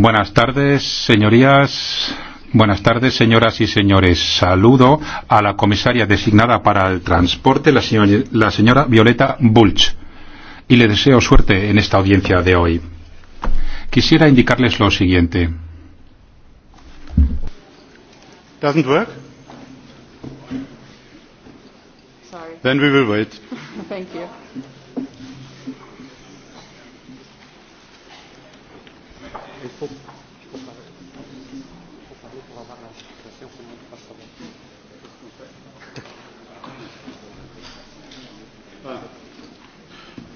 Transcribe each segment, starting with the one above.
Buenas tardes, señorías. Buenas tardes, señoras y señores. Saludo a la comisaria designada para el transporte, la señora, la señora Violeta Bulch, y le deseo suerte en esta audiencia de hoy. Quisiera indicarles lo siguiente. Doesn't work? Sorry. Then we will wait. Thank you. Il faut, il faut parler. Il faut parler pour avoir la situation, ne pas savoir.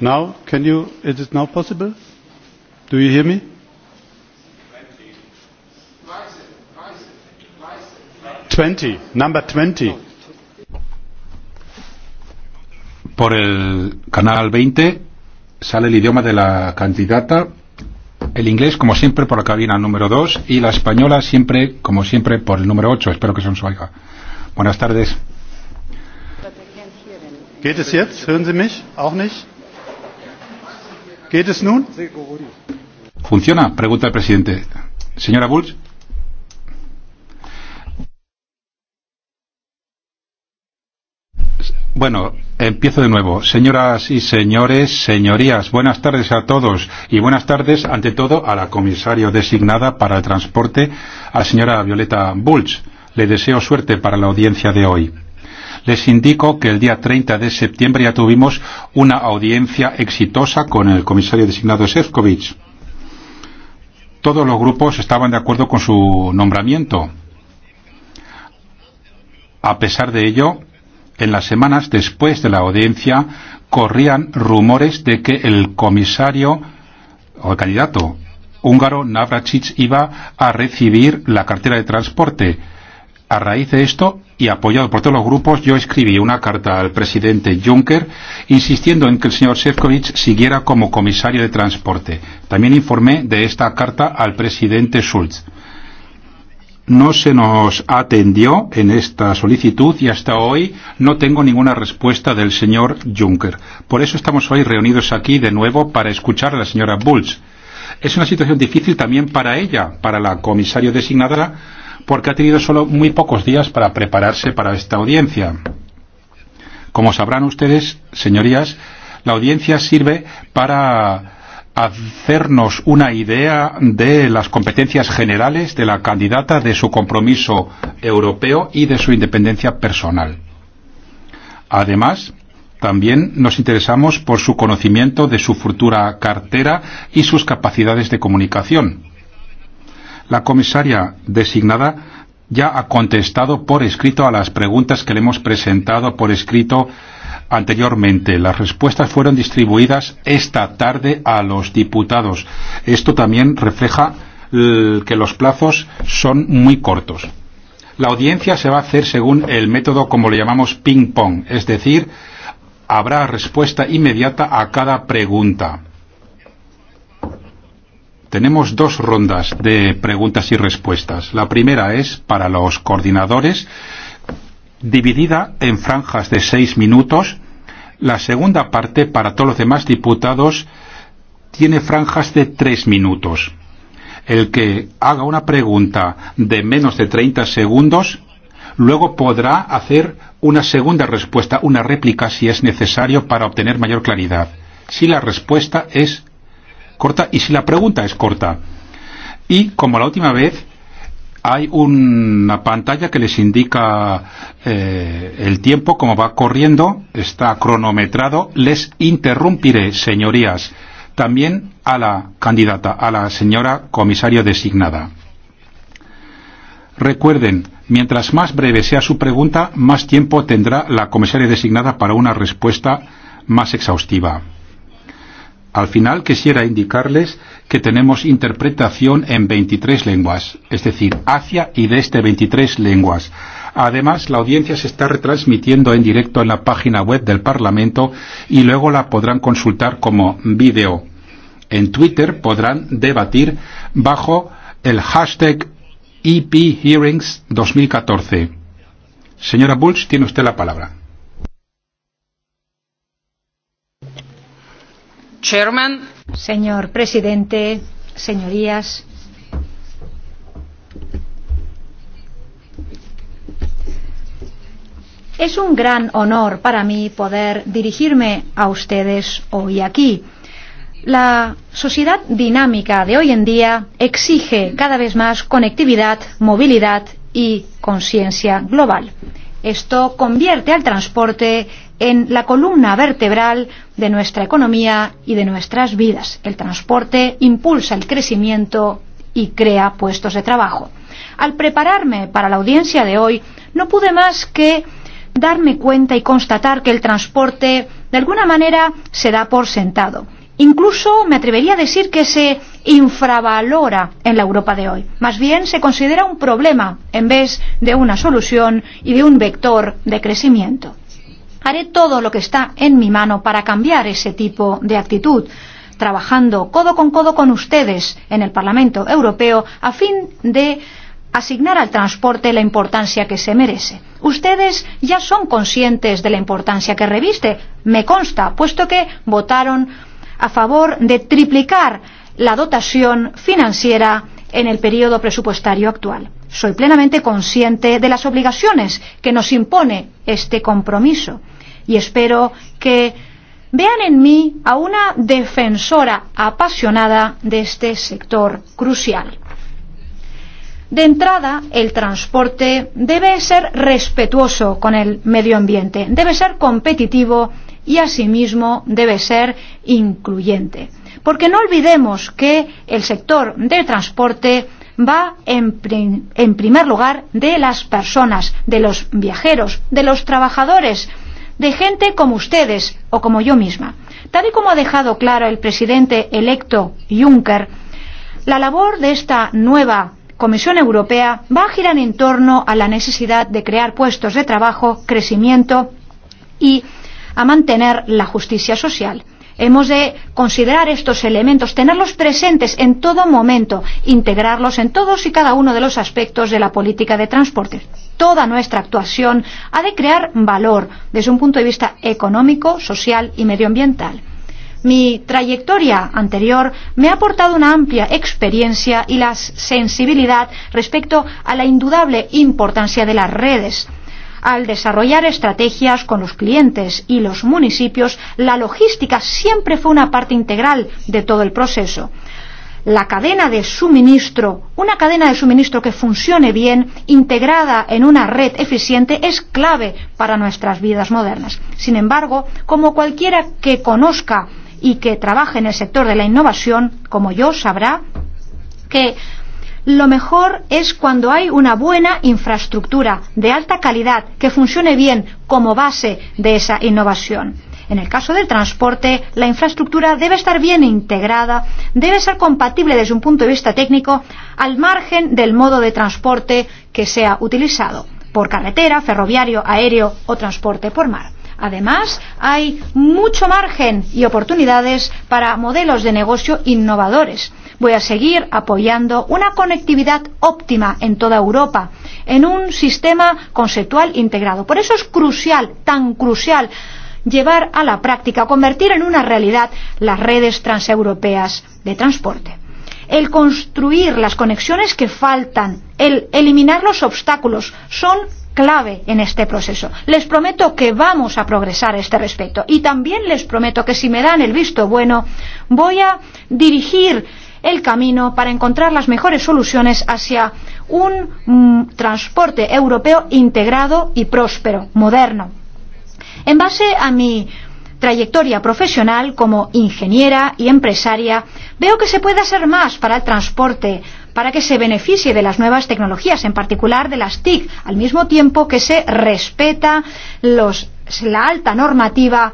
Now, can you, is it now possible? Do you hear me? Twenty, number twenty. Por el canal 20 sale el idioma de la candidata el inglés, como siempre, por la cabina número 2 y la española, siempre, como siempre, por el número 8. Espero que son su oiga. Buenas tardes. Geht es jetzt? Hören Sie mich? Auch nicht? Geht es nun? ¿Funciona? Pregunta el presidente. Señora Bulls. Bueno, empiezo de nuevo. Señoras y señores, señorías, buenas tardes a todos y buenas tardes, ante todo, a la comisario designada para el transporte, a señora Violeta Bulch. Le deseo suerte para la audiencia de hoy. Les indico que el día 30 de septiembre ya tuvimos una audiencia exitosa con el comisario designado Sefcovic. Todos los grupos estaban de acuerdo con su nombramiento. A pesar de ello, en las semanas después de la audiencia corrían rumores de que el comisario o el candidato húngaro Navracic iba a recibir la cartera de transporte. A raíz de esto, y apoyado por todos los grupos, yo escribí una carta al presidente Juncker insistiendo en que el señor Sefcovic siguiera como comisario de transporte. También informé de esta carta al presidente Schulz no se nos atendió en esta solicitud y hasta hoy no tengo ninguna respuesta del señor Juncker. Por eso estamos hoy reunidos aquí de nuevo para escuchar a la señora Bulls. Es una situación difícil también para ella, para la comisario designada, porque ha tenido solo muy pocos días para prepararse para esta audiencia. Como sabrán ustedes, señorías, la audiencia sirve para hacernos una idea de las competencias generales de la candidata, de su compromiso europeo y de su independencia personal. Además, también nos interesamos por su conocimiento de su futura cartera y sus capacidades de comunicación. La comisaria designada ya ha contestado por escrito a las preguntas que le hemos presentado por escrito anteriormente. Las respuestas fueron distribuidas esta tarde a los diputados. Esto también refleja que los plazos son muy cortos. La audiencia se va a hacer según el método como le llamamos ping-pong, es decir, habrá respuesta inmediata a cada pregunta. Tenemos dos rondas de preguntas y respuestas. La primera es para los coordinadores dividida en franjas de seis minutos. La segunda parte, para todos los demás diputados, tiene franjas de tres minutos. El que haga una pregunta de menos de 30 segundos, luego podrá hacer una segunda respuesta, una réplica si es necesario para obtener mayor claridad. Si la respuesta es corta y si la pregunta es corta. Y como la última vez, hay una pantalla que les indica eh, el tiempo, como va corriendo, está cronometrado. Les interrumpiré, señorías, también a la candidata, a la señora comisario designada. Recuerden, mientras más breve sea su pregunta, más tiempo tendrá la comisaria designada para una respuesta más exhaustiva. Al final quisiera indicarles que tenemos interpretación en 23 lenguas, es decir, hacia y desde 23 lenguas. Además, la audiencia se está retransmitiendo en directo en la página web del Parlamento y luego la podrán consultar como vídeo. En Twitter podrán debatir bajo el hashtag EP Hearings 2014. Señora Bulch, tiene usted la palabra. Chairman. Señor presidente, señorías. Es un gran honor para mí poder dirigirme a ustedes hoy aquí. La sociedad dinámica de hoy en día exige cada vez más conectividad, movilidad y conciencia global. Esto convierte al transporte en la columna vertebral de nuestra economía y de nuestras vidas. El transporte impulsa el crecimiento y crea puestos de trabajo. Al prepararme para la audiencia de hoy, no pude más que darme cuenta y constatar que el transporte, de alguna manera, se da por sentado Incluso me atrevería a decir que se infravalora en la Europa de hoy. Más bien se considera un problema en vez de una solución y de un vector de crecimiento. Haré todo lo que está en mi mano para cambiar ese tipo de actitud, trabajando codo con codo con ustedes en el Parlamento Europeo a fin de asignar al transporte la importancia que se merece. Ustedes ya son conscientes de la importancia que reviste, me consta, puesto que votaron a favor de triplicar la dotación financiera en el periodo presupuestario actual. Soy plenamente consciente de las obligaciones que nos impone este compromiso y espero que vean en mí a una defensora apasionada de este sector crucial. De entrada, el transporte debe ser respetuoso con el medio ambiente, debe ser competitivo y asimismo debe ser incluyente. Porque no olvidemos que el sector del transporte va en, prim en primer lugar de las personas, de los viajeros, de los trabajadores, de gente como ustedes o como yo misma. Tal y como ha dejado claro el presidente electo Juncker, la labor de esta nueva Comisión Europea va a girar en torno a la necesidad de crear puestos de trabajo, crecimiento y a mantener la justicia social. Hemos de considerar estos elementos, tenerlos presentes en todo momento, integrarlos en todos y cada uno de los aspectos de la política de transporte. Toda nuestra actuación ha de crear valor desde un punto de vista económico, social y medioambiental. Mi trayectoria anterior me ha aportado una amplia experiencia y la sensibilidad respecto a la indudable importancia de las redes al desarrollar estrategias con los clientes y los municipios, la logística siempre fue una parte integral de todo el proceso. La cadena de suministro, una cadena de suministro que funcione bien, integrada en una red eficiente, es clave para nuestras vidas modernas. Sin embargo, como cualquiera que conozca y que trabaje en el sector de la innovación, como yo, sabrá que lo mejor es cuando hay una buena infraestructura de alta calidad que funcione bien como base de esa innovación. En el caso del transporte, la infraestructura debe estar bien integrada, debe ser compatible desde un punto de vista técnico al margen del modo de transporte que sea utilizado, por carretera, ferroviario, aéreo o transporte por mar. Además, hay mucho margen y oportunidades para modelos de negocio innovadores. Voy a seguir apoyando una conectividad óptima en toda Europa, en un sistema conceptual integrado. Por eso es crucial, tan crucial, llevar a la práctica, convertir en una realidad las redes transeuropeas de transporte el construir las conexiones que faltan, el eliminar los obstáculos, son clave en este proceso. Les prometo que vamos a progresar a este respecto y también les prometo que si me dan el visto bueno, voy a dirigir el camino para encontrar las mejores soluciones hacia un mm, transporte europeo integrado y próspero, moderno. En base a mi trayectoria profesional como ingeniera y empresaria, veo que se puede hacer más para el transporte para que se beneficie de las nuevas tecnologías, en particular de las TIC, al mismo tiempo que se respeta los, la alta normativa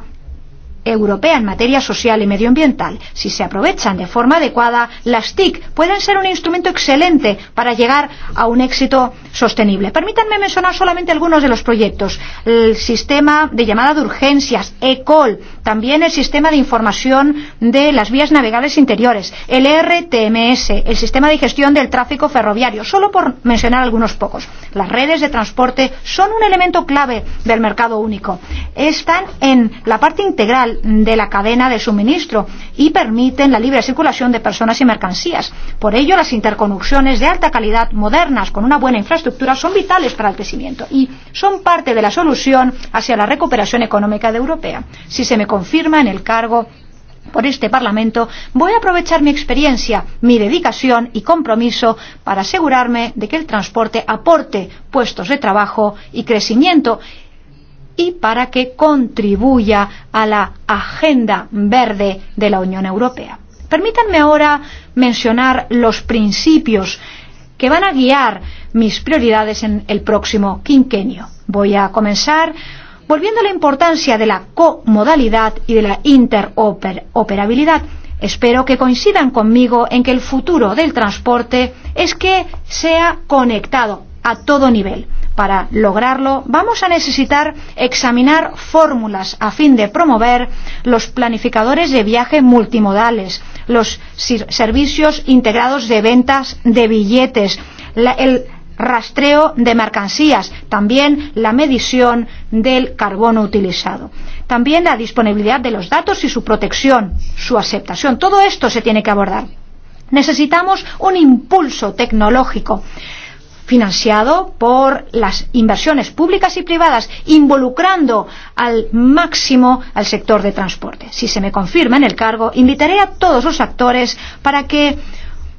europea en materia social y medioambiental. Si se aprovechan de forma adecuada, las TIC pueden ser un instrumento excelente para llegar a un éxito sostenible. Permítanme mencionar solamente algunos de los proyectos. El sistema de llamada de urgencias, ECOL, también el sistema de información de las vías navegables interiores, el RTMS, el sistema de gestión del tráfico ferroviario, solo por mencionar algunos pocos. Las redes de transporte son un elemento clave del mercado único. Están en la parte integral de la cadena de suministro y permiten la libre circulación de personas y mercancías. Por ello, las interconexiones de alta calidad modernas con una buena infraestructura son vitales para el crecimiento y son parte de la solución hacia la recuperación económica de europea. Si se me confirma en el cargo por este Parlamento, voy a aprovechar mi experiencia, mi dedicación y compromiso para asegurarme de que el transporte aporte puestos de trabajo y crecimiento y para que contribuya a la agenda verde de la Unión Europea. Permítanme ahora mencionar los principios que van a guiar mis prioridades en el próximo quinquenio. Voy a comenzar volviendo a la importancia de la comodalidad y de la interoperabilidad. Espero que coincidan conmigo en que el futuro del transporte es que sea conectado a todo nivel Para lograrlo, vamos a necesitar examinar fórmulas a fin de promover los planificadores de viaje multimodales, los servicios integrados de ventas de billetes, la, el rastreo de mercancías, también la medición del carbono utilizado, también la disponibilidad de los datos y su protección, su aceptación. Todo esto se tiene que abordar. Necesitamos un impulso tecnológico financiado por las inversiones públicas y privadas, involucrando al máximo al sector de transporte. Si se me confirma en el cargo, invitaré a todos los actores para que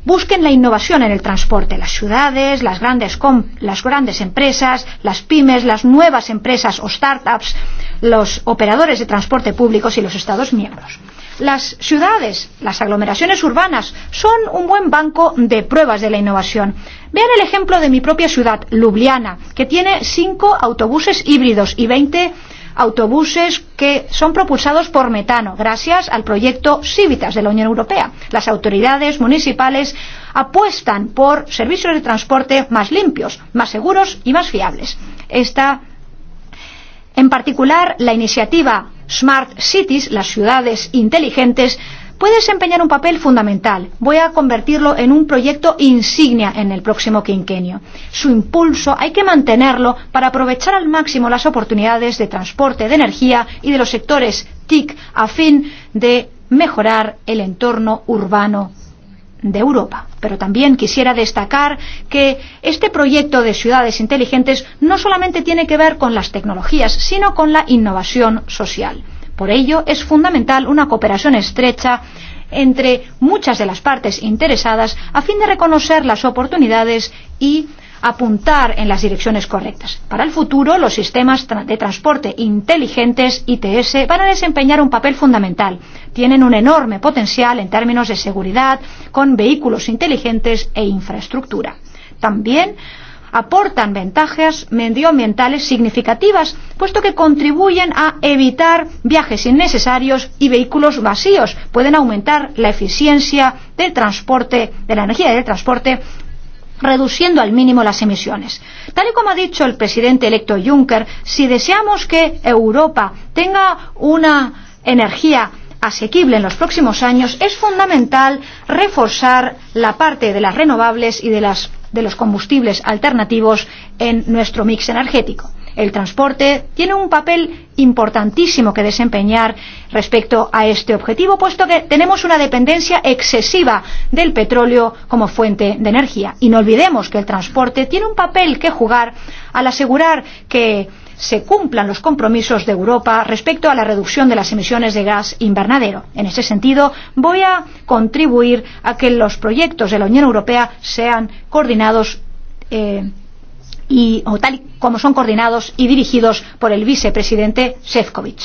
busquen la innovación en el transporte, las ciudades, las grandes, com las grandes empresas, las pymes, las nuevas empresas o startups, los operadores de transporte públicos y los Estados miembros. Las ciudades, las aglomeraciones urbanas, son un buen banco de pruebas de la innovación. Vean el ejemplo de mi propia ciudad, Ljubljana, que tiene cinco autobuses híbridos y 20 autobuses que son propulsados por metano, gracias al proyecto Civitas de la Unión Europea. Las autoridades municipales apuestan por servicios de transporte más limpios, más seguros y más fiables. Esta, en particular, la iniciativa Smart Cities, las ciudades inteligentes, puede desempeñar un papel fundamental. Voy a convertirlo en un proyecto insignia en el próximo quinquenio. Su impulso hay que mantenerlo para aprovechar al máximo las oportunidades de transporte, de energía y de los sectores TIC a fin de mejorar el entorno urbano de Europa. Pero también quisiera destacar que este proyecto de ciudades inteligentes no solamente tiene que ver con las tecnologías, sino con la innovación social. Por ello, es fundamental una cooperación estrecha entre muchas de las partes interesadas a fin de reconocer las oportunidades y apuntar en las direcciones correctas. Para el futuro, los sistemas de transporte inteligentes ITS van a desempeñar un papel fundamental. Tienen un enorme potencial en términos de seguridad, con vehículos inteligentes e infraestructura. También aportan ventajas medioambientales significativas, puesto que contribuyen a evitar viajes innecesarios y vehículos vacíos. Pueden aumentar la eficiencia del transporte, de la energía del transporte, reduciendo al mínimo las emisiones. Tal y como ha dicho el presidente electo Juncker, si deseamos que Europa tenga una energía asequible en los próximos años, es fundamental reforzar la parte de las renovables y de, las, de los combustibles alternativos en nuestro mix energético el transporte, tiene un papel importantísimo que desempeñar respecto a este objetivo, puesto que tenemos una dependencia excesiva del petróleo como fuente de energía. Y no olvidemos que el transporte tiene un papel que jugar al asegurar que se cumplan los compromisos de Europa respecto a la reducción de las emisiones de gas invernadero. En ese sentido, voy a contribuir a que los proyectos de la Unión Europea sean coordinados eh, y, o tal y como son coordinados y dirigidos por el vicepresidente Sefcovic.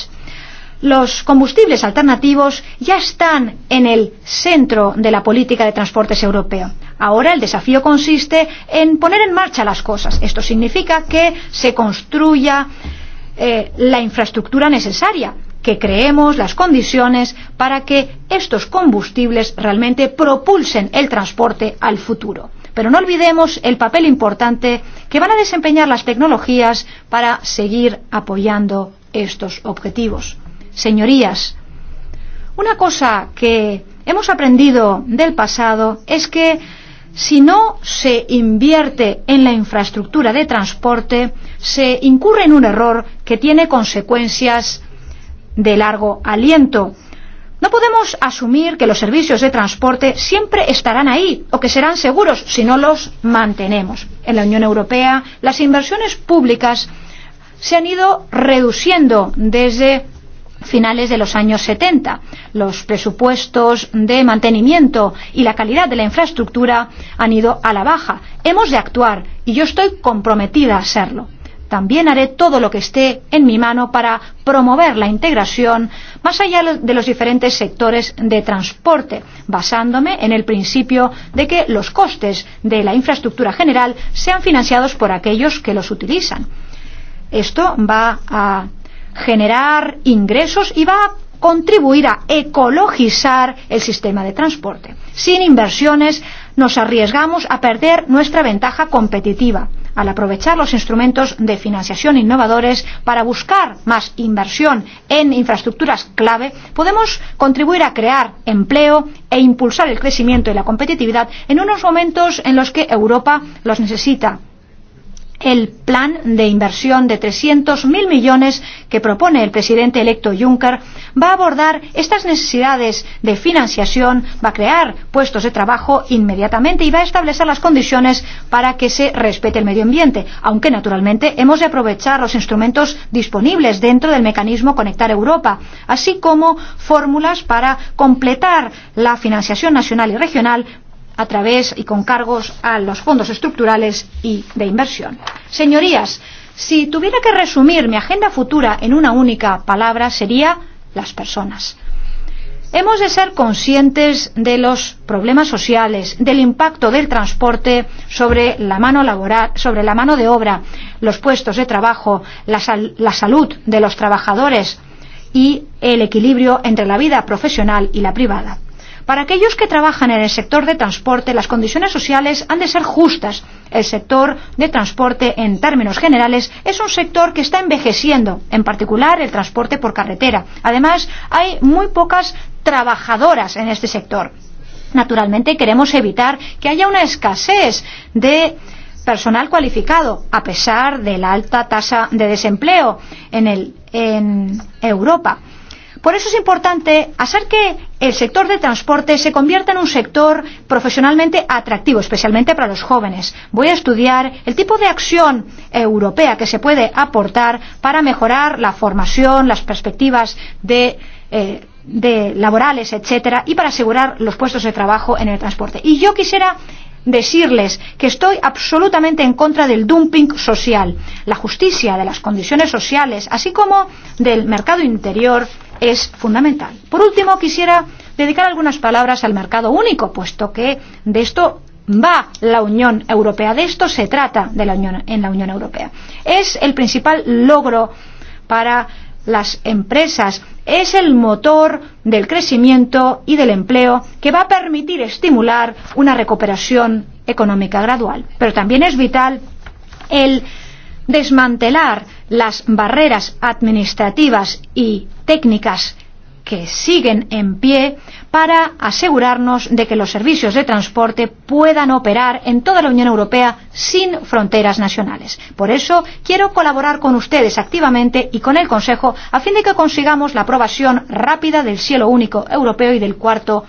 Los combustibles alternativos ya están en el centro de la política de transportes europeo. Ahora el desafío consiste en poner en marcha las cosas. Esto significa que se construya eh, la infraestructura necesaria, que creemos las condiciones para que estos combustibles realmente propulsen el transporte al futuro. Pero no olvidemos el papel importante que van a desempeñar las tecnologías para seguir apoyando estos objetivos. Señorías, una cosa que hemos aprendido del pasado es que si no se invierte en la infraestructura de transporte, se incurre en un error que tiene consecuencias de largo aliento No podemos asumir que los servicios de transporte siempre estarán ahí o que serán seguros si no los mantenemos. En la Unión Europea las inversiones públicas se han ido reduciendo desde finales de los años 70. Los presupuestos de mantenimiento y la calidad de la infraestructura han ido a la baja. Hemos de actuar y yo estoy comprometida a hacerlo. También haré todo lo que esté en mi mano para promover la integración más allá de los diferentes sectores de transporte, basándome en el principio de que los costes de la infraestructura general sean financiados por aquellos que los utilizan. Esto va a generar ingresos y va a contribuir a ecologizar el sistema de transporte. Sin inversiones nos arriesgamos a perder nuestra ventaja competitiva al aprovechar los instrumentos de financiación innovadores para buscar más inversión en infraestructuras clave, podemos contribuir a crear empleo e impulsar el crecimiento y la competitividad en unos momentos en los que Europa los necesita el plan de inversión de 300.000 millones que propone el presidente electo Juncker va a abordar estas necesidades de financiación, va a crear puestos de trabajo inmediatamente y va a establecer las condiciones para que se respete el medio ambiente, aunque naturalmente hemos de aprovechar los instrumentos disponibles dentro del mecanismo Conectar Europa, así como fórmulas para completar la financiación nacional y regional a través y con cargos a los fondos estructurales y de inversión. Señorías, si tuviera que resumir mi agenda futura en una única palabra sería las personas. Hemos de ser conscientes de los problemas sociales, del impacto del transporte sobre la mano laboral, sobre la mano de obra, los puestos de trabajo, la, sal, la salud de los trabajadores y el equilibrio entre la vida profesional y la privada. Para aquellos que trabajan en el sector de transporte, las condiciones sociales han de ser justas. El sector de transporte, en términos generales, es un sector que está envejeciendo, en particular el transporte por carretera. Además, hay muy pocas trabajadoras en este sector. Naturalmente, queremos evitar que haya una escasez de personal cualificado, a pesar de la alta tasa de desempleo en, el, en Europa. Por eso es importante hacer que el sector de transporte se convierta en un sector profesionalmente atractivo, especialmente para los jóvenes. Voy a estudiar el tipo de acción europea que se puede aportar para mejorar la formación, las perspectivas de. Eh, de laborales, etcétera, y para asegurar los puestos de trabajo en el transporte. Y yo quisiera decirles que estoy absolutamente en contra del dumping social. La justicia de las condiciones sociales, así como del mercado interior, es fundamental. Por último, quisiera dedicar algunas palabras al mercado único, puesto que de esto va la Unión Europea, de esto se trata de la Unión, en la Unión Europea. Es el principal logro para las empresas, es el motor del crecimiento y del empleo que va a permitir estimular una recuperación económica gradual. Pero también es vital el desmantelar las barreras administrativas y técnicas que siguen en pie para asegurarnos de que los servicios de transporte puedan operar en toda la Unión Europea sin fronteras nacionales. Por eso quiero colaborar con ustedes activamente y con el Consejo a fin de que consigamos la aprobación rápida del cielo único europeo y del cuarto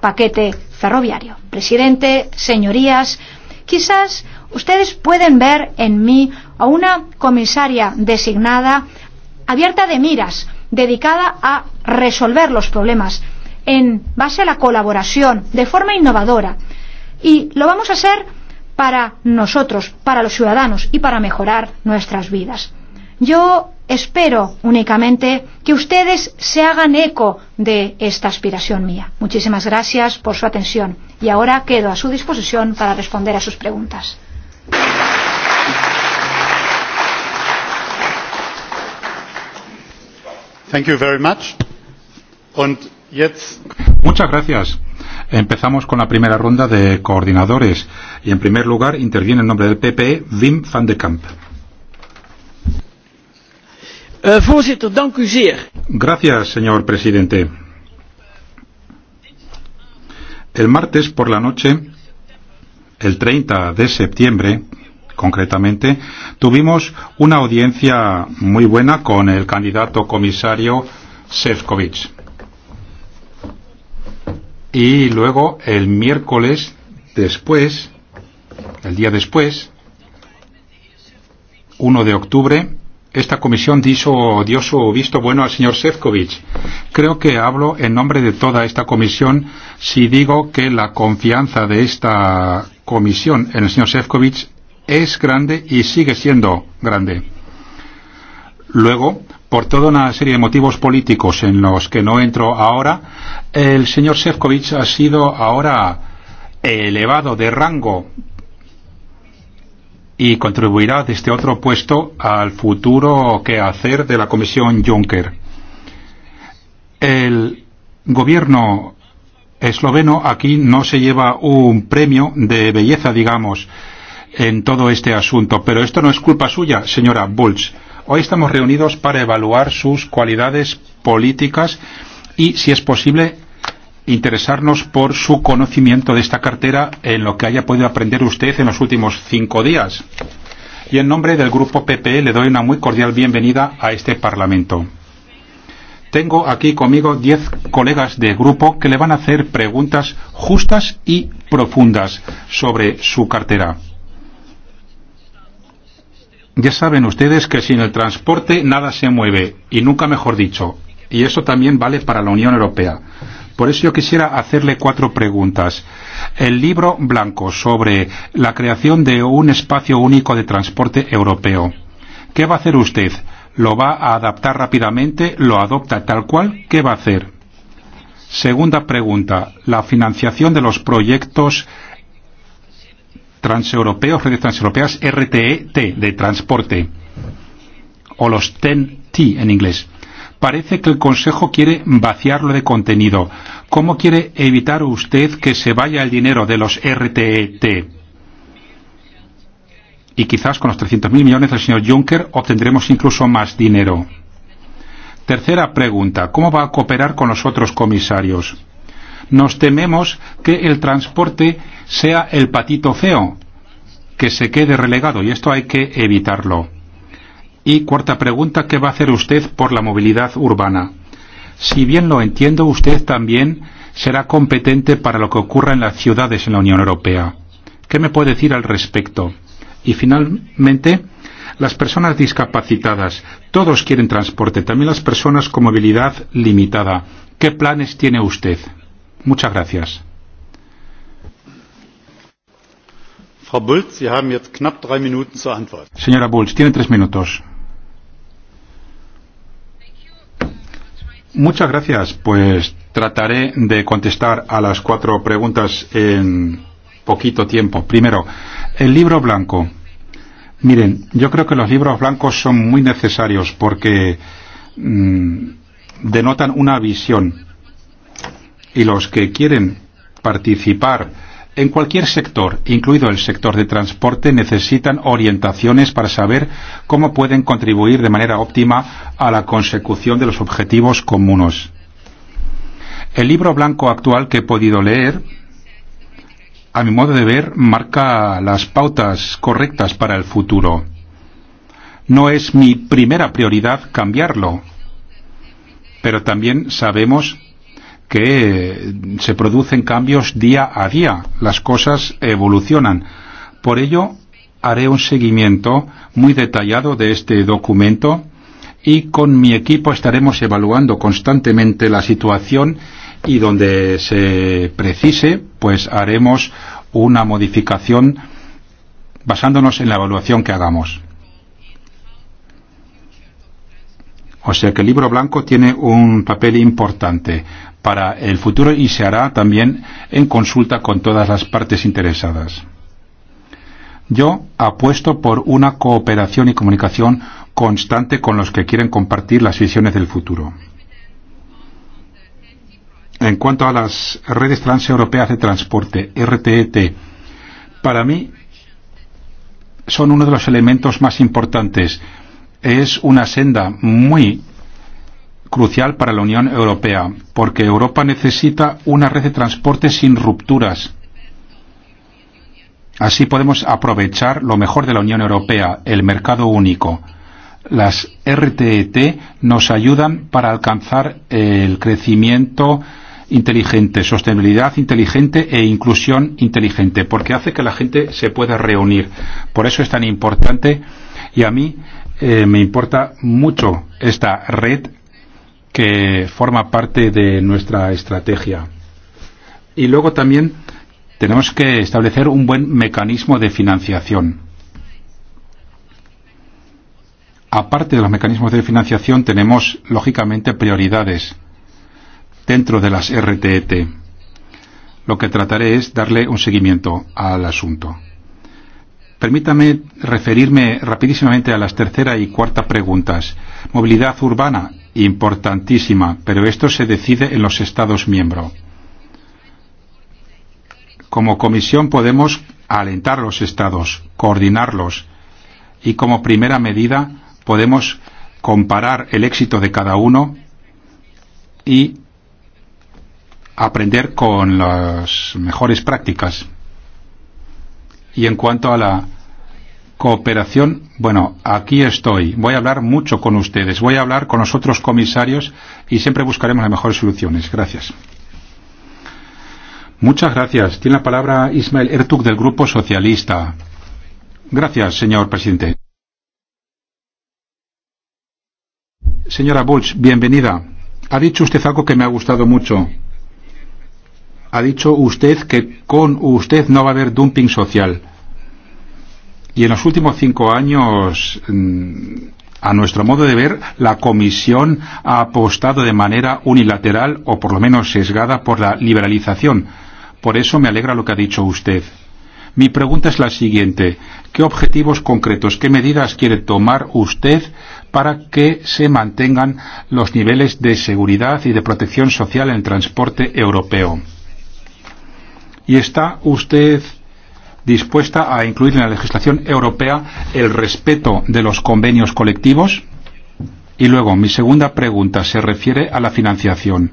paquete ferroviario. Presidente, señorías, Quizás ustedes pueden ver en mí a una comisaria designada abierta de miras, dedicada a resolver los problemas en base a la colaboración, de forma innovadora. Y lo vamos a hacer para nosotros, para los ciudadanos y para mejorar nuestras vidas. Yo espero únicamente que ustedes se hagan eco de esta aspiración mía. Muchísimas gracias por su atención y ahora quedo a su disposición para responder a sus preguntas. Thank you very much. Und jetzt... Muchas gracias. Empezamos con la primera ronda de coordinadores y en primer lugar interviene en nombre del PP Wim van de Kamp voorzitter, dank u zeer. Gracias, señor presidente. El martes por la noche, el 30 de septiembre, concretamente, tuvimos una audiencia muy buena con el candidato comisario Sefcovic. Y luego el miércoles después, el día después, 1 de octubre, esta comisión diso, dio su visto bueno al señor Sefcovic. Creo que hablo en nombre de toda esta comisión si digo que la confianza de esta comisión en el señor Sefcovic es grande y sigue siendo grande. Luego, por toda una serie de motivos políticos en los que no entro ahora, el señor Sefcovic ha sido ahora elevado de rango y contribuirá desde otro puesto al futuro quehacer de la Comisión Juncker. El gobierno esloveno aquí no se lleva un premio de belleza, digamos, en todo este asunto, pero esto no es culpa suya, señora Bulch. Hoy estamos reunidos para evaluar sus cualidades políticas y, si es posible, interesarnos por su conocimiento de esta cartera en lo que haya podido aprender usted en los últimos cinco días. Y en nombre del Grupo PP le doy una muy cordial bienvenida a este Parlamento. Tengo aquí conmigo diez colegas de grupo que le van a hacer preguntas justas y profundas sobre su cartera. Ya saben ustedes que sin el transporte nada se mueve, y nunca mejor dicho, y eso también vale para la Unión Europea Por eso yo quisiera hacerle cuatro preguntas. El libro blanco sobre la creación de un espacio único de transporte europeo. ¿Qué va a hacer usted? ¿Lo va a adaptar rápidamente? ¿Lo adopta tal cual? ¿Qué va a hacer? Segunda pregunta. La financiación de los proyectos transeuropeos, redes transeuropeas, RTET, de transporte, o los TEN-T en inglés. Parece que el Consejo quiere vaciarlo de contenido. ¿Cómo quiere evitar usted que se vaya el dinero de los RTT? Y quizás con los 300.000 millones del señor Juncker obtendremos incluso más dinero. Tercera pregunta. ¿Cómo va a cooperar con los otros comisarios? Nos tememos que el transporte sea el patito feo, que se quede relegado, y esto hay que evitarlo Y cuarta pregunta, ¿qué va a hacer usted por la movilidad urbana? Si bien lo entiendo, usted también será competente para lo que ocurra en las ciudades en la Unión Europea. ¿Qué me puede decir al respecto? Y finalmente, las personas discapacitadas. Todos quieren transporte, también las personas con movilidad limitada. ¿Qué planes tiene usted? Muchas gracias. Frau Sie haben jetzt knapp drei Minuten zur Antwort. Señora Bulc, tiene tres minutos. Muchas gracias. Pues trataré de contestar a las cuatro preguntas en poquito tiempo. Primero, el libro blanco. Miren, yo creo que los libros blancos son muy necesarios porque mmm, denotan una visión. Y los que quieren participar en cualquier sector, incluido el sector de transporte, necesitan orientaciones para saber cómo pueden contribuir de manera óptima a la consecución de los objetivos comunes. El libro blanco actual que he podido leer, a mi modo de ver, marca las pautas correctas para el futuro. No es mi primera prioridad cambiarlo, pero también sabemos que se producen cambios día a día, las cosas evolucionan. Por ello, haré un seguimiento muy detallado de este documento y con mi equipo estaremos evaluando constantemente la situación y donde se precise, pues haremos una modificación basándonos en la evaluación que hagamos. O sea que el libro blanco tiene un papel importante para el futuro y se hará también en consulta con todas las partes interesadas. Yo apuesto por una cooperación y comunicación constante con los que quieren compartir las visiones del futuro. En cuanto a las redes transeuropeas de transporte, RTET, para mí son uno de los elementos más importantes es una senda muy crucial para la Unión Europea, porque Europa necesita una red de transporte sin rupturas. Así podemos aprovechar lo mejor de la Unión Europea, el mercado único. Las RTT nos ayudan para alcanzar el crecimiento inteligente, sostenibilidad inteligente e inclusión inteligente, porque hace que la gente se pueda reunir. Por eso es tan importante Y a mí eh, me importa mucho esta red que forma parte de nuestra estrategia. Y luego también tenemos que establecer un buen mecanismo de financiación. Aparte de los mecanismos de financiación, tenemos, lógicamente, prioridades dentro de las RTET. Lo que trataré es darle un seguimiento al asunto. Permítame referirme rapidísimamente a las tercera y cuarta preguntas. Movilidad urbana, importantísima, pero esto se decide en los Estados miembros. Como comisión podemos alentar los Estados, coordinarlos y como primera medida podemos comparar el éxito de cada uno y aprender con las mejores prácticas. Y en cuanto a la cooperación, bueno, aquí estoy. Voy a hablar mucho con ustedes, voy a hablar con los otros comisarios y siempre buscaremos las mejores soluciones. Gracias. Muchas gracias. Tiene la palabra Ismael Ertug del Grupo Socialista. Gracias, señor presidente. Señora Bulch, bienvenida. Ha dicho usted algo que me ha gustado mucho. Ha dicho usted que con usted no va a haber dumping social Y en los últimos cinco años a nuestro modo de ver, la Comisión ha apostado de manera unilateral o por lo menos sesgada por la liberalización. Por eso me alegra lo que ha dicho usted. Mi pregunta es la siguiente. ¿Qué objetivos concretos, qué medidas quiere tomar usted para que se mantengan los niveles de seguridad y de protección social en el transporte europeo? ¿Y está usted dispuesta a incluir en la legislación europea el respeto de los convenios colectivos? Y luego, mi segunda pregunta se refiere a la financiación.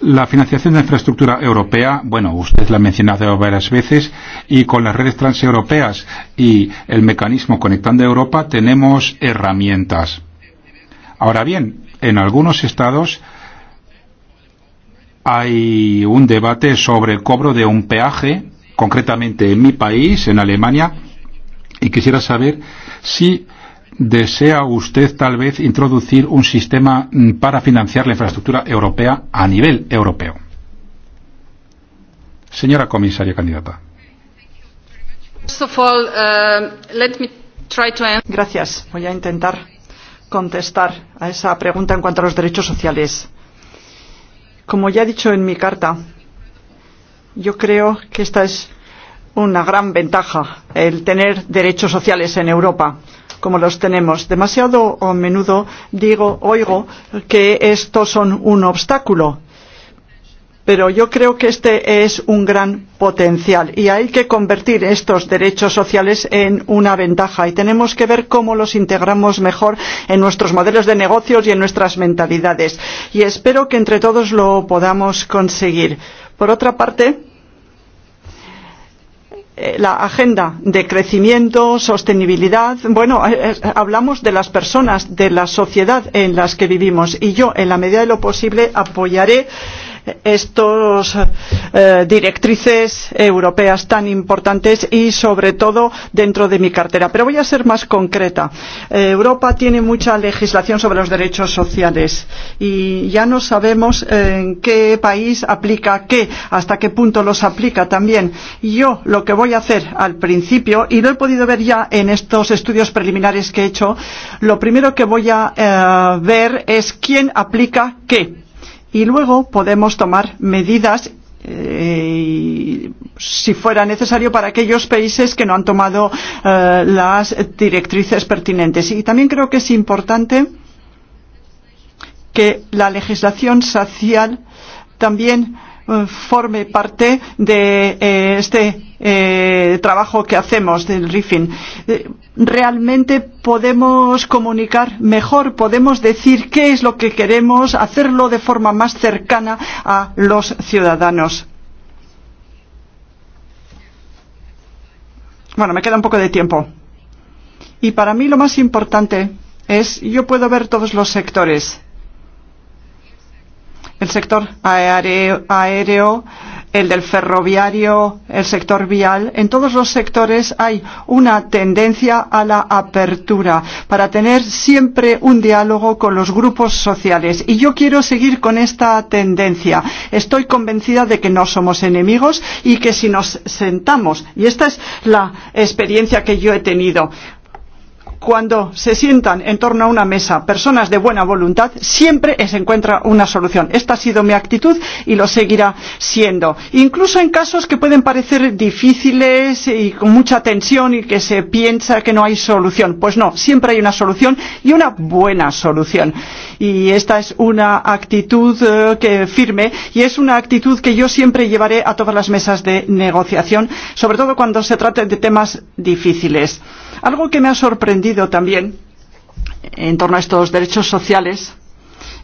La financiación de infraestructura europea, bueno, usted la ha mencionado varias veces, y con las redes transeuropeas y el mecanismo Conectando Europa tenemos herramientas. Ahora bien, en algunos estados hay un debate sobre el cobro de un peaje concretamente en mi país, en Alemania, y quisiera saber si desea usted tal vez introducir un sistema para financiar la infraestructura europea a nivel europeo. Señora comisaria candidata. Gracias. Voy a intentar contestar a esa pregunta en cuanto a los derechos sociales. Como ya he dicho en mi carta, Yo creo que esta es una gran ventaja, el tener derechos sociales en Europa como los tenemos. Demasiado a menudo digo, oigo que estos son un obstáculo, pero yo creo que este es un gran potencial y hay que convertir estos derechos sociales en una ventaja y tenemos que ver cómo los integramos mejor en nuestros modelos de negocios y en nuestras mentalidades. Y espero que entre todos lo podamos conseguir. Por otra parte, la agenda de crecimiento, sostenibilidad. Bueno, hablamos de las personas, de la sociedad en las que vivimos y yo, en la medida de lo posible, apoyaré eh, estas directrices europeas tan importantes y sobre todo dentro de mi cartera. Pero voy a ser más concreta. Europa tiene mucha legislación sobre los derechos sociales y ya no sabemos en qué país aplica qué, hasta qué punto los aplica también. Yo lo que voy a hacer al principio, y lo he podido ver ya en estos estudios preliminares que he hecho, lo primero que voy a ver es quién aplica qué y luego podemos tomar medidas eh, si fuera necesario para aquellos países que no han tomado eh, las directrices pertinentes. Y también creo que es importante que la legislación social también eh, forme parte de este eh, trabajo que hacemos del RIFIN. Realmente podemos comunicar mejor, podemos decir qué es lo que queremos, hacerlo de forma más cercana a los ciudadanos. Bueno, me queda un poco de tiempo. Y para mí lo más importante es, yo puedo ver todos los sectores el sector aéreo, aéreo el del ferroviario, el sector vial, en todos los sectores hay una tendencia a la apertura para tener siempre un diálogo con los grupos sociales. Y yo quiero seguir con esta tendencia. Estoy convencida de que no somos enemigos y que si nos sentamos, y esta es la experiencia que yo he tenido, cuando se sientan en torno a una mesa personas de buena voluntad, siempre se encuentra una solución. Esta ha sido mi actitud y lo seguirá siendo. Incluso en casos que pueden parecer difíciles y con mucha tensión y que se piensa que no hay solución. Pues no, siempre hay una solución y una buena solución. Y esta es una actitud que firme y es una actitud que yo siempre llevaré a todas las mesas de negociación, sobre todo cuando se trate de temas difíciles. Gracias Algo que me ha sorprendido también en torno a estos derechos sociales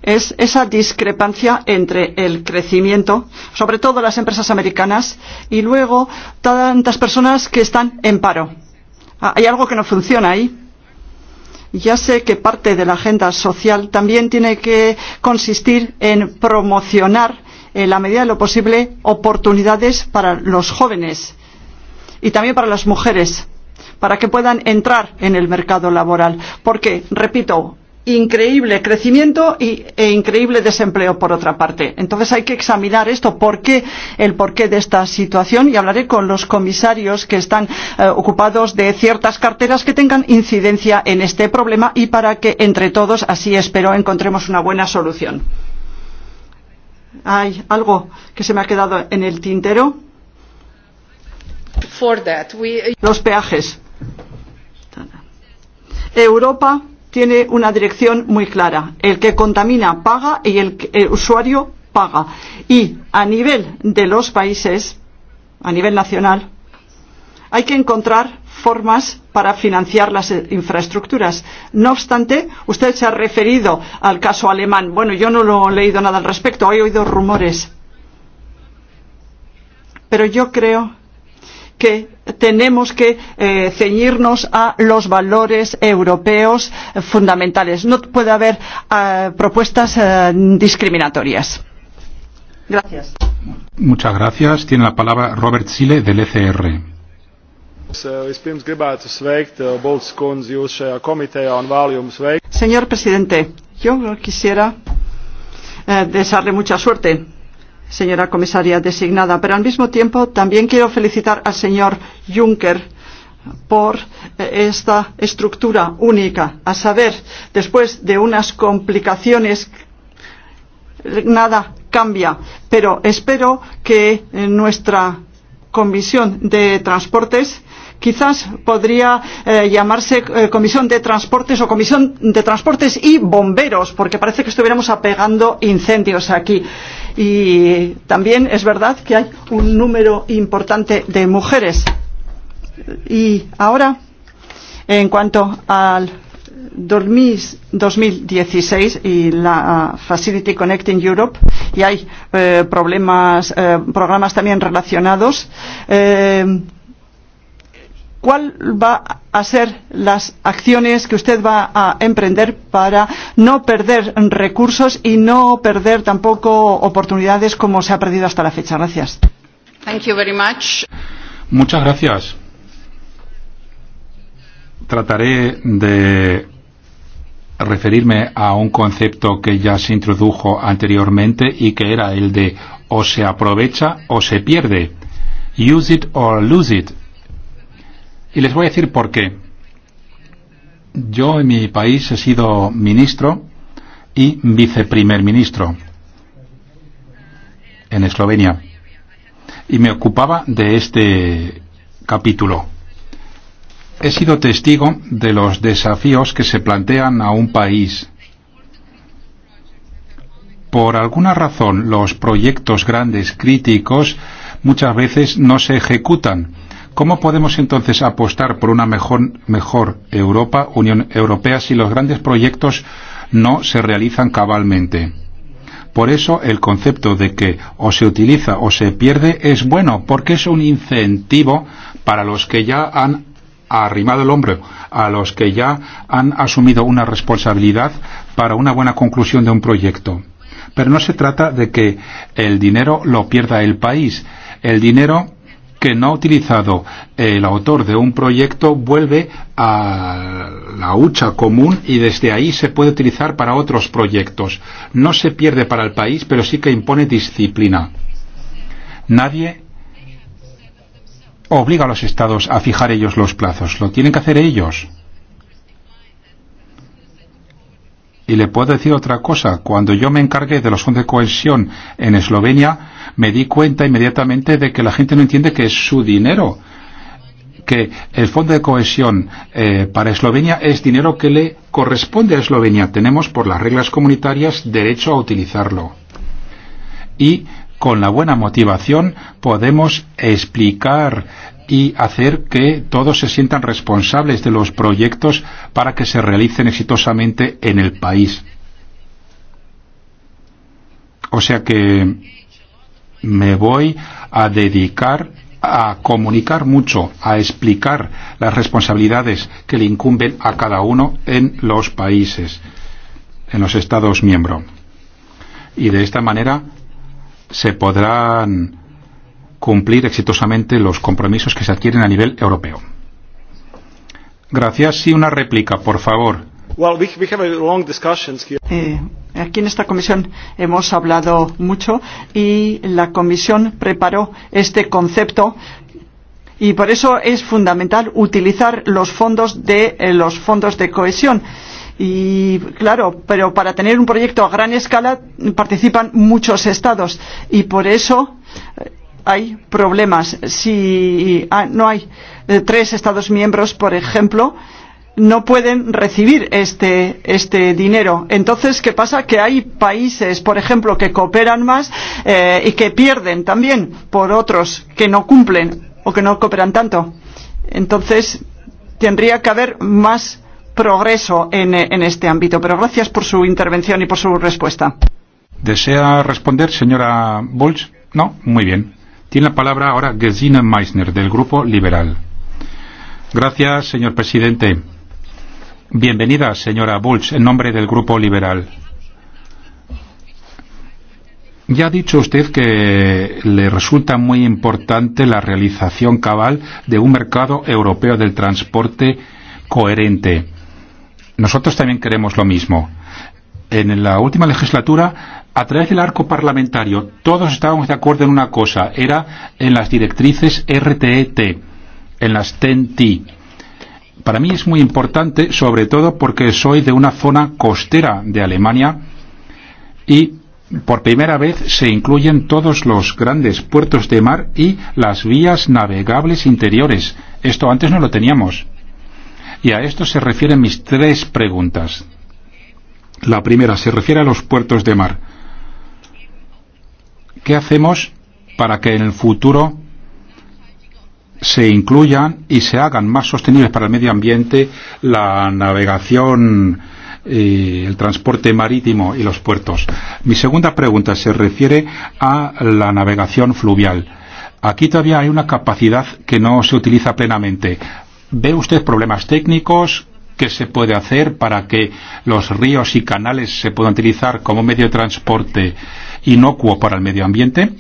es esa discrepancia entre el crecimiento, sobre todo las empresas americanas, y luego tantas personas que están en paro. Hay algo que no funciona ahí. Ya sé que parte de la agenda social también tiene que consistir en promocionar, en la medida de lo posible, oportunidades para los jóvenes y también para las mujeres para que puedan entrar en el mercado laboral. Porque, repito, increíble crecimiento y, e increíble desempleo por otra parte. Entonces hay que examinar esto, por qué, el porqué de esta situación y hablaré con los comisarios que están eh, ocupados de ciertas carteras que tengan incidencia en este problema y para que entre todos, así espero, encontremos una buena solución. ¿Hay algo que se me ha quedado en el tintero? For that, we... Los peajes Europa tiene una dirección muy clara. El que contamina paga y el, el usuario paga. Y a nivel de los países, a nivel nacional, hay que encontrar formas para financiar las infraestructuras. No obstante, usted se ha referido al caso alemán. Bueno, yo no lo he leído nada al respecto, he oído rumores. Pero yo creo que tenemos que eh, ceñirnos a los valores europeos fundamentales. No puede haber eh, propuestas eh, discriminatorias. Gracias. Muchas gracias. Tiene la palabra Robert Sile del ECR. Señor presidente, yo quisiera eh, desearle mucha suerte señora comisaria designada, pero al mismo tiempo también quiero felicitar al señor Juncker por esta estructura única, a saber, después de unas complicaciones nada cambia, pero espero que nuestra Comisión de Transportes quizás podría eh, llamarse eh, Comisión de Transportes o Comisión de Transportes y Bomberos, porque parece que estuviéramos apegando incendios aquí. Y también es verdad que hay un número importante de mujeres. Y ahora, en cuanto al 2016 y la Facility Connecting Europe y hay eh, problemas, eh, programas también relacionados. Eh, cuál va a ser las acciones que usted va a emprender para no perder recursos y no perder tampoco oportunidades como se ha perdido hasta la fecha. Gracias. Thank you very much. Muchas gracias. Trataré de referirme a un concepto que ya se introdujo anteriormente y que era el de o se aprovecha o se pierde. Use it or lose it Y les voy a decir por qué. Yo en mi país he sido ministro y viceprimer ministro en Eslovenia. Y me ocupaba de este capítulo. He sido testigo de los desafíos que se plantean a un país. Por alguna razón, los proyectos grandes críticos muchas veces no se ejecutan ¿Cómo podemos entonces apostar por una mejor, mejor Europa, Unión Europea, si los grandes proyectos no se realizan cabalmente? Por eso el concepto de que o se utiliza o se pierde es bueno, porque es un incentivo para los que ya han arrimado el hombro, a los que ya han asumido una responsabilidad para una buena conclusión de un proyecto. Pero no se trata de que el dinero lo pierda el país. El dinero que no ha utilizado el autor de un proyecto vuelve a la hucha común y desde ahí se puede utilizar para otros proyectos. No se pierde para el país, pero sí que impone disciplina. Nadie obliga a los estados a fijar ellos los plazos. Lo tienen que hacer ellos. Y le puedo decir otra cosa, cuando yo me encargué de los fondos de cohesión en Eslovenia, me di cuenta inmediatamente de que la gente no entiende que es su dinero, que el fondo de cohesión eh, para Eslovenia es dinero que le corresponde a Eslovenia. Tenemos por las reglas comunitarias derecho a utilizarlo. Y con la buena motivación podemos explicar y hacer que todos se sientan responsables de los proyectos para que se realicen exitosamente en el país. O sea que me voy a dedicar a comunicar mucho, a explicar las responsabilidades que le incumben a cada uno en los países, en los Estados miembros. Y de esta manera se podrán cumplir exitosamente los compromisos que se adquieren a nivel europeo. Gracias y una réplica, por favor. Eh, aquí en esta comisión hemos hablado mucho y la comisión preparó este concepto y por eso es fundamental utilizar los fondos de eh, los fondos de cohesión. Y claro, pero para tener un proyecto a gran escala participan muchos estados y por eso eh, hay problemas. Si ah, no hay tres Estados miembros, por ejemplo, no pueden recibir este, este dinero. Entonces, ¿qué pasa? Que hay países, por ejemplo, que cooperan más eh, y que pierden también por otros que no cumplen o que no cooperan tanto. Entonces, tendría que haber más progreso en, en este ámbito. Pero gracias por su intervención y por su respuesta. ¿Desea responder, señora Bolch? No, muy bien. Tiene la palabra ahora Gesine Meissner, del Grupo Liberal. Gracias, señor presidente. Bienvenida, señora Bulch, en nombre del Grupo Liberal. Ya ha dicho usted que le resulta muy importante la realización cabal de un mercado europeo del transporte coherente. Nosotros también queremos lo mismo en la última legislatura, a través del arco parlamentario, todos estábamos de acuerdo en una cosa, era en las directrices RTET, en las TEN-T. Para mí es muy importante, sobre todo porque soy de una zona costera de Alemania y por primera vez se incluyen todos los grandes puertos de mar y las vías navegables interiores. Esto antes no lo teníamos. Y a esto se refieren mis tres preguntas. La primera se refiere a los puertos de mar. ¿Qué hacemos para que en el futuro se incluyan y se hagan más sostenibles para el medio ambiente la navegación, y el transporte marítimo y los puertos? Mi segunda pregunta se refiere a la navegación fluvial. Aquí todavía hay una capacidad que no se utiliza plenamente. ¿Ve usted problemas técnicos qué se puede hacer para que los ríos y canales se puedan utilizar como medio de transporte inocuo para el medio ambiente.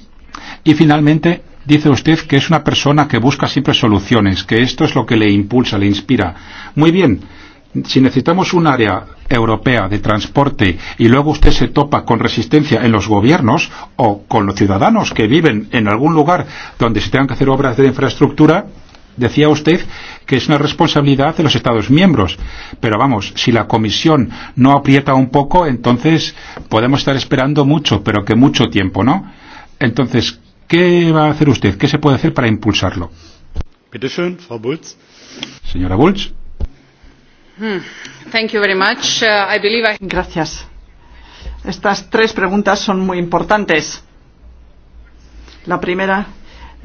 Y finalmente, dice usted que es una persona que busca siempre soluciones, que esto es lo que le impulsa, le inspira. Muy bien, si necesitamos un área europea de transporte y luego usted se topa con resistencia en los gobiernos o con los ciudadanos que viven en algún lugar donde se tengan que hacer obras de infraestructura, decía usted que es una responsabilidad de los Estados miembros. Pero vamos, si la Comisión no aprieta un poco, entonces podemos estar esperando mucho, pero que mucho tiempo, ¿no? Entonces, ¿qué va a hacer usted? ¿Qué se puede hacer para impulsarlo? Bitte schön, Frau Bulz. Señora Bulz. Thank you very much. I believe I... Gracias. Estas tres preguntas son muy importantes. La primera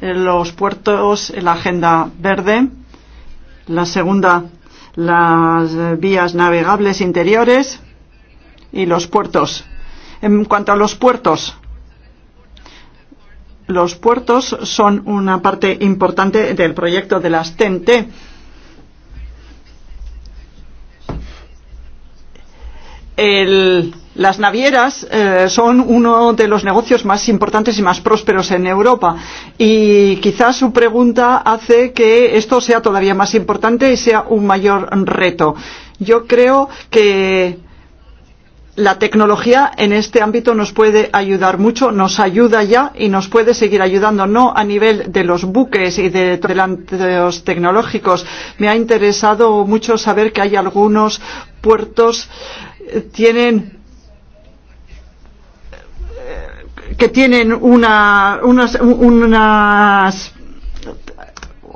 los puertos, la agenda verde. La segunda, las vías navegables interiores y los puertos. En cuanto a los puertos, los puertos son una parte importante del proyecto de las TNT. El, Las navieras eh, son uno de los negocios más importantes y más prósperos en Europa y quizás su pregunta hace que esto sea todavía más importante y sea un mayor reto. Yo creo que la tecnología en este ámbito nos puede ayudar mucho, nos ayuda ya y nos puede seguir ayudando, no a nivel de los buques y de los tecnológicos. Me ha interesado mucho saber que hay algunos puertos tienen que tienen una, unas, unas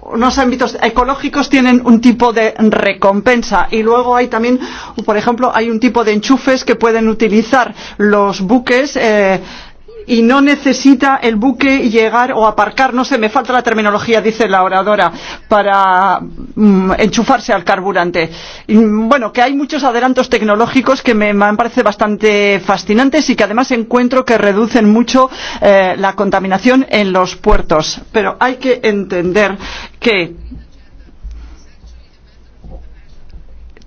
unos ámbitos ecológicos tienen un tipo de recompensa y luego hay también por ejemplo hay un tipo de enchufes que pueden utilizar los buques eh, y no necesita el buque llegar o aparcar, no sé, me falta la terminología, dice la oradora, para mm, enchufarse al carburante. Y, bueno, que hay muchos adelantos tecnológicos que me, me parece bastante fascinantes y que además encuentro que reducen mucho eh, la contaminación en los puertos. Pero hay que entender que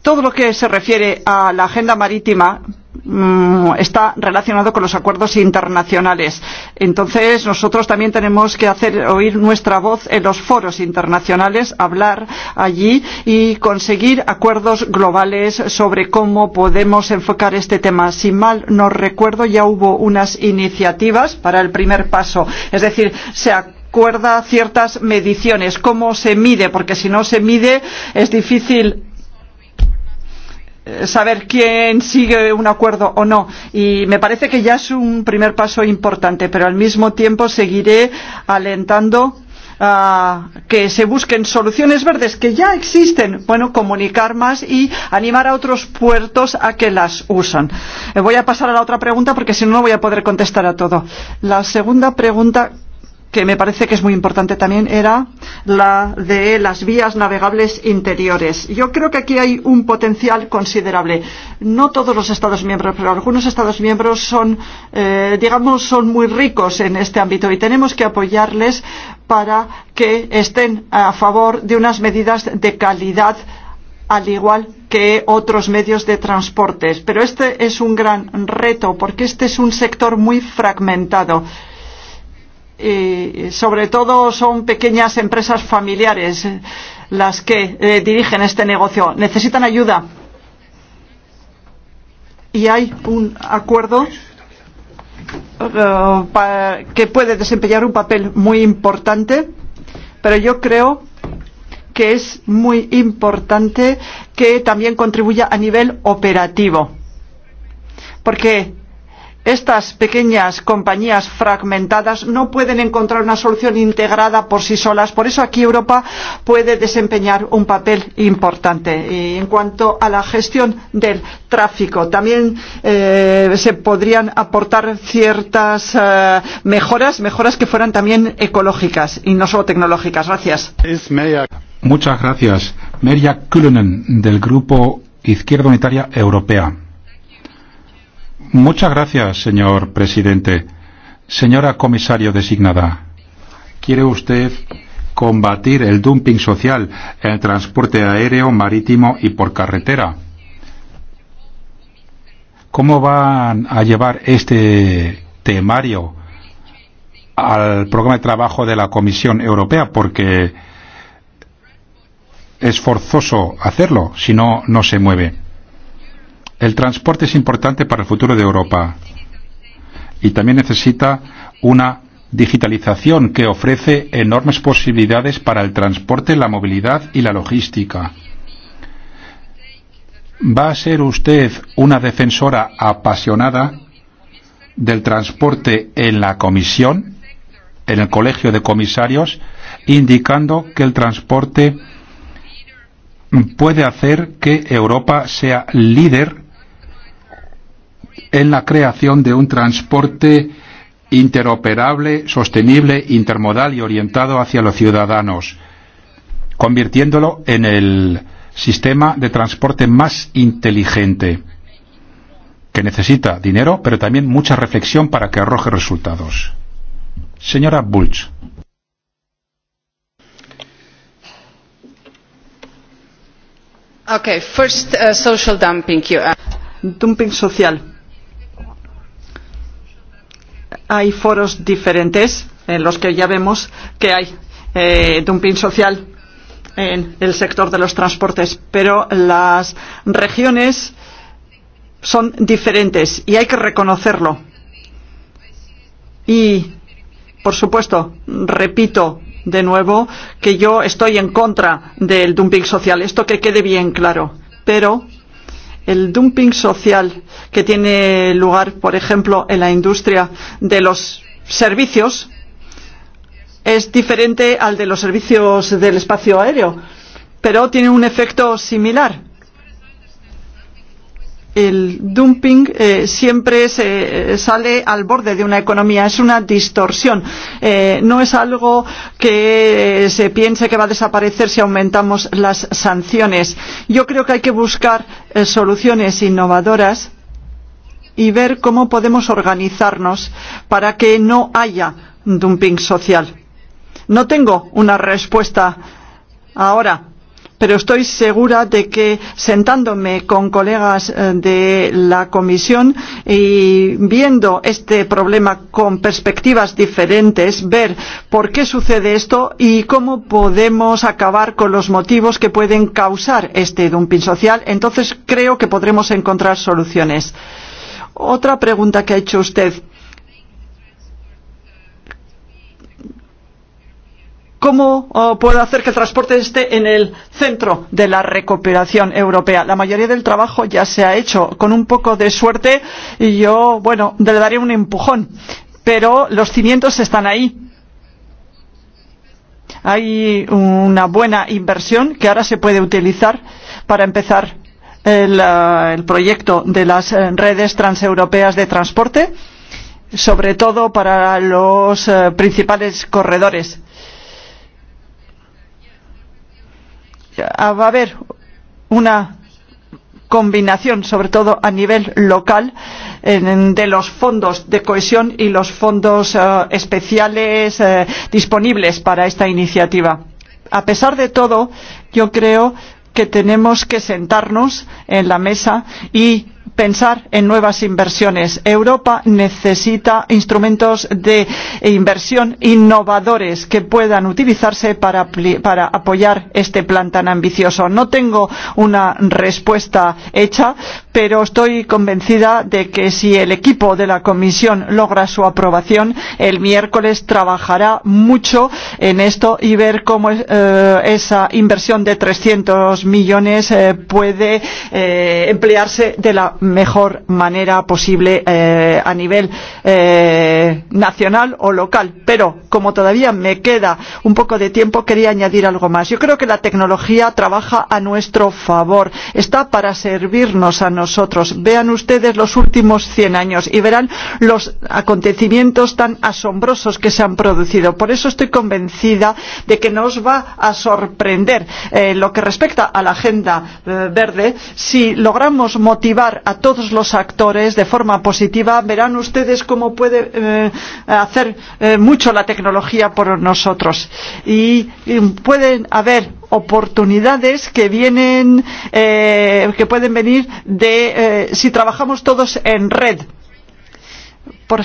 Todo lo que se refiere a la agenda marítima está relacionado con los acuerdos internacionales. Entonces, nosotros también tenemos que hacer oír nuestra voz en los foros internacionales, hablar allí y conseguir acuerdos globales sobre cómo podemos enfocar este tema. Si mal no recuerdo, ya hubo unas iniciativas para el primer paso. Es decir, se acuerda ciertas mediciones, cómo se mide, porque si no se mide es difícil saber quién sigue un acuerdo o no. Y me parece que ya es un primer paso importante, pero al mismo tiempo seguiré alentando a que se busquen soluciones verdes que ya existen, bueno, comunicar más y animar a otros puertos a que las usan. Voy a pasar a la otra pregunta porque si no, no voy a poder contestar a todo. La segunda pregunta que me parece que es muy importante también era la de las vías navegables interiores. Yo creo que aquí hay un potencial considerable. No todos los Estados miembros, pero algunos Estados miembros son, eh, digamos, son muy ricos en este ámbito y tenemos que apoyarles para que estén a favor de unas medidas de calidad al igual que otros medios de transporte. Pero este es un gran reto porque este es un sector muy fragmentado y sobre todo son pequeñas empresas familiares las que eh, dirigen este negocio. Necesitan ayuda. Y hay un acuerdo uh, que puede desempeñar un papel muy importante, pero yo creo que es muy importante que también contribuya a nivel operativo. Porque Estas pequeñas compañías fragmentadas no pueden encontrar una solución integrada por sí solas. Por eso aquí Europa puede desempeñar un papel importante. Y en cuanto a la gestión del tráfico, también eh, se podrían aportar ciertas eh, mejoras, mejoras que fueran también ecológicas y no solo tecnológicas. Gracias. Muchas gracias. Merja del Grupo Izquierda Unitaria Europea. Muchas gracias, señor presidente. Señora comisario designada, ¿quiere usted combatir el dumping social en el transporte aéreo, marítimo y por carretera? ¿Cómo van a llevar este temario al programa de trabajo de la Comisión Europea? Porque es forzoso hacerlo, si no, no se mueve. El transporte es importante para el futuro de Europa y también necesita una digitalización que ofrece enormes posibilidades para el transporte, la movilidad y la logística. ¿Va a ser usted una defensora apasionada del transporte en la comisión, en el colegio de comisarios, indicando que el transporte puede hacer que Europa sea líder en la creación de un transporte interoperable, sostenible, intermodal y orientado hacia los ciudadanos, convirtiéndolo en el sistema de transporte más inteligente, que necesita dinero, pero también mucha reflexión para que arroje resultados. Señora Bulch. Okay, first, uh, social dumping. You... Dumping social hay foros diferentes en los que ya vemos que hay eh, dumping social en el sector de los transportes, pero las regiones son diferentes y hay que reconocerlo. Y, por supuesto, repito de nuevo que yo estoy en contra del dumping social, esto que quede bien claro. Pero el dumping social que tiene lugar, por ejemplo, en la industria de los servicios es diferente al de los servicios del espacio aéreo, pero tiene un efecto similar el dumping eh, siempre se sale al borde de una economía, es una distorsión. Eh, no es algo que se piense que va a desaparecer si aumentamos las sanciones. Yo creo que hay que buscar eh, soluciones innovadoras y ver cómo podemos organizarnos para que no haya dumping social. No tengo una respuesta ahora pero estoy segura de que sentándome con colegas de la Comisión y viendo este problema con perspectivas diferentes, ver por qué sucede esto y cómo podemos acabar con los motivos que pueden causar este dumping social, entonces creo que podremos encontrar soluciones. Otra pregunta que ha hecho usted ¿Cómo puedo hacer que el transporte esté en el centro de la recuperación europea? La mayoría del trabajo ya se ha hecho. Con un poco de suerte, y yo, bueno, le daré un empujón. Pero los cimientos están ahí. Hay una buena inversión que ahora se puede utilizar para empezar el, el proyecto de las redes transeuropeas de transporte, sobre todo para los principales corredores va a haber una combinación, sobre todo a nivel local, de los fondos de cohesión y los fondos especiales disponibles para esta iniciativa. A pesar de todo, yo creo que tenemos que sentarnos en la mesa y pensar en nuevas inversiones. Europa necesita instrumentos de inversión innovadores que puedan utilizarse para, para apoyar este plan tan ambicioso. No tengo una respuesta hecha pero estoy convencida de que si el equipo de la Comisión logra su aprobación, el miércoles trabajará mucho en esto y ver cómo eh, esa inversión de 300 millones eh, puede eh, emplearse de la mejor manera posible eh, a nivel eh, nacional o local. Pero como todavía me queda un poco de tiempo, quería añadir algo más. Yo creo que la tecnología trabaja a nuestro favor. Está para servirnos a nosotros nosotros. Vean ustedes los últimos 100 años y verán los acontecimientos tan asombrosos que se han producido. Por eso estoy convencida de que nos va a sorprender eh, lo que respecta a la agenda eh, verde si logramos motivar a todos los actores de forma positiva. Verán ustedes cómo puede eh, hacer eh, mucho la tecnología por nosotros. Y, y pueden haber oportunidades que vienen, eh, que pueden venir de eh, si trabajamos todos en red. Por,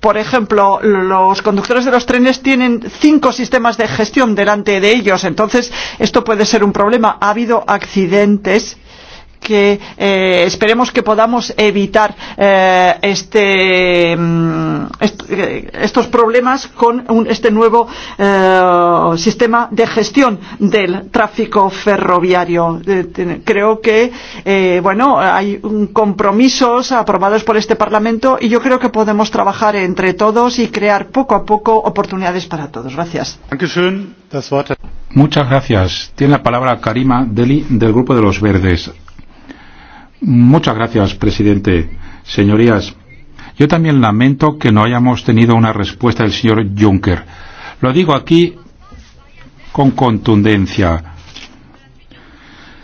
por ejemplo, los conductores de los trenes tienen cinco sistemas de gestión delante de ellos, entonces esto puede ser un problema. Ha habido accidentes que eh, esperemos que podamos evitar eh, este, est estos problemas con un, este nuevo eh, sistema de gestión del tráfico ferroviario. creo que eh, bueno hay un compromisos aprobados por este Parlamento y yo creo que podemos trabajar entre todos y crear poco a poco oportunidades para todos. Gracias. Muchas gracias. Tiene la palabra Karima Deli del Grupo de los Verdes. Muchas gracias, presidente. Señorías, yo también lamento que no hayamos tenido una respuesta del señor Juncker. Lo digo aquí con contundencia.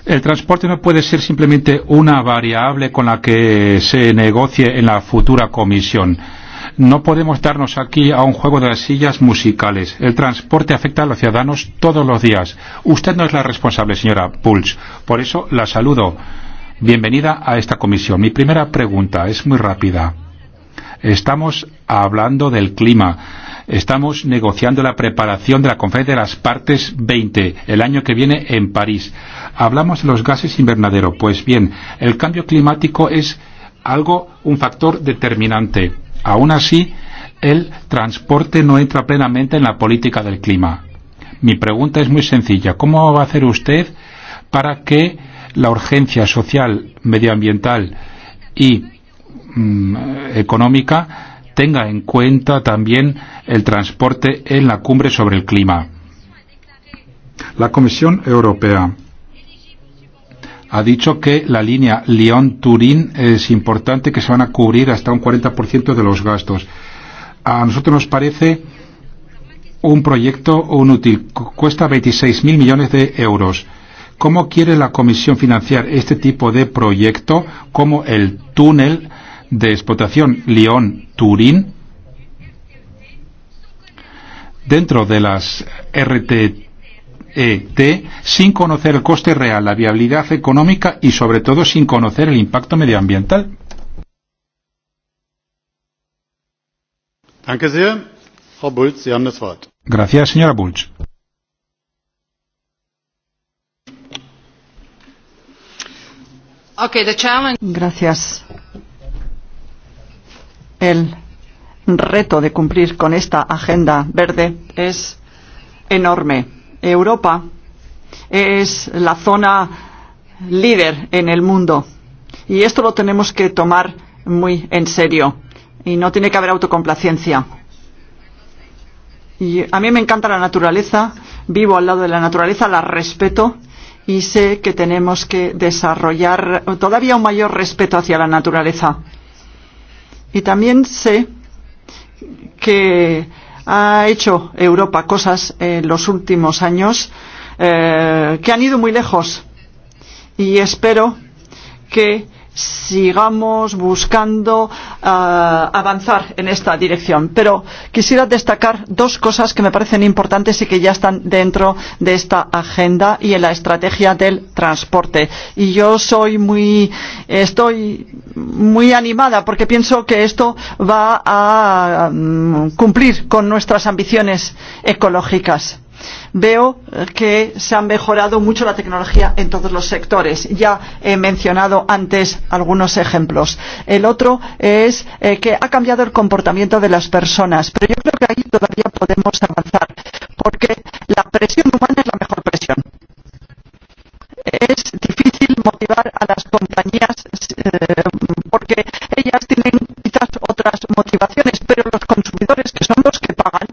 El transporte no puede ser simplemente una variable con la que se negocie en la futura comisión. No podemos darnos aquí a un juego de las sillas musicales. El transporte afecta a los ciudadanos todos los días. Usted no es la responsable, señora Pulch. Por eso la saludo Bienvenida a esta comisión. Mi primera pregunta es muy rápida. Estamos hablando del clima. Estamos negociando la preparación de la conferencia de las partes 20 el año que viene en París. Hablamos de los gases invernadero. Pues bien, el cambio climático es algo, un factor determinante. Aún así, el transporte no entra plenamente en la política del clima. Mi pregunta es muy sencilla. ¿Cómo va a hacer usted para que la urgencia social, medioambiental y mm, económica, tenga en cuenta también el transporte en la cumbre sobre el clima. La Comisión Europea ha dicho que la línea Lyon-Turín es importante que se van a cubrir hasta un 40% de los gastos. A nosotros nos parece un proyecto un útil. Cuesta 26.000 millones de euros ¿Cómo quiere la Comisión financiar este tipo de proyecto como el túnel de explotación Lyon-Turín dentro de las RTT? sin conocer el coste real, la viabilidad económica y sobre todo sin conocer el impacto medioambiental. Gracias, señora Bulch. Okay, the challenge... Gracias. El reto de cumplir con esta agenda verde es enorme. Europa es la zona líder en el mundo y esto lo tenemos que tomar muy en serio y no tiene que haber autocomplacencia. Y a mí me encanta la naturaleza, vivo al lado de la naturaleza, la respeto y sé que tenemos que desarrollar todavía un mayor respeto hacia la naturaleza. Y también sé que ha hecho Europa cosas en los últimos años eh, que han ido muy lejos y espero que sigamos buscando uh, avanzar en esta dirección. Pero quisiera destacar dos cosas que me parecen importantes y que ya están dentro de esta agenda y en la estrategia del transporte. Y yo soy muy, estoy muy animada porque pienso que esto va a um, cumplir con nuestras ambiciones ecológicas Veo que se ha mejorado mucho la tecnología en todos los sectores. Ya he mencionado antes algunos ejemplos. El otro es eh, que ha cambiado el comportamiento de las personas, pero yo creo que ahí todavía podemos avanzar, porque la presión humana es la mejor presión es difícil motivar a las compañías eh, porque ellas tienen quizás otras motivaciones, pero los consumidores que son los que pagan,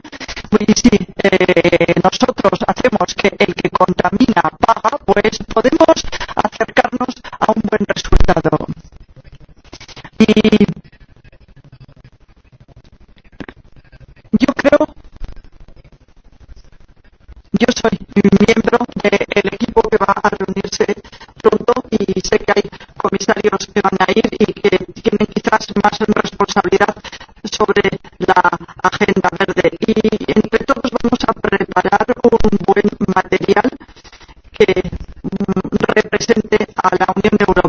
y si eh, nosotros hacemos que el que contamina paga, pues podemos acercarnos a un buen resultado. Y yo creo, yo soy miembro el equipo que va a reunirse pronto y sé que hay comisarios que van a ir y que tienen quizás más responsabilidad sobre la agenda verde. Y entre todos vamos a preparar un buen material que represente a la Unión Europea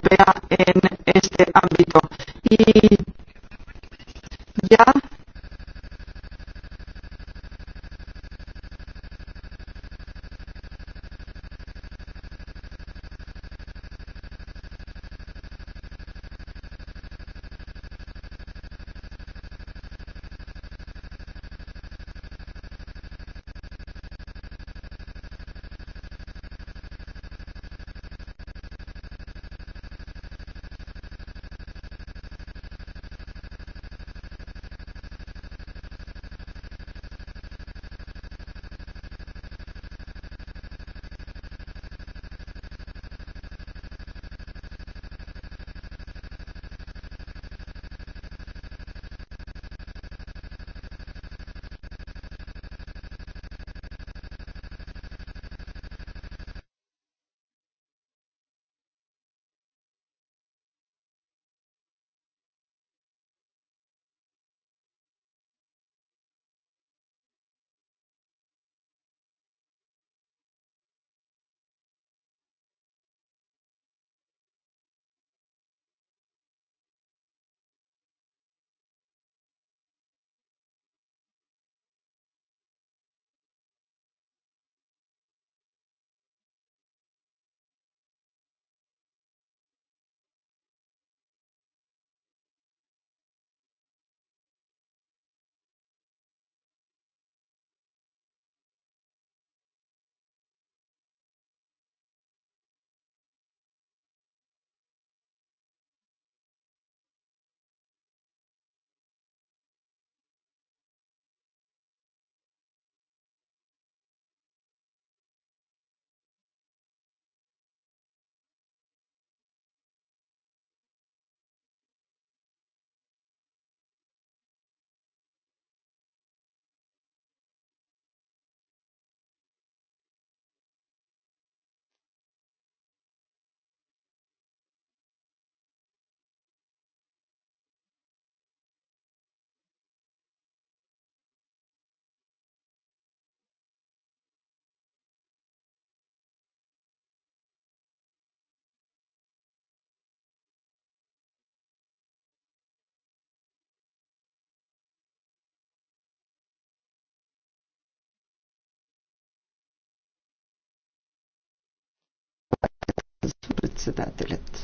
председателят.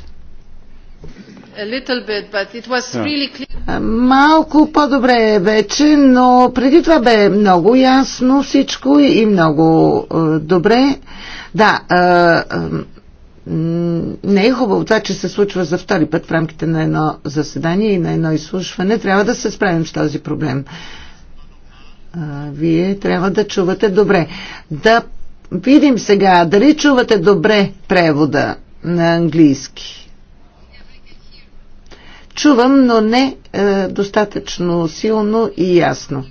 Bit, really Малко по-добре е вече, но преди това бе много ясно всичко и много е, добре. Да, е, е, не е хубаво това, че се случва за втори път в рамките на едно заседание и на едно изслушване. Трябва да се справим с този проблем. Вие трябва да чувате добре. Да видим сега дали чувате добре превода на английски. Чувам, но не е, достатъчно силно и ясно.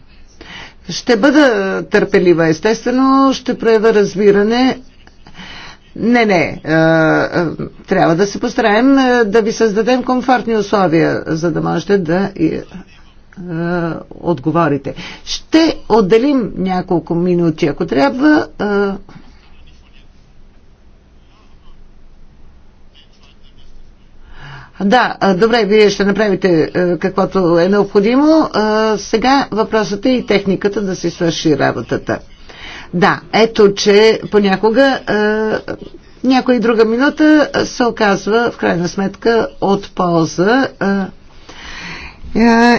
Ще бъда е, търпелива, естествено, ще проява разбиране. Не, не, е, е, трябва да се постараем е, да ви създадем комфортни условия, за да можете да е, е, отговорите. Ще отделим няколко минути, ако трябва, Да, добре, вие ще направите е, каквото е необходимо. Е, сега въпросът е и техниката да си свърши работата. Да, ето, че понякога е, някоя друга минута се оказва в крайна сметка от полза.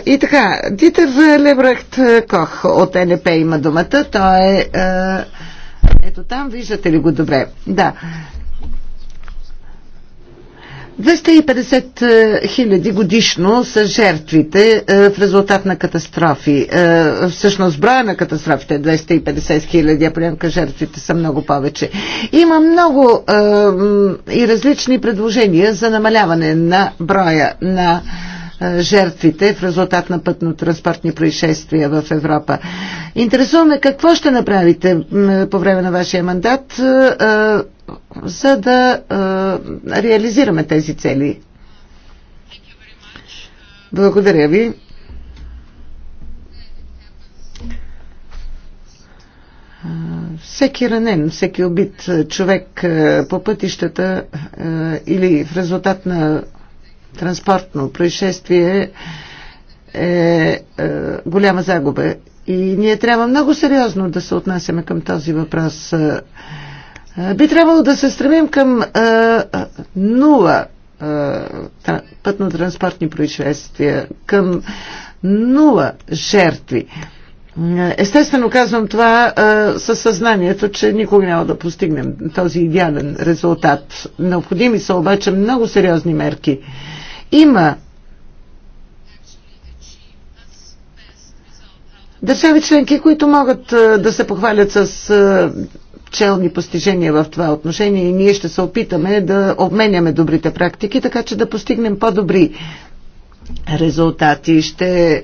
И така, Дитер Лебрехт Кох от НП има думата. Той е ето там, виждате ли го добре. Да. 250 е, хиляди годишно са жертвите е, в резултат на катастрофи. Е, всъщност броя на катастрофите е 250 хиляди, а понякога жертвите са много повече. Има много и различни предложения за намаляване на броя на е, жертвите в резултат на пътно-транспортни происшествия в Европа. Интересуваме какво ще направите по време на вашия мандат, е, за да е, реализираме тези цели. Благодаря ви. Всеки ранен, всеки убит човек по пътищата или в резултат на транспортно происшествие е, е голяма загуба. И ние трябва много сериозно да се отнасяме към този въпрос. Е, би трябвало да се стремим към е, нула е, пътно-транспортни происшествия, към нула жертви. Е, естествено казвам това е, със съзнанието, че никога няма да постигнем този идеален резултат. Необходими са обаче много сериозни мерки има държави членки, които могат да се похвалят с челни постижения в това отношение и ние ще се опитаме да обменяме добрите практики, така че да постигнем по-добри резултати. Ще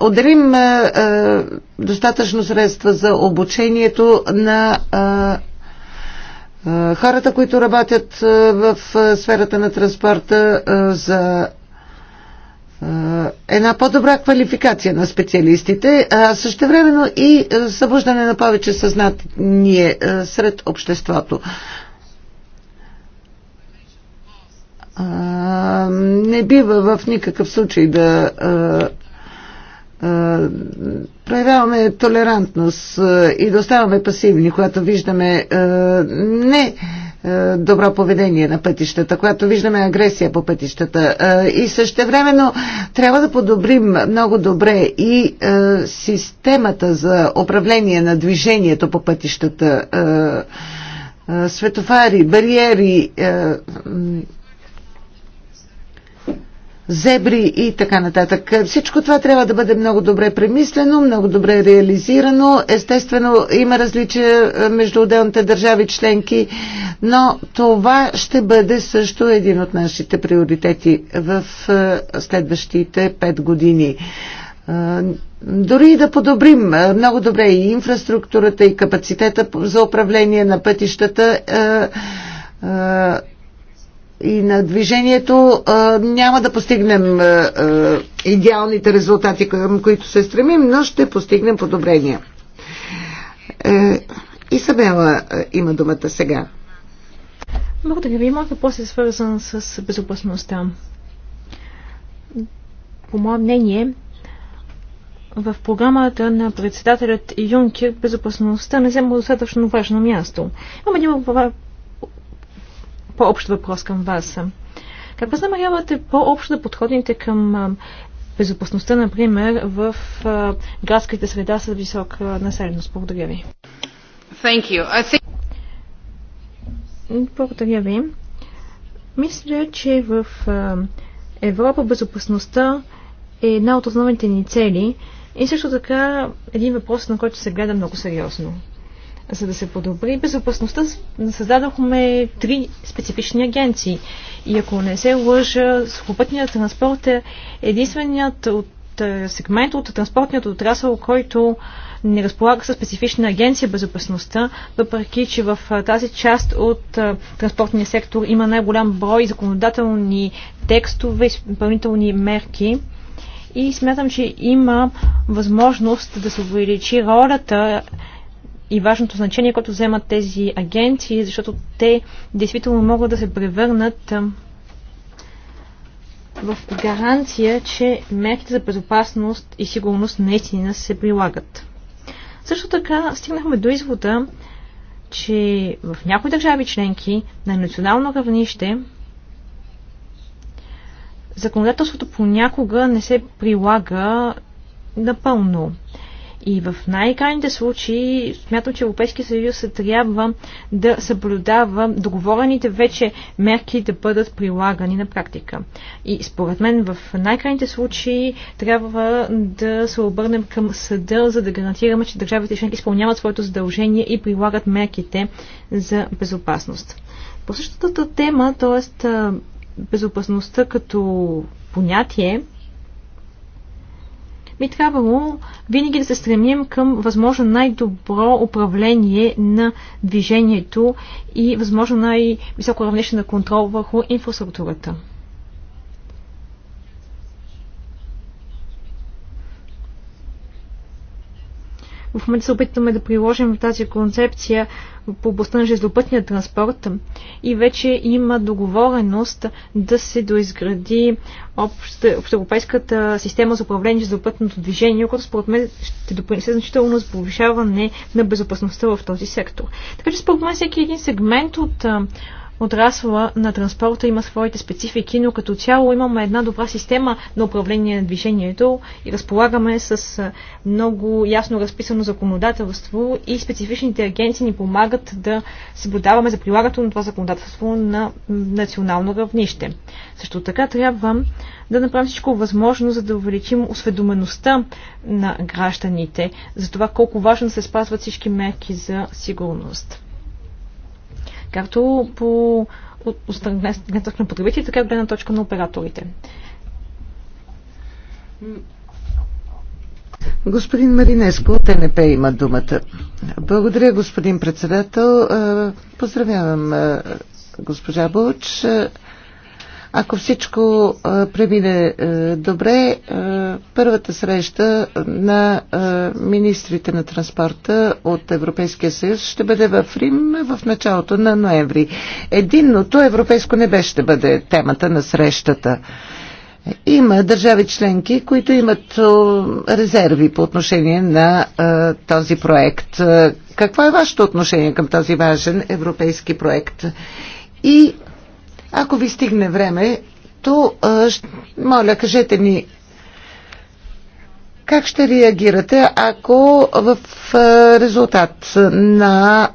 отделим достатъчно средства за обучението на хората, които работят в сферата на транспорта за една по-добра квалификация на специалистите, а също времено и събуждане на повече съзнание сред обществото. Не бива в никакъв случай да е, проявяваме толерантност е, и да оставаме пасивни, когато виждаме е, не добро поведение на пътищата, когато виждаме агресия по пътищата. И същевременно трябва да подобрим много добре и системата за управление на движението по пътищата, светофари, бариери, зебри и така нататък. Всичко това трябва да бъде много добре премислено, много добре реализирано. Естествено, има различия е, между отделните държави членки, но това ще бъде също един от нашите приоритети в е, следващите 5 години. Е, дори и да подобрим много добре и инфраструктурата, и капацитета за управление на пътищата, и на движението а, няма да постигнем а, а, идеалните резултати, към които се стремим, но ще постигнем подобрения. Е, Исабела има думата сега. Благодаря ви. Моят въпрос е свързан с безопасността. По мое мнение, в програмата на председателят Юнкер безопасността не взема достатъчно важно място. Имам един по-общ въпрос към вас. Как възнамерявате по-общо да подходите към безопасността, например, в градските среда с висока населеност? Благодаря ви. Thank you. I think... Благодаря ви. Мисля, че в Европа безопасността е една от основните ни цели и също така един въпрос, на който се гледа много сериозно. За да се подобри безопасността, създадохме три специфични агенции. И ако не се лъжа, сухопътният транспорт е единственият от е, сегмент от транспортният отрасъл, който не разполага със специфична агенция безопасността, въпреки че в е, тази част от е, транспортния сектор има най-голям брой законодателни текстове, изпълнителни мерки. И смятам, че има възможност да се увеличи ролята и важното значение, което вземат тези агенции, защото те действително могат да се превърнат в гаранция, че мерките за безопасност и сигурност наистина се прилагат. Също така стигнахме до извода, че в някои държави членки на национално равнище законодателството понякога не се прилага напълно. И в най-крайните случаи смятам, че Европейския съюз трябва да съблюдава договорените вече мерки да бъдат прилагани на практика. И според мен в най-крайните случаи трябва да се обърнем към съда, за да гарантираме, че държавите членки изпълняват своето задължение и прилагат мерките за безопасност. По същата тема, т.е. безопасността като понятие, би трябвало винаги да се стремим към възможно най-добро управление на движението и възможно най-високо равнище на контрол върху инфраструктурата. В момента се опитваме да приложим тази концепция по областта на железопътния транспорт и вече има договореност да се доизгради общоевропейската система за управление на железопътното движение, което според мен ще допринесе значително за повишаване на безопасността в този сектор. Така че според мен всеки един сегмент от отрасла на транспорта има своите специфики, но като цяло имаме една добра система на управление на движението и разполагаме с много ясно разписано законодателство и специфичните агенции ни помагат да съблюдаваме за прилагането на това законодателство на национално равнище. Също така трябва да направим всичко възможно, за да увеличим осведомеността на гражданите за това колко важно се спазват всички мерки за сигурност както по гледна на потребителите, така и от гледна точка на операторите. Господин Маринеско от НП има думата. Благодаря, господин председател. Е, поздравявам е, госпожа Булч ако всичко премине добре, първата среща на министрите на транспорта от Европейския съюз ще бъде в Рим в началото на ноември. Единното европейско небе ще бъде темата на срещата. Има държави членки, които имат резерви по отношение на а, този проект. Какво е вашето отношение към този важен европейски проект? И ако ви стигне време, то моля, кажете ни как ще реагирате, ако в резултат на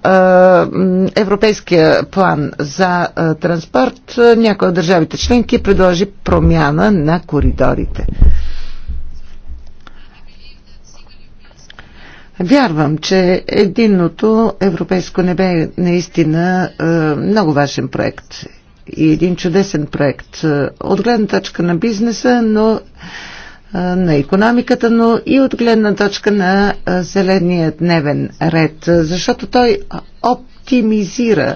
европейския план за транспорт някой от държавите членки предложи промяна на коридорите? Вярвам, че единното европейско небе е наистина много важен проект и един чудесен проект от гледна точка на бизнеса, но на економиката, но и от гледна точка на зеления дневен ред, защото той оптимизира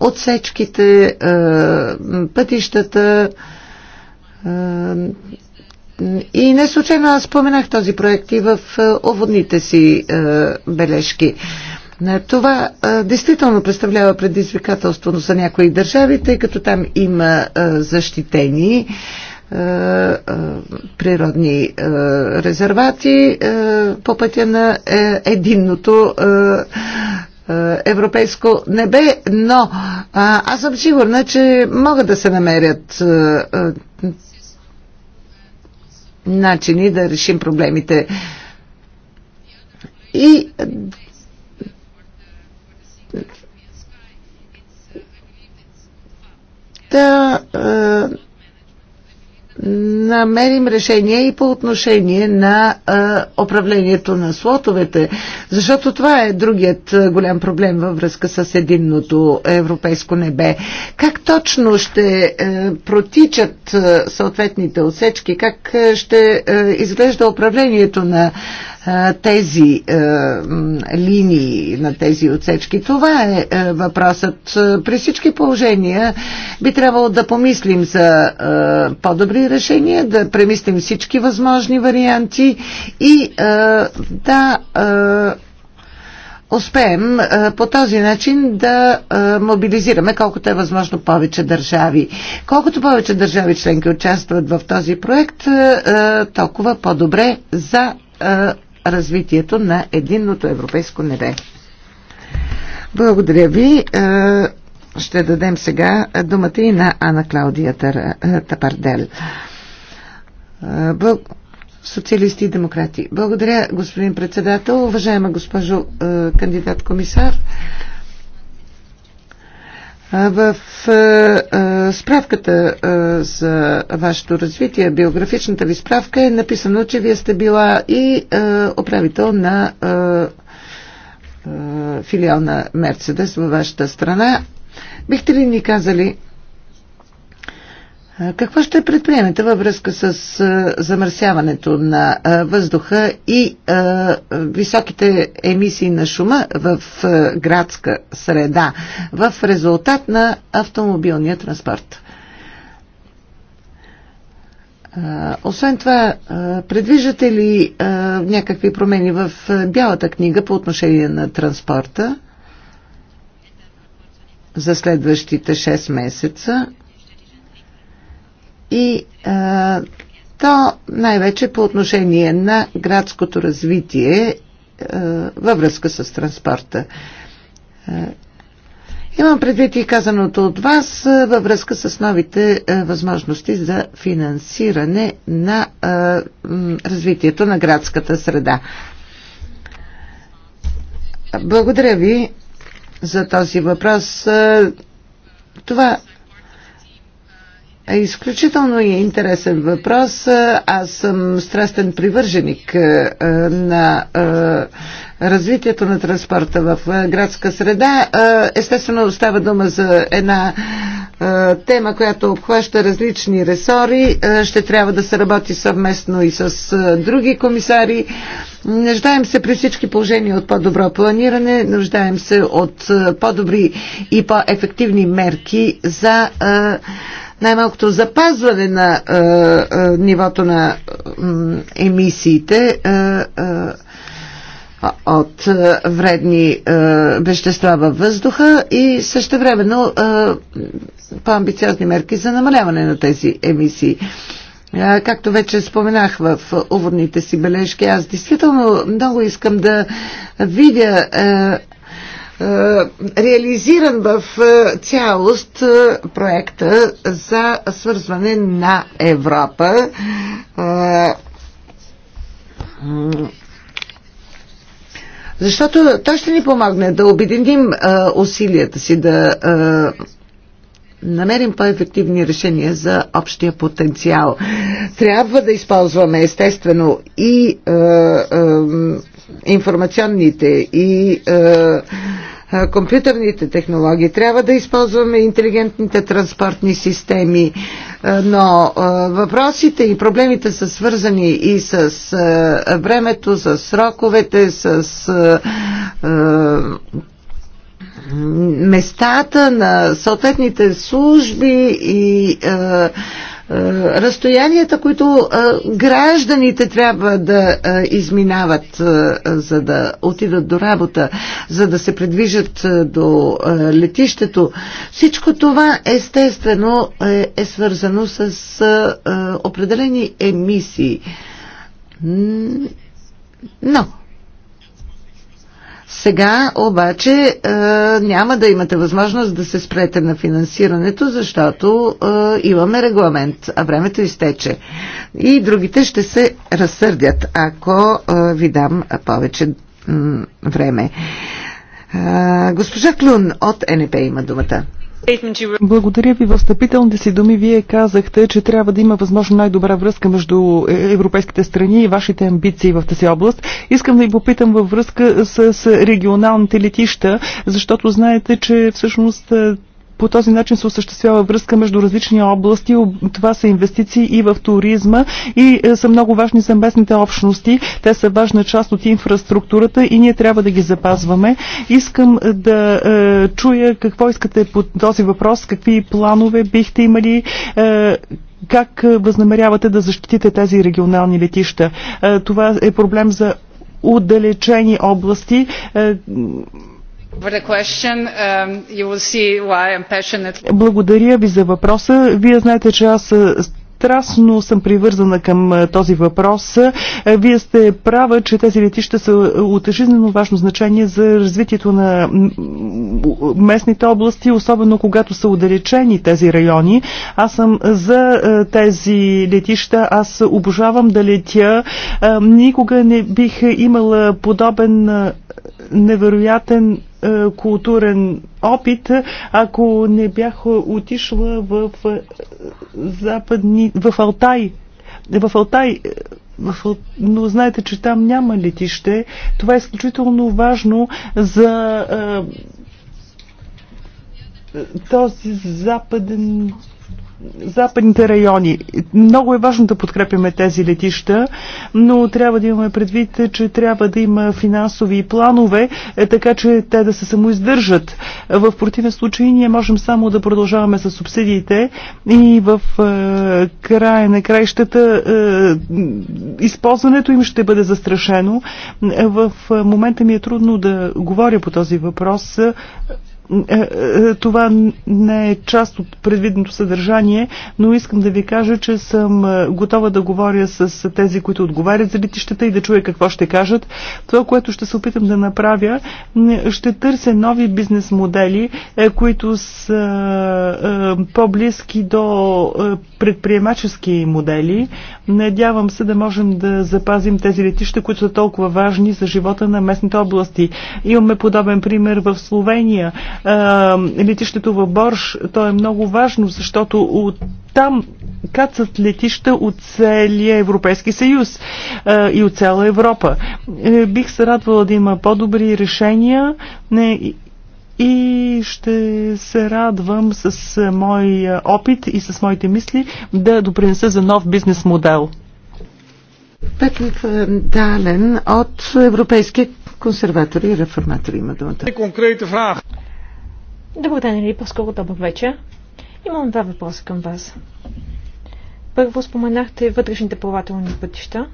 отсечките, пътищата. и не случайно аз споменах този проект и в уводните си бележки. Е, това а, е, действително представлява предизвикателство за някои държави, тъй като там има а, е, защитени а, а, природни а, резервати а, по пътя на е, единното а, европейско небе, но а, аз съм сигурна, че могат да се намерят а, а, начини да решим проблемите. И да е, намерим решение и по отношение на а, е, управлението на слотовете, защото това е другият е, голям проблем във връзка с единното европейско небе. Как точно ще а, протичат а, съответните отсечки, как а, ще а, изглежда управлението на тези е, линии, на тези отсечки. Това е, е въпросът. При всички положения би трябвало да помислим за е, по-добри решения, да премислим всички възможни варианти и е, да. Е, успеем по този начин да мобилизираме колкото е възможно повече държави. Колкото повече държави членки участват в този проект, толкова по-добре за развитието на единното европейско небе. Благодаря ви. Е, ще дадем сега думата и на Ана Клаудия е, Тапардел. Е, социалисти и демократи. Благодаря, господин председател. Уважаема госпожо кандидат комисар. В справката за вашето развитие, биографичната ви справка е написано, че вие сте била и управител на филиал на Мерцедес във вашата страна. Бихте ли ни казали какво ще предприемете във връзка с замърсяването на въздуха и високите емисии на шума в градска среда в резултат на автомобилния транспорт? Освен това, предвиждате ли някакви промени в Бялата книга по отношение на транспорта за следващите 6 месеца? и а, то най-вече по отношение на градското развитие а, във връзка с транспорта. имам предвид и казаното от вас във връзка с новите а, възможности за финансиране на а, развитието на градската среда. Благодаря ви за този въпрос. Това е, е интересен въпрос. Е, аз съм страстен привърженик е, на развитието на транспорта в градска среда. Естествено, става дума за една тема, която обхваща различни ресори. Ще трябва да се работи съвместно и с други комисари. Нуждаем се при всички положения от по-добро планиране, нуждаем се от по-добри и по-ефективни мерки за най-малкото запазване на а, е, а, е, нивото на а, емисиите а, е, а, от а, вредни а, вещества във въздуха и също времено по-амбициозни мерки за намаляване на тези емисии. Както вече споменах в уводните си бележки, аз действително много искам да видя е, реализиран в е, цялост е, проекта за свързване на Европа. Защото той ще ни помогне да обединим усилията си, да намерим по-ефективни решения за общия потенциал. Трябва да използваме естествено и информационните и е, е, компютърните технологии. Трябва да използваме интелигентните транспортни системи, е, но е, въпросите и проблемите са свързани и с е, времето, с сроковете, с е, е, местата на съответните служби и е, е, разстоянията, които е, гражданите трябва да е, изминават, за да отидат до работа, за да се предвижат до летището. Всичко това естествено е свързано с определени емисии. Но сега обаче е, няма да имате възможност да се спрете на финансирането, защото е, имаме регламент, а времето изтече. И другите ще се разсърдят, ако е, ви дам повече време. Е, госпожа Клюн от НП има думата. Благодаря ви. В встъпителните си думи вие казахте, че трябва да има възможно най-добра връзка между е, европейските страни и вашите амбиции в тази област. Искам да ви попитам във връзка с регионалните летища, защото знаете, че всъщност е, по този начин се осъществява връзка между различни области. Това са инвестиции и в туризма и е, са много важни за местните общности. Те са важна част от инфраструктурата и ние трябва да ги запазваме. Искам е, да е, чуя какво искате по този въпрос, какви планове бихте имали, е, как е, възнамерявате да защитите тези регионални летища. това е проблем за отдалечени области. Um, Благодаря ви за въпроса. Вие знаете, че аз страстно съм привързана към този въпрос. Вие сте права, че тези летища са от жизненно важно значение за развитието на местните области, особено когато са отдалечени тези райони. Аз съм за тези летища, аз обожавам да летя. Никога не бих имала подобен невероятен е, културен опит, ако не бях отишла в е, западни, в Алтай. В Алтай е, но знаете, че там няма летище. Това е изключително важно за този западен западните райони. Много е важно да подкрепяме тези летища, но трябва да имаме предвид, че трябва да има финансови планове, е, така че те да се самоиздържат. В противен случай ние можем само да продължаваме с субсидиите и в е, края на краищата е, използването им ще бъде застрашено. В момента ми е трудно да говоря по този въпрос. Е, е, това не е част от предвидното съдържание, но искам да ви кажа, че съм е, готова да говоря с тези, които отговарят за летищата и да чуя какво ще кажат. Това, което ще се опитам да направя, ще търся нови бизнес модели, които са по-близки до предприемачески модели. Надявам се да можем да запазим тези летища, които са толкова важни за живота на местните области. Имаме подобен пример в Словения летището в Борш, то е много важно, защото от там кацат летища от целия Европейски съюз а, и от цяла Европа. Е, бих се радвала да има по-добри решения не, и ще се радвам с мой опит и с моите мисли да допринеса за нов бизнес модел. Петлик е, Дален от Европейския консерватори и реформатори има думата. Добър ден или по-скоро добър вечер. Имам два въпроса към вас. Първо споменахте вътрешните плавателни пътища.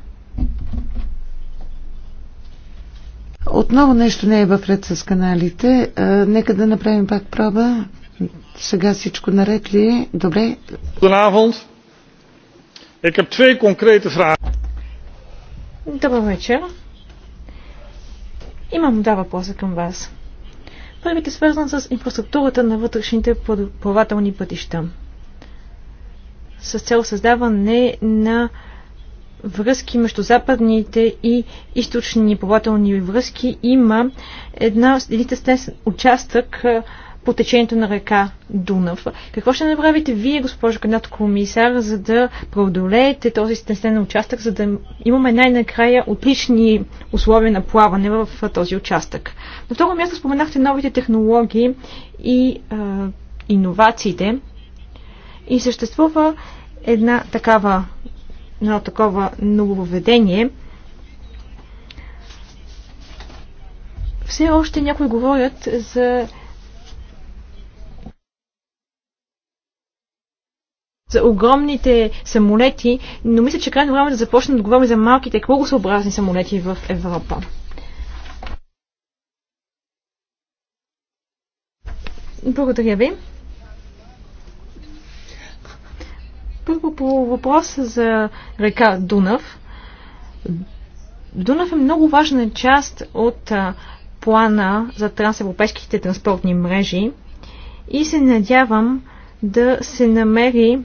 Отново нещо не е в ред с каналите. А, нека да направим пак проба. Сега всичко наред ли е? Добре. Goedenavond. Ik heb twee concrete vragen. Добър вечер. Имам два въпроса към вас. Първият е свързан с инфраструктурата на вътрешните плавателни пътища. С цел създаване на връзки между западните и източни плавателни връзки има една, един участък по течението на река Дунав. Какво ще направите вие, госпожо кандидат комисар, за да преодолеете този стеснен участък, за да имаме най-накрая отлични условия на плаване в този участък? На второ място споменахте новите технологии и а, иновациите. И съществува една такава, едно такова нововведение. Все още някои говорят за за огромните самолети, но мисля, че крайно време е да започнем да говорим за малките кругосъобразни самолети в Европа. Благодаря ви. Първо по въпроса за река Дунав. Дунав е много важна част от плана за трансевропейските транспортни мрежи и се надявам да се намери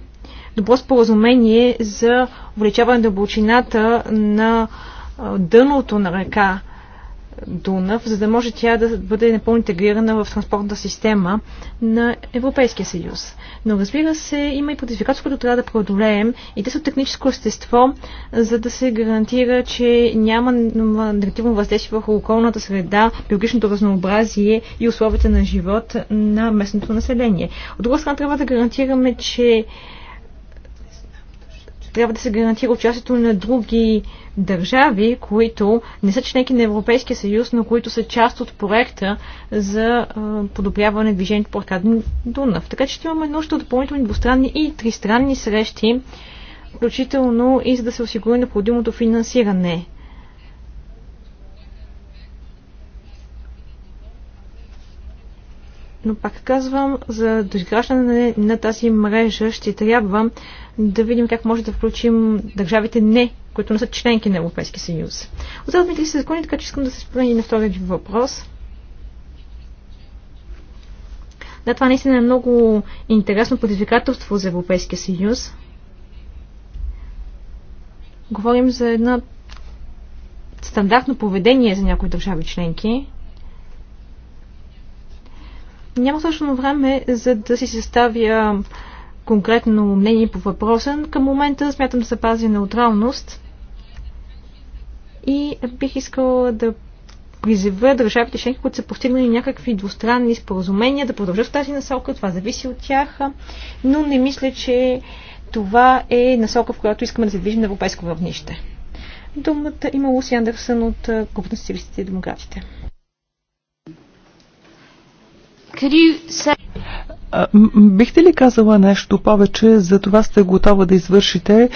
добро споразумение за увеличаване дълбочината на дъното на река Дунав, за да може тя да бъде напълно интегрирана в транспортната система на Европейския съюз. Но разбира се, има и предизвикателство, което трябва да преодолеем и те са техническо естество, за да се гарантира, че няма негативно въздействие върху околната среда, биологичното разнообразие и условията на живот на местното население. От друга страна трябва да гарантираме, че трябва да се гарантира участието на други държави, които не са членки на Европейския съюз, но които са част от проекта за подобряване на движението по Аркаден Дунав. Така че имаме нужда от допълнителни двустранни и тристранни срещи, включително и за да се осигури необходимото финансиране. Но пак казвам, за доизграждане на тази мрежа ще трябва да видим как може да включим държавите не, които не са членки на Европейския съюз. Отзадат ли се закони, така че искам да се спомени на втория ви въпрос. Да, това наистина е много интересно предизвикателство за Европейския съюз. Говорим за едно стандартно поведение за някои държави членки. Няма точно време за да си съставя конкретно мнение по въпроса. Към момента смятам да се пази неутралност и бих искала да призива държавите членки, които са постигнали някакви двустранни споразумения, да продължат в тази насока. Това зависи от тях, но не мисля, че това е насока, в която искаме да се движим на европейско въвнище. Думата има Луси Андерсън от Групата на социалистите и демократите say... Бихте ли казала нещо повече за това сте готова да извършите,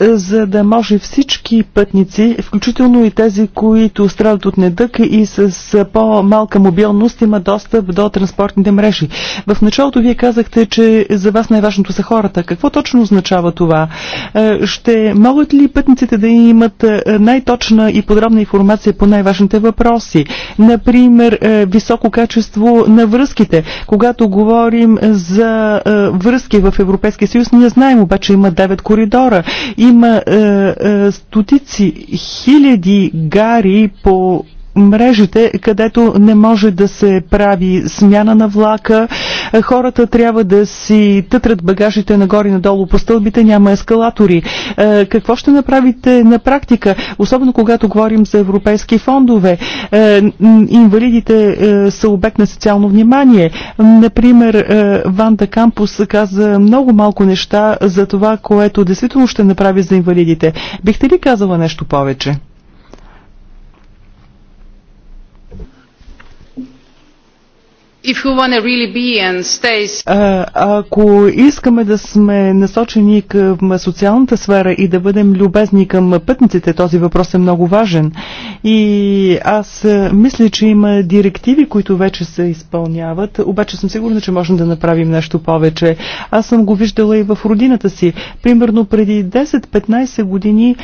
е, е, за да може всички пътници, включително и тези, които страдат от недък и с по-малка мобилност, има достъп до транспортните мрежи? В началото вие казахте, че за вас най-важното са хората. Какво точно означава това? Е, ще могат ли пътниците да имат най-точна и подробна информация по най-важните въпроси? Например, високо качество на връзките. Когато говорим за е, връзки в Европейския съюз, ние знаем обаче има 9 коридора, има е, е, стотици, хиляди гари по мрежите, където не може да се прави смяна на влака, Хората трябва да си тътрат багажите нагоре надолу по стълбите, няма ескалатори. Е, какво ще направите на практика, особено когато говорим за европейски фондове? Е, инвалидите е, са обект на социално внимание. Например, Ванда Кампус каза много малко неща за това, което действително ще направи за инвалидите. Бихте ли казала нещо повече? ако искаме да сме насочени към социалната сфера и да бъдем любезни към пътниците, този въпрос е много важен. И аз мисля, че има директиви, които вече се изпълняват, обаче съм сигурна, че можем да направим нещо повече. Аз съм го виждала и в родината си. Примерно преди 10-15 години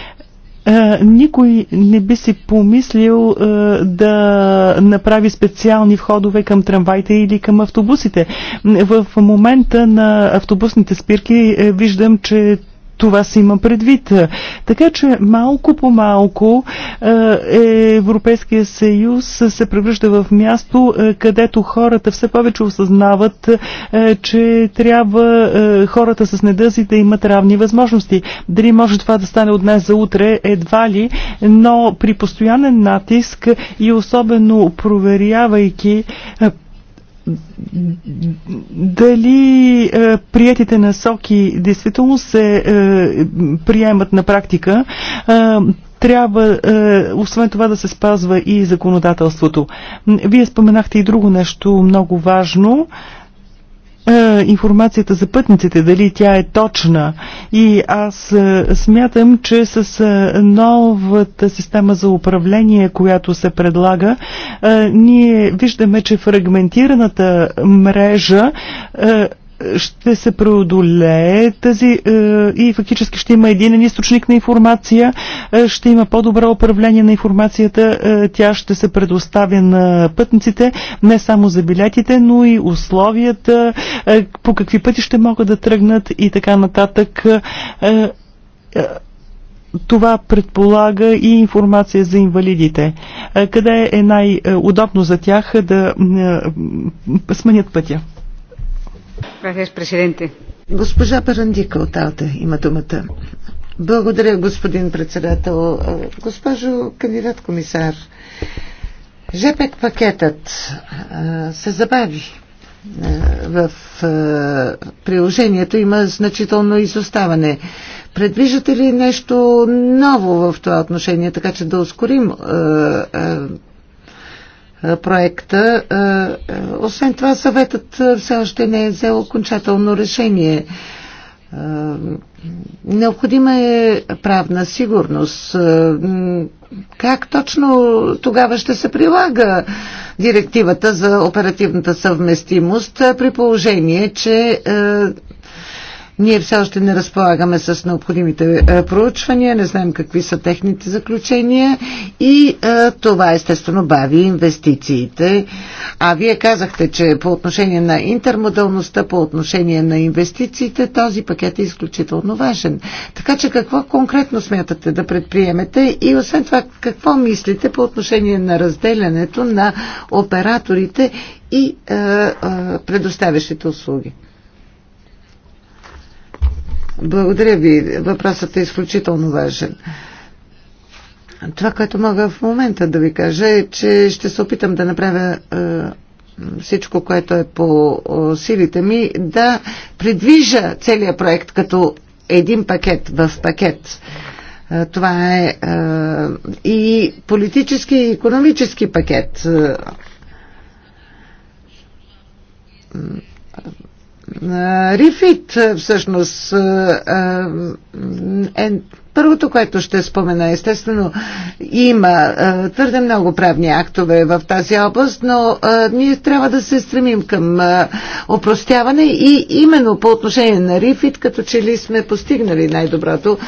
е, никой не би си помислил е, да направи специални входове към трамвайте или към автобусите. В момента на автобусните спирки е, виждам, че това се има предвид. Така че малко по малко е, Европейския съюз се превръща в място, е, където хората все повече осъзнават, е, че трябва хората с недъзи да имат равни възможности. Дали може това да стане от днес за утре, едва ли, но при постоянен натиск и особено проверявайки дали е, приятите насоки действително се е, приемат на практика, е, трябва, е, освен това, да се спазва и законодателството. Вие споменахте и друго нещо много важно. Е, е, информацията за пътниците, дали тя е точна. И аз е, смятам, че с е, новата система за управление, която се предлага, ние виждаме, че фрагментираната мрежа ще се преодолее тази е, и фактически ще има един източник на информация, е, ще има по-добро управление на информацията, е, тя ще се предоставя на пътниците, не само за билетите, но и условията, по какви пъти ще могат да тръгнат и така нататък. Това предполага и информация за инвалидите. Къде е най-удобно за тях да сменят пътя? Госпожа Парандика от Алта има думата. Благодаря, господин председател. Госпожо кандидат комисар, ЖПЕК пакетът се забави в приложението има значително изоставане. Предвиждате ли нещо ново в това отношение, така че да ускорим проекта. Освен това, съветът все още не е взел окончателно решение. Необходима е правна сигурност. Как точно тогава ще се прилага директивата за оперативната съвместимост при положение, че ние все още не разполагаме с необходимите е, проучвания, не знаем какви са техните заключения и е, това естествено бави инвестициите. А вие казахте, че по отношение на интермодалността, по отношение на инвестициите, този пакет е изключително важен. Така че какво конкретно смятате да предприемете и освен това какво мислите по отношение на разделянето на операторите и а, е, а, предоставящите услуги? Благодаря ви. Въпросът е изключително важен. Това, което мога в момента да ви кажа е, че ще се опитам да направя е, всичко, което е по е, силите ми, да придвижа целия проект като един пакет в пакет. Е, това е и политически и економически пакет Рифит всъщност е, е Първото, което ще спомена, естествено, има е, твърде много правни актове в тази област, но е, ние трябва да се стремим към е, опростяване и именно по отношение на Рифит, като че ли сме постигнали най-доброто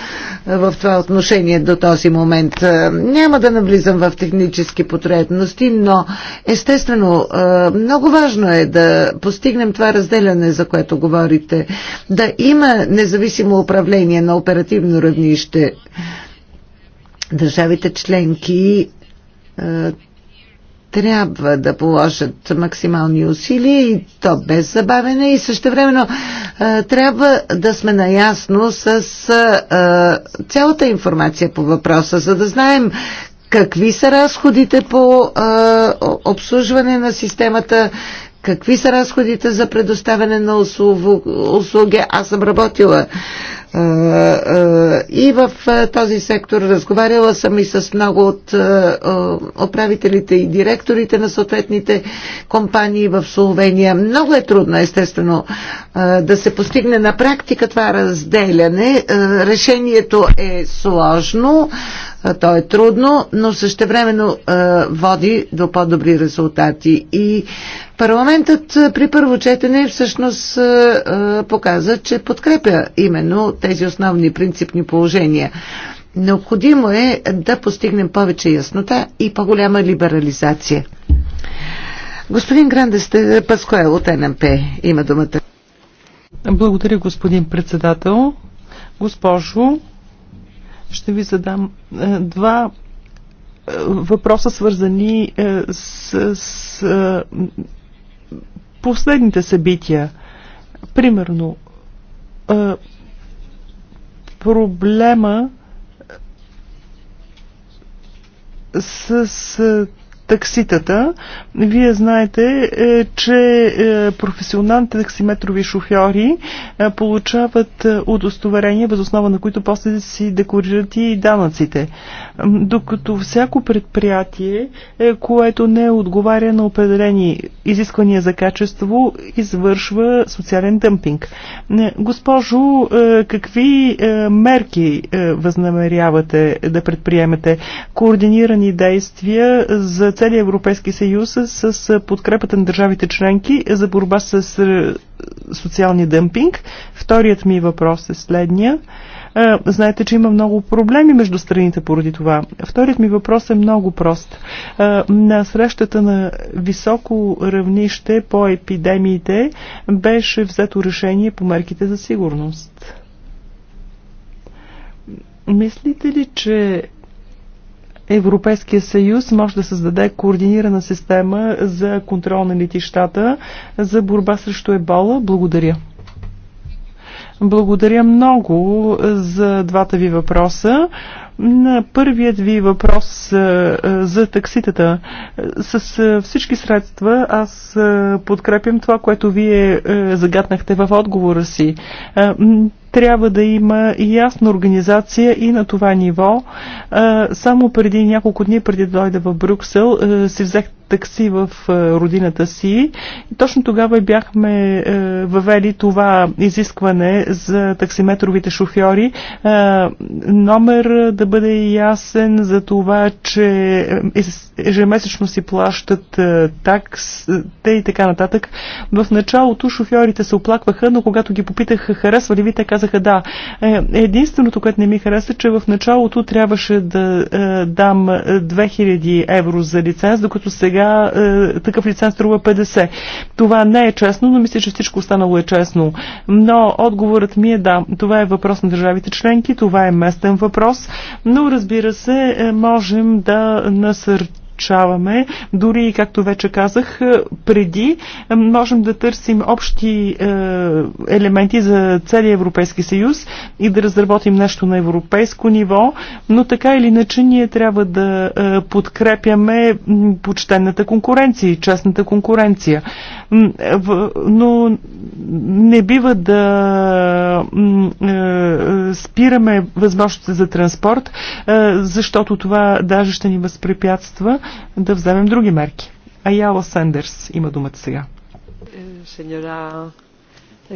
в това отношение до този момент. Няма да навлизам в технически потребности, но естествено много важно е да постигнем това разделяне, за което говорите, да има независимо управление на оперативно равнище, бъдеще. Държавите членки е, трябва да положат максимални усилия и то без забавене и също времено е, трябва да сме наясно с е, цялата информация по въпроса, за да знаем какви са разходите по обслужване на системата, какви са разходите за предоставяне на услуги. Аз съм работила е, е, и в е, този сектор разговаряла съм и с много от управителите и директорите на съответните компании в Словения. Много е трудно, естествено, да се постигне на практика това разделяне. Решението е сложно, то е трудно, но същевременно води до по-добри резултати. И парламентът при първо четене всъщност показа, че подкрепя именно тези основни принципни положения. Необходимо е да постигнем повече яснота и по-голяма либерализация. Господин Грандес е, Паскоел от НМП има думата. Благодаря, господин председател. Госпожо, ще ви задам е, два е, въпроса, свързани е, с, с последните събития. Примерно, проблема с такситата. Вие знаете, е, че е, професионалните таксиметрови шофьори е, получават удостоверения, основа на които после си декорират и данъците. Докато всяко предприятие, което не отговаря на определени изисквания за качество, извършва социален дъмпинг. Госпожо, какви мерки възнамерявате да предприемете? Координирани действия за целия Европейски съюз с подкрепата на държавите членки за борба с социалния дъмпинг. Вторият ми въпрос е следния. Знаете, че има много проблеми между страните поради това. Вторият ми въпрос е много прост. На срещата на високо равнище по епидемиите беше взето решение по мерките за сигурност. Мислите ли, че Европейския съюз може да създаде координирана система за контрол на летищата за борба срещу ебола. Благодаря. Благодаря много за двата ви въпроса. На първият ви въпрос е, е, за такситата. С е, всички средства аз подкрепям това, което вие загаднахте в отговора си трябва да има ясна организация и на това ниво. Само преди няколко дни, преди да дойда в Брюксел, си взех такси в е, родината си. И точно тогава бяхме е, въвели това изискване за таксиметровите шофьори. Е, номер да бъде ясен за това, че ежемесечно си плащат таксите и така нататък. В началото шофьорите се оплакваха, но когато ги попитаха харесва ли ви, те казаха да. Единственото, което не ми хареса, че в началото трябваше да дам 2000 евро за лиценз, докато сега сега е, такъв лиценз струва 50. Това не е честно, но мисля, че всичко останало е честно. Но отговорът ми е да, това е въпрос на държавите членки, това е местен въпрос, но разбира се, е, можем да насърчим насърчаваме. Дори, както вече казах, е, преди е, можем да търсим общи е, елементи за целия Европейски съюз и да разработим нещо на европейско ниво, но така или иначе ние трябва да подкрепяме почтенната конкуренция и честната конкуренция но не бива да е, спираме възможности за транспорт, е, защото това даже ще ни възпрепятства да вземем други мерки. яла Сендерс има думата сега. Е, Сеньора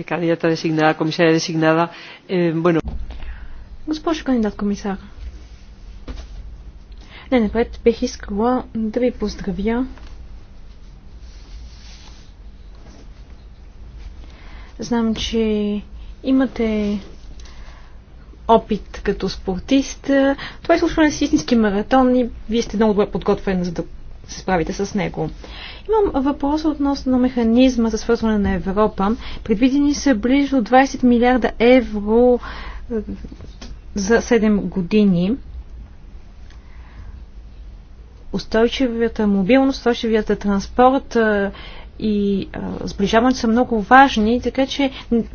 кандидата дesignada, комисаря designada, bueno. Госпожо кандидат комисар, не, напред бих искала да ви поздравя Знам, че имате опит като спортист. Това е случва с истински маратон и вие сте много добре подготвен, за да се справите с него. Имам въпрос относно механизма за свързване на Европа. Предвидени са близо 20 милиарда евро е, за 7 години. Устойчивата мобилност, устойчивата транспорт е, и а, сближаването са много важни, така че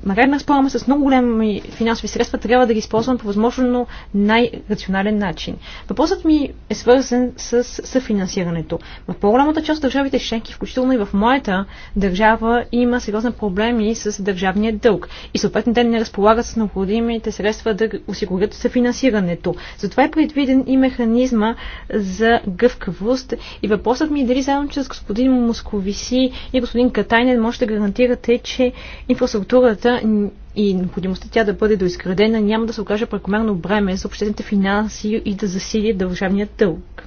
макар да разполагаме с много големи финансови средства, трябва да ги използвам по възможно най-рационален начин. Въпросът ми е свързан с съфинансирането. В по-голямата част от държавите членки, включително и в моята държава, има сериозни проблеми с държавния дълг. И съответно те не разполагат с необходимите средства да осигурят съфинансирането. Затова е предвиден и механизма за гъвкавост. И въпросът ми е дали заедно с господин Московиси и господин Катайнен, може да гарантирате, че инфраструктурата и необходимостта тя да бъде доизградена няма да се окаже прекомерно бреме за обществените финанси и да засили държавният дълг.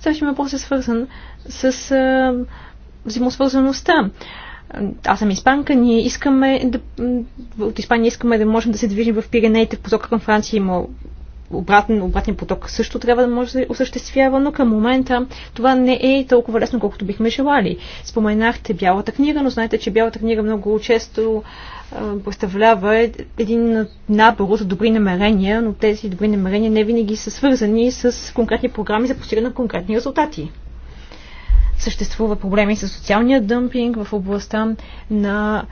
Следващия въпрос е свързан с а, взаимосвързаността аз съм испанка, ние искаме да, от Испания искаме да можем да се движим в Пиренеите в посока към Франция има обратен, обратен поток също трябва да може да се осъществява, но към момента това не е толкова лесно, колкото бихме желали. Споменахте Бялата книга, но знаете, че Бялата книга много често представлява един набор от добри намерения, но тези добри намерения не винаги са свързани с конкретни програми за постигане на конкретни резултати. Съществува проблеми с социалния дъмпинг в областта на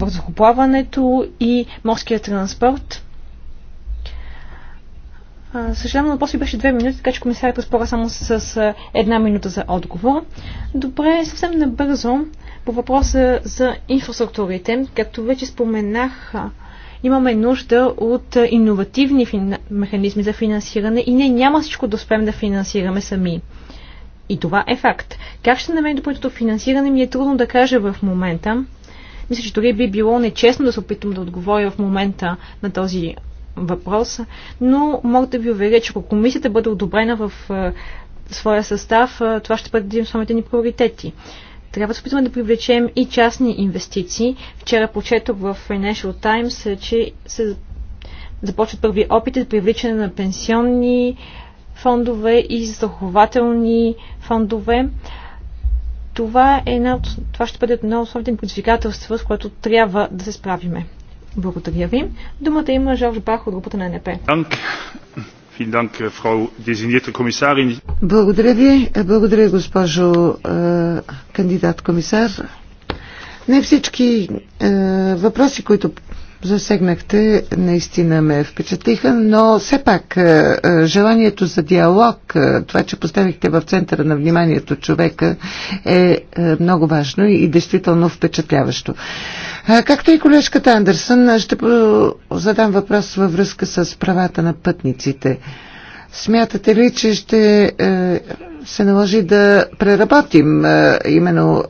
въздухоплаването и морския транспорт Съжалявам, после беше две минути, така че комисарят разполага само с една минута за отговор. Добре, съвсем набързо по въпроса за инфраструктурите. Както вече споменах, имаме нужда от иновативни механизми за финансиране и не няма всичко да успеем да финансираме сами. И това е факт. Как ще намерим допълнителното финансиране ми е трудно да кажа в момента. Мисля, че дори би било нечестно да се опитам да отговоря в момента на този въпрос, но мога да ви уверя, че ако комисията бъде одобрена в своя състав, това ще бъде един от основните ни приоритети. Трябва да се опитаме да привлечем и частни инвестиции. Вчера прочетох в Financial Times, че се започват първи опити за привличане на пенсионни фондове и застрахователни фондове. Това, е една от, това ще бъде едно от основните предизвикателства, с което трябва да се справиме. Благодаря ви. Думата има Жорж Бах от групата на НП. Э, Благодаря ви. Благодаря, госпожо э, кандидат комисар. Не всички э, въпроси, които засегнахте, наистина ме впечатлиха, но все пак е, е, желанието за диалог, е, това, че поставихте в центъра на вниманието човека, е много важно и действително впечатляващо. Както и колежката Андерсън, ще задам въпрос във връзка с правата на пътниците. Смятате ли, че ще се наложи да преработим именно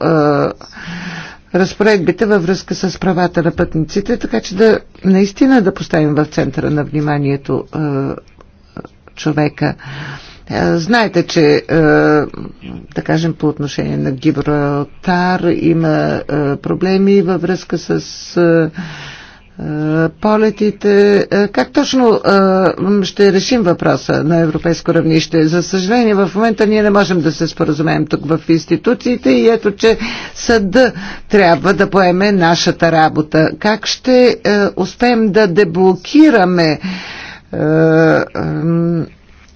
разпоредбите във връзка с правата на пътниците, така че да наистина да поставим в центъра на вниманието е, човека. Е, знаете, че е, да кажем по отношение на Гибралтар има е, проблеми във връзка с е, е, полетите. Е, как точно е, ще решим въпроса на европейско равнище? За съжаление, в момента ние не можем да се споразумеем тук в институциите и ето, че съд трябва да поеме нашата работа. Как ще успеем да деблокираме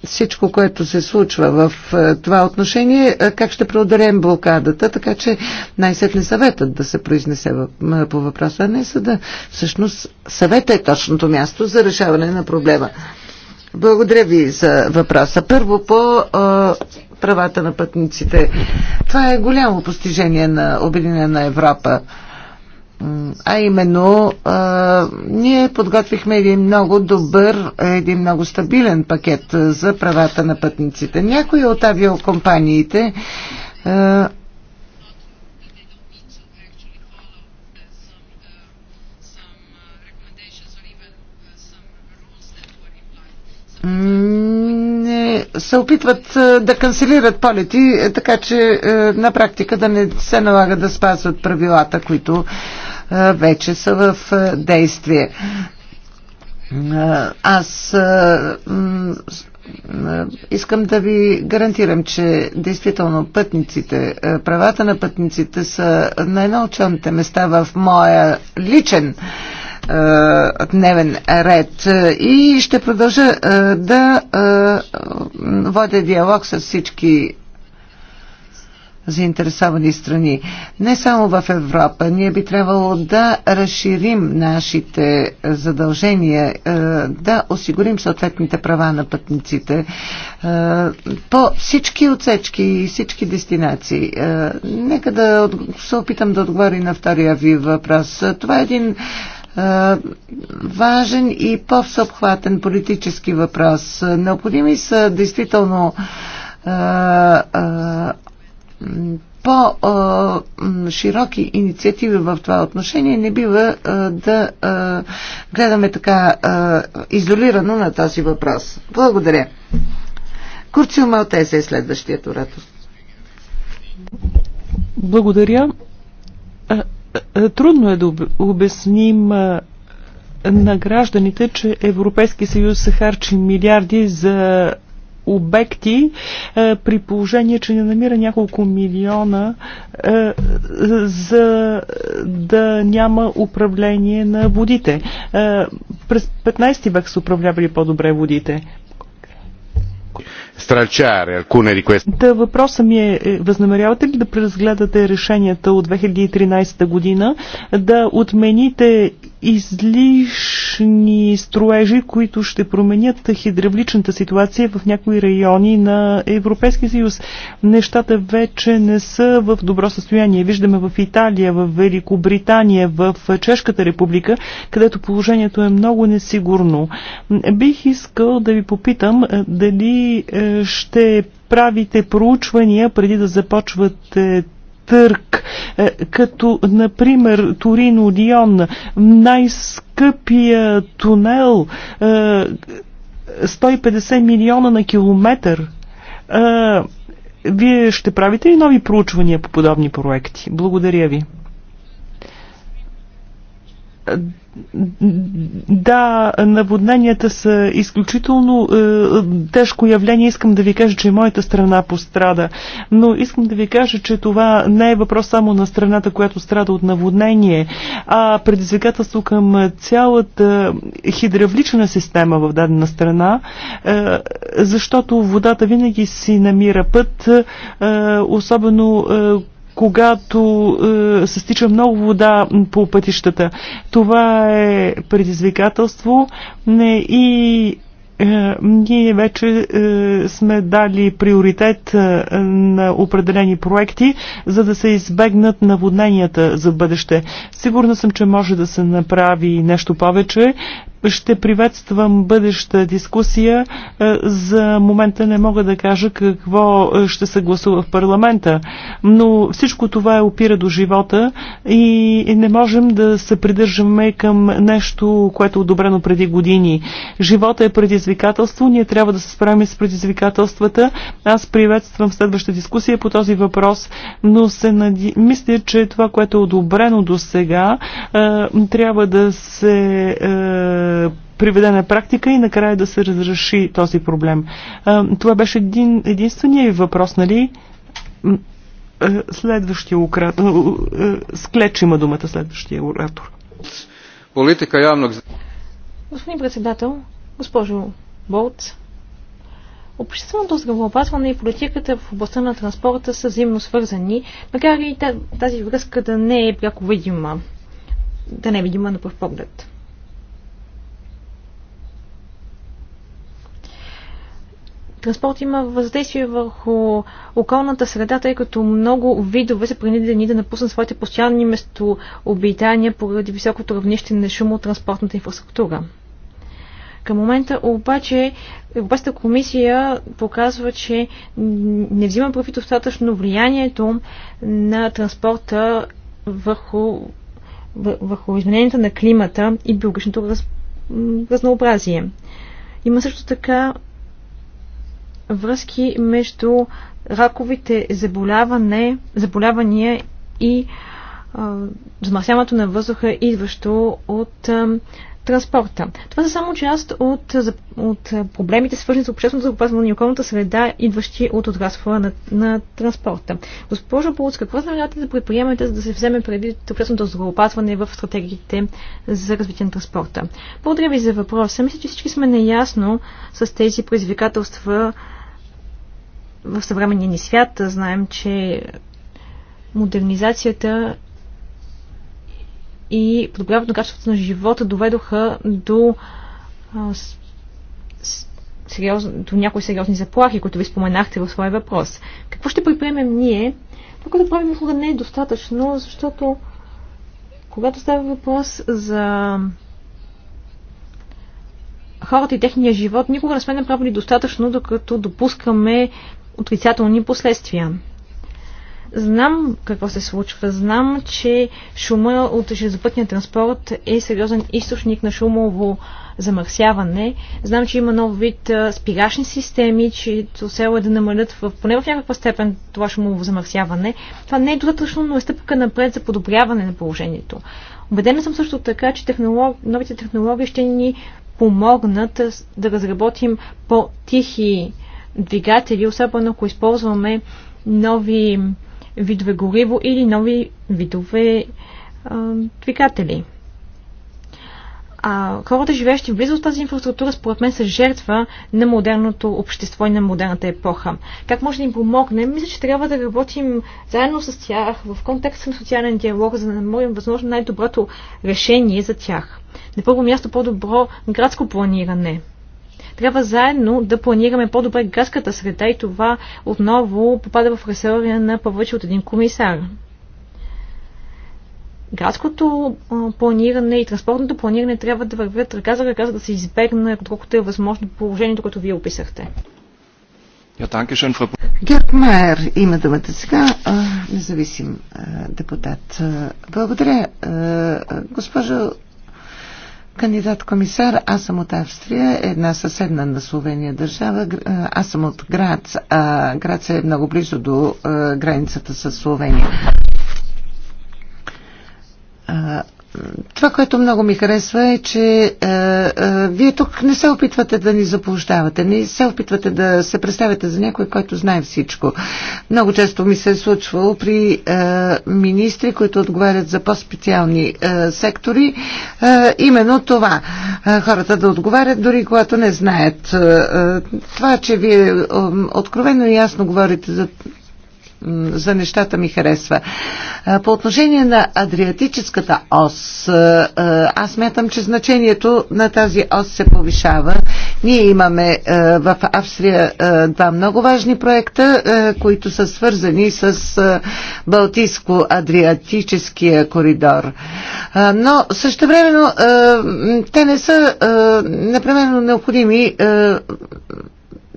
всичко, което се случва в е, това отношение, е, как ще преодолеем блокадата, така че най-сетне съветът да се произнесе по въпроса, а не съда. Всъщност съветът е точното място за решаване на проблема. Благодаря ви за въпроса. Първо по а, е, правата на пътниците. Това е голямо постижение на Обединена Европа. А именно, а, ние подготвихме един много добър, един много стабилен пакет за правата на пътниците. Някои от авиокомпаниите а, не, се опитват да канцелират полети, е, така че е, на практика да не се налага да спазват правилата, които вече са в действие. Аз искам да ви гарантирам, че действително пътниците, правата на пътниците са на едно от места в моя личен дневен ред и ще продължа да водя диалог с всички заинтересовани страни. Не само в Европа. Ние би трябвало да разширим нашите е, задължения, е, да осигурим съответните права на пътниците е, по всички отсечки и всички дестинации. Нека да се опитам да отговоря на втория ви въпрос. Това е един важен и по-всъобхватен политически въпрос. Необходими са действително по-широки инициативи в това отношение не бива да гледаме така изолирано на този въпрос. Благодаря. Курцио Малтеса е следващият оратор. Благодаря. Трудно е да обясним на гражданите, че Европейски съюз се харчи милиарди за обекти, е, при положение, че не намира няколко милиона е, за да няма управление на водите. Е, през 15 век са управлявали по-добре водите stralciare alcune di queste. Та въпросът ми е, възнамерявате ли да преразгледате решенията от 2013 година, да отмените излишни строежи, които ще променят хидравличната ситуация в някои райони на Европейския съюз. Нещата вече не са в добро състояние. Виждаме в Италия, в Великобритания, в Чешката република, където положението е много несигурно. Бих искал да ви попитам е, дали е, ще правите проучвания преди да започвате Търк, е, като, например, Торино-Дион, най-скъпия тунел, 150 е, милиона на километър. Е, вие ще правите ли нови проучвания по подобни проекти? Благодаря ви. Да, наводненията са изключително е, тежко явление. Искам да ви кажа, че и моята страна пострада. Но искам да ви кажа, че това не е въпрос само на страната, която страда от наводнение, а предизвикателство към цялата хидравлична система в дадена страна, е, защото водата винаги си намира път, е, особено е, когато е, се стича много вода по пътищата. Това е предизвикателство не, и е, ние вече е, сме дали приоритет е, на определени проекти, за да се избегнат наводненията за бъдеще. Сигурна съм, че може да се направи нещо повече ще приветствам бъдеща дискусия. Е, за момента не мога да кажа какво е, ще се гласува в парламента, но всичко това е опира до живота и не можем да се придържаме към нещо, което е одобрено преди години. Живота е предизвикателство, ние трябва да се справим с предизвикателствата. Аз приветствам следваща дискусия по този въпрос, но се нади... мисля, че това, което е одобрено до сега, е, трябва да се е, приведе на практика и накрая да се разреши този проблем. Е, това беше един, единствения въпрос, нали? Е, следващия оратор. Склеч има думата следващия оратор. Политика явно... Господин председател, госпожо Болт, Общественото здравеопазване и политиката в областта на транспорта са взаимно свързани, макар и тази връзка да не е пряко видима, да не е видима на пръв поглед. транспорт има въздействие върху околната среда, тъй като много видове са принудени да напуснат своите постоянни местообитания поради високото равнище на шума от транспортната инфраструктура. Към момента обаче Европейската комисия показва, че не взима профит достатъчно влиянието на транспорта върху, върху измененията на климата и биологичното раз, разнообразие. Има също така връзки между раковите заболяване, заболявания и замърсяването на въздуха, идващо от транспорта. Това са само част от, от проблемите, свързани с общественото запазване на околната среда, идващи от отрасла на, на транспорта. Госпожо Полуц, какво знамената да предприемете, за да се вземе преди общественото здравеопазване в стратегиите за развитие на транспорта? Благодаря ви за въпроса. Мисля, че всички сме наясно с тези предизвикателства в съвременния ни свят. Знаем, че модернизацията и подобряването на качеството на живота доведоха до, а, сериоз, до някои сериозни заплахи, които ви споменахте в своя въпрос. Какво ще приемем ние? Тук да правим услуга не е достатъчно, защото когато става въпрос за хората и техния живот, никога не сме направили достатъчно, докато допускаме отрицателни последствия. Знам какво се случва. Знам, че шума от железопътния транспорт е сериозен източник на шумово замърсяване. Знам, че има нов вид спирашни системи, чието цел е да намалят в, поне в някаква степен това шумово замърсяване. Това не е достатъчно, но е стъпка напред за подобряване на положението. Убедена съм също така, че технолог... новите технологии ще ни помогнат да разработим по-тихи двигатели, особено ако използваме нови видове гориво или нови видове а, двигатели. А хората, живеещи близо близост тази инфраструктура, според мен са жертва на модерното общество и на модерната епоха. Как може да им помогнем? Мисля, че трябва да работим заедно с тях в контекст на социален диалог, за да намерим възможно най-доброто решение за тях. На първо място по-добро градско планиране – трябва заедно да планираме по-добре градската среда и това отново попада в ресора на повече от един комисар. Градското планиране и транспортното планиране трябва да вървят ръка за ръка, за да се избегне доколкото е възможно положението, което вие описахте. Герт Майер има думата сега, независим депутат. Благодаря, госпожо Кандидат-комисар, аз съм от Австрия, една съседна на Словения държава. Аз съм от Град, а Град е много близо до границата с Словения това, което много ми харесва е, че е, е, вие тук не се опитвате да ни заблуждавате, не се опитвате да се представяте за някой, който знае всичко. Много често ми се е случвало при е, министри, които отговарят за по-специални е, сектори, е, именно това. Е, хората да отговарят, дори когато не знаят. Е, е, това, че вие е, откровено и ясно говорите за за нещата ми харесва. По отношение на Адриатическата ос, аз мятам, че значението на тази ос се повишава. Ние имаме в Австрия два много важни проекта, които са свързани с Балтийско-Адриатическия коридор. Но също времено те не са непременно необходими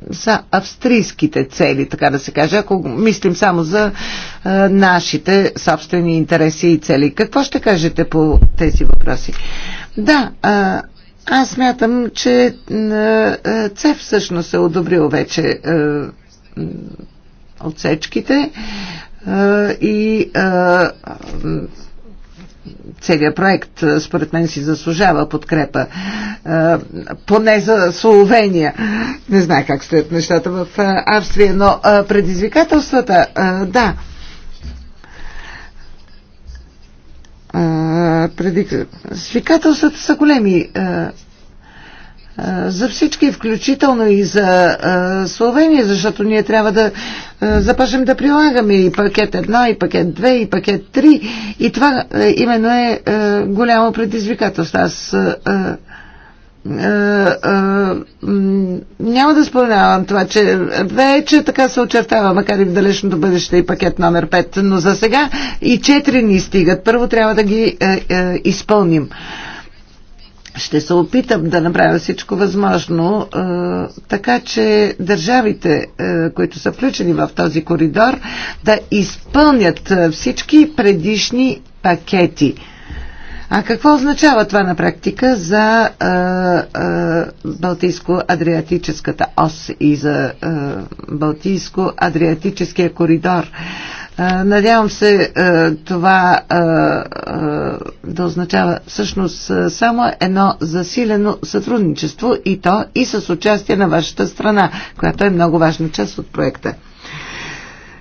за австрийските цели, така да се каже, ако мислим само за а, е, нашите собствени интереси и цели. Какво ще кажете по тези въпроси? Да, а, аз смятам, че а, е, е, ЦЕФ всъщност е одобрил вече а, отсечките а, и а, целият проект, според мен, си заслужава подкрепа. Поне за Словения. Не знае как стоят нещата в Австрия, но предизвикателствата, да. Предизвикателствата са големи за всички, включително и за Словения, защото ние трябва да започнем да прилагаме и пакет 1, и пакет 2, и пакет 3. И това именно е голямо предизвикателство. Аз няма да споменавам това, че вече така се очертава, макар и в далечното бъдеще и пакет номер 5, но за сега и 4 ни стигат. Първо трябва да ги изпълним. Ще се опитам да направя всичко възможно, е, така че държавите, е, които са включени в този коридор, да изпълнят е, всички предишни пакети. А какво означава това на практика за Балтийско-Адриатическата ос и за Балтийско-Адриатическия коридор? Надявам се това да означава всъщност само едно засилено сътрудничество и то и с участие на вашата страна, която е много важна част от проекта.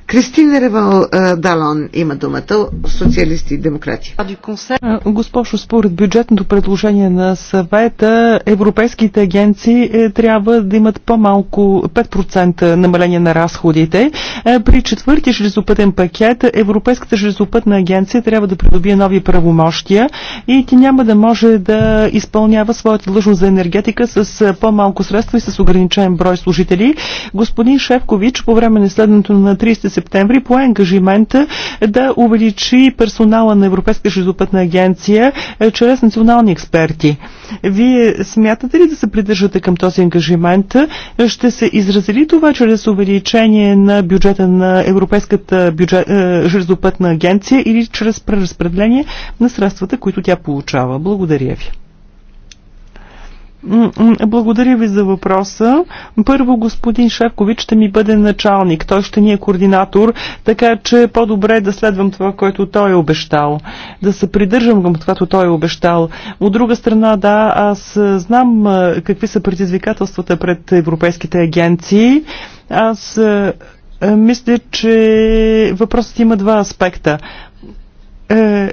Кристина Ревал е, Далон има думата, социалисти и демократи. Госпожо, според бюджетното предложение на съвета, европейските агенции е, трябва да имат по-малко 5% намаление на разходите. Е, при четвъртия железопътен пакет Европейската железопътна агенция трябва да придобие нови правомощия и ти няма да може да изпълнява своята длъжност за енергетика с по-малко средства и с ограничен брой служители. Господин Шевкович по време на следното на 30 септември по ангажимента да увеличи персонала на Европейска железопътна агенция е, чрез национални експерти. Вие смятате ли да се придържате към този ангажимент? Е, ще се изрази ли това чрез увеличение на бюджета на Европейската бюджет, е, железопътна агенция или чрез преразпределение на средствата, които тя получава? Благодаря ви. Благодаря ви за въпроса. Първо господин Шевкович ще ми бъде началник. Той ще ни е координатор, така че по-добре е да следвам това, което той е обещал. Да се придържам към това, което той е обещал. От друга страна, да, аз знам какви са предизвикателствата пред европейските агенции. Аз мисля, че въпросът има два аспекта. Е,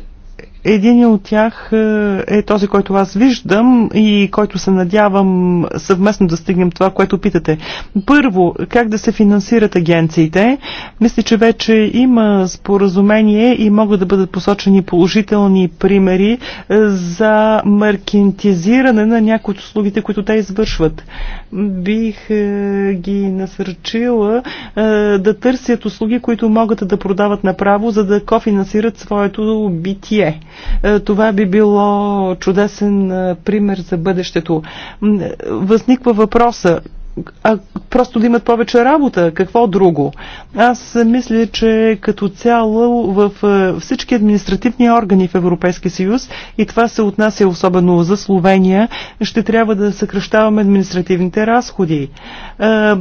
един от тях е, е този, който аз виждам и който се надявам съвместно да стигнем това, което питате. Първо, как да се финансират агенциите? Мисля, че вече има споразумение и могат да бъдат посочени положителни примери е, за маркентизиране на някои от услугите, които те извършват. Бих е, ги насърчила да търсят услуги, които могат да продават направо, за да кофинансират своето битие е, това би било чудесен е, пример за бъдещето. Е, възниква въпроса а, просто да имат повече работа. Какво друго? Аз мисля, че като цяло в е, всички административни органи в Европейския съюз, и това се отнася особено за Словения, ще трябва да съкръщаваме административните разходи. Е,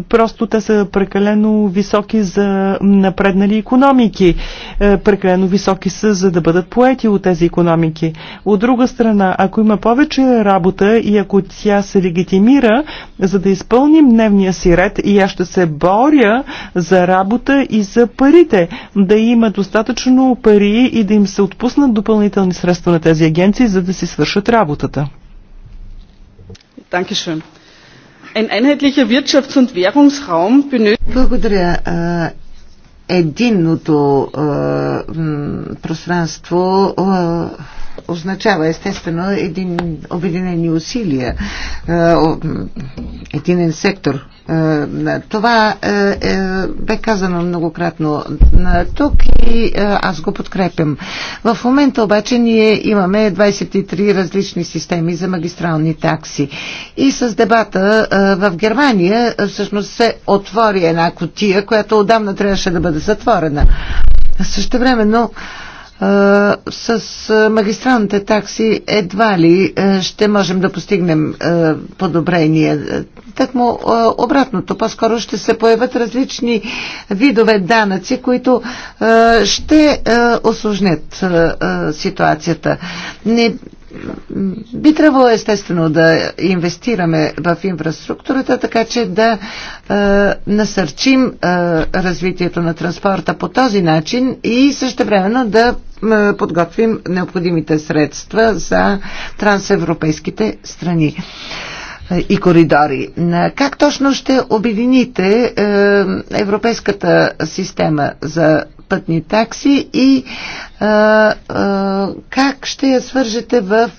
просто те са прекалено високи за напреднали економики. Е, прекалено високи са за да бъдат поети от тези економики. От друга страна, ако има повече работа и ако тя се легитимира, за да изпълни променим дневния си ред и аз ще се боря за работа и за парите. Да има достатъчно пари и да им се отпуснат допълнителни средства на тези агенции, за да си свършат работата. Dankeschön. Ein einheitlicher Wirtschafts- und Währungsraum benötigt единното е, пространство е, означава естествено един обединени усилия, е, единен сектор е, това е, е, бе казано многократно тук и е, аз го подкрепям. В момента обаче ние имаме 23 различни системи за магистрални такси. И с дебата в Германия всъщност се отвори една котия, която отдавна трябваше да бъде затворена. Също времено но с магистралните такси едва ли ще можем да постигнем подобрение. Так му обратното, по-скоро ще се появят различни видове данъци, които ще осложнят ситуацията. Не би трябвало естествено да инвестираме в инфраструктурата, така че да е, насърчим е, развитието на транспорта по този начин и също времено да е, подготвим необходимите средства за трансевропейските страни е, и коридори. Как точно ще обедините е, европейската система за пътни такси и как ще я свържете в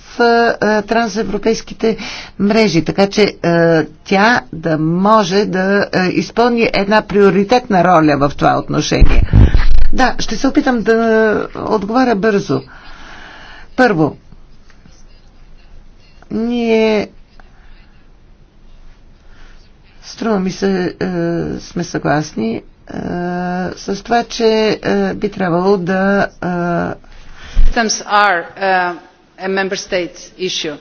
трансевропейските мрежи, така че тя да може да изпълни една приоритетна роля в това отношение. Да, ще се опитам да отговаря бързо. Първо, ние струва ми се, сме съгласни с това, че е, би трябвало да е, е,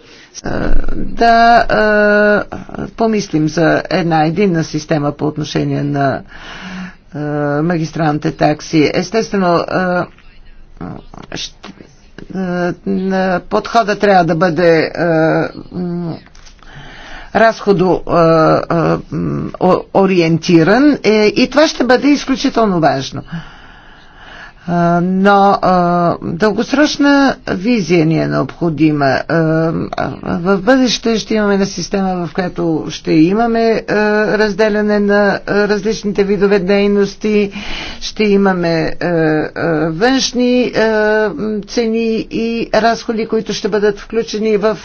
да помислим за една единна система по отношение на магистралните такси. Естествено, подхода трябва да бъде разходоориентиран е, и това ще бъде изключително важно но дългосрочна визия ни е необходима. В бъдеще ще имаме на система, в която ще имаме разделяне на различните видове дейности, ще имаме външни цени и разходи, които ще бъдат включени в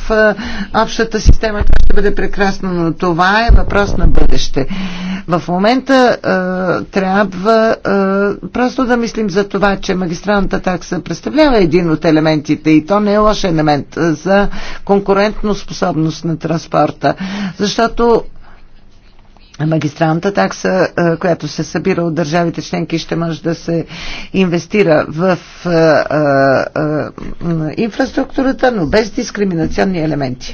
общата система. Това ще бъде прекрасно, но това е въпрос на бъдеще. В момента трябва просто да мислим за това, че магистралната такса представлява един от елементите и то не е лош елемент за конкурентно способност на транспорта, защото магистралната такса, която се събира от държавите членки, ще може да се инвестира в инфраструктурата, но без дискриминационни елементи.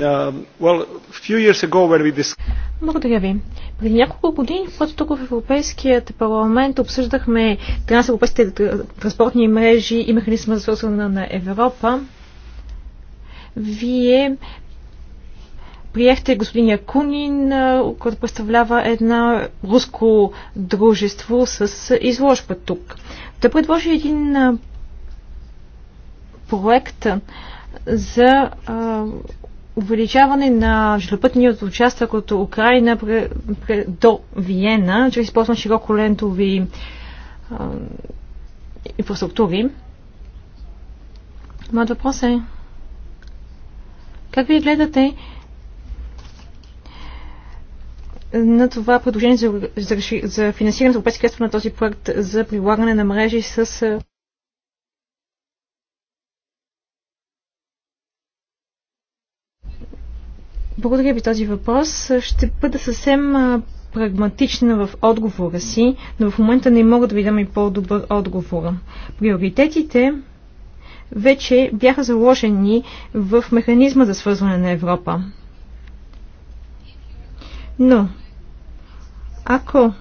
Uh, Благодаря ви. Преди няколко години, когато тук в Европейският парламент обсъждахме трансевропейските транспортни мрежи и механизма за свързване на Европа, вие приехте господин Якунин, който представлява една руско дружество с изложба тук. Той да предложи един проект за увеличаване на жилопътният участък от Украина до Виена, чрез използване широколентови инфраструктури. Моят въпрос е как вие гледате на това предложение за, за, за финансиране за европейски средства на този проект за прилагане на мрежи с Благодаря ви този въпрос. Ще бъда съвсем прагматична в отговора си, но в момента не мога да ви дам и по-добър отговор. Приоритетите вече бяха заложени в механизма за свързване на Европа. Но, ако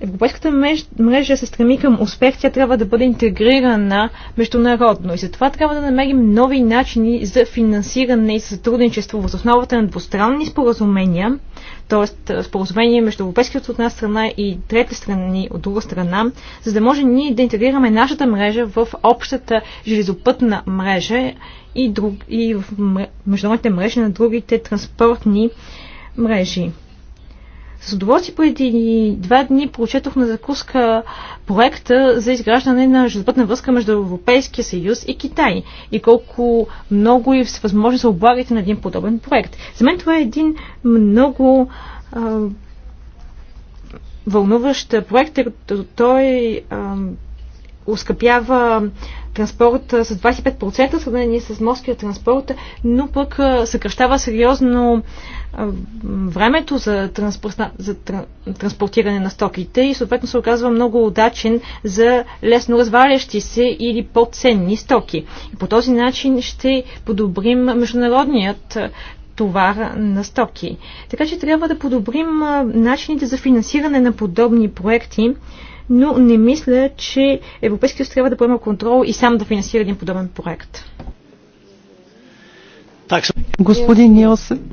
Европейската мрежа се стреми към успех, тя трябва да бъде интегрирана международно. И затова трябва да намерим нови начини за финансиране и сътрудничество в основата на двустранни споразумения, т.е. споразумения между Европейският от една страна и трети страни от друга страна, за да може ние да интегрираме нашата мрежа в общата железопътна мрежа и, друг, и в международните мрежи на другите транспортни мрежи. С удоволствие преди два дни прочетох на закуска проекта за изграждане на железопътна връзка между Европейския съюз и Китай и колко много и възможно са облагите на един подобен проект. За мен това е един много а, вълнуващ проект, тъй като той а, ускъпява транспорт с 25% сравнение с морския транспорт, но пък съкръщава сериозно времето за, транспорт, за транспортиране на стоките и съответно се оказва много удачен за лесно развалящи се или по-ценни стоки. И по този начин ще подобрим международният товар на стоки. Така че трябва да подобрим начините за финансиране на подобни проекти но не мисля, че Европейския съюз трябва да поема контрол и сам да финансира един подобен проект. Господин Ниосен.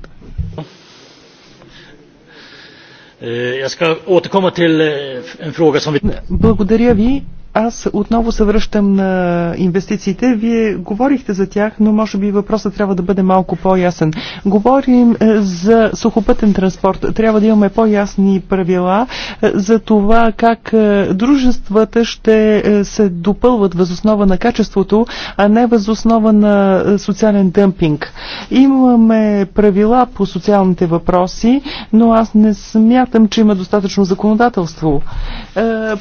Благодаря ви. Аз отново се връщам на инвестициите. Вие говорихте за тях, но може би въпросът трябва да бъде малко по-ясен. Говорим е, за сухопътен транспорт. Трябва да имаме по-ясни правила е, за това как е, дружествата ще се допълват възоснова на качеството, а не възоснова на социален дъмпинг. Имаме правила по социалните въпроси, но аз не смятам, че има достатъчно законодателство.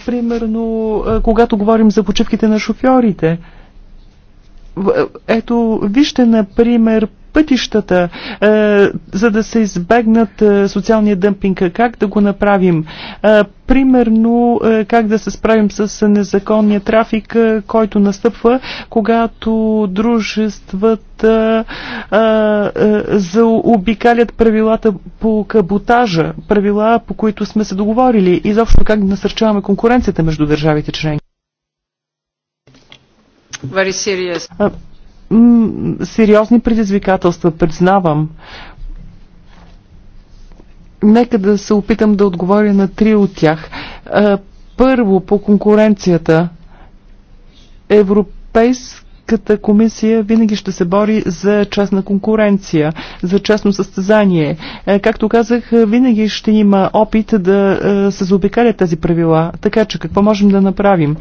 Примерно, когато когато говорим за почивките на шофьорите. Е, ето, вижте, например, пътищата, е, за да се избегнат е, социалния дъмпинг, как да го направим. Е, примерно, е, как да се справим с незаконния трафик, е, който настъпва, когато дружествата е, е, заобикалят правилата по каботажа, правила, по които сме се договорили, изобщо как да насърчаваме конкуренцията между държавите членки. Very serious. А, сериозни предизвикателства, признавам. Нека да се опитам да отговоря на три от тях. А, първо, по конкуренцията. Европейската комисия винаги ще се бори за частна конкуренция, за частно състезание. Както казах, винаги ще има опит да се заобикалят тези правила. Така че какво можем да направим?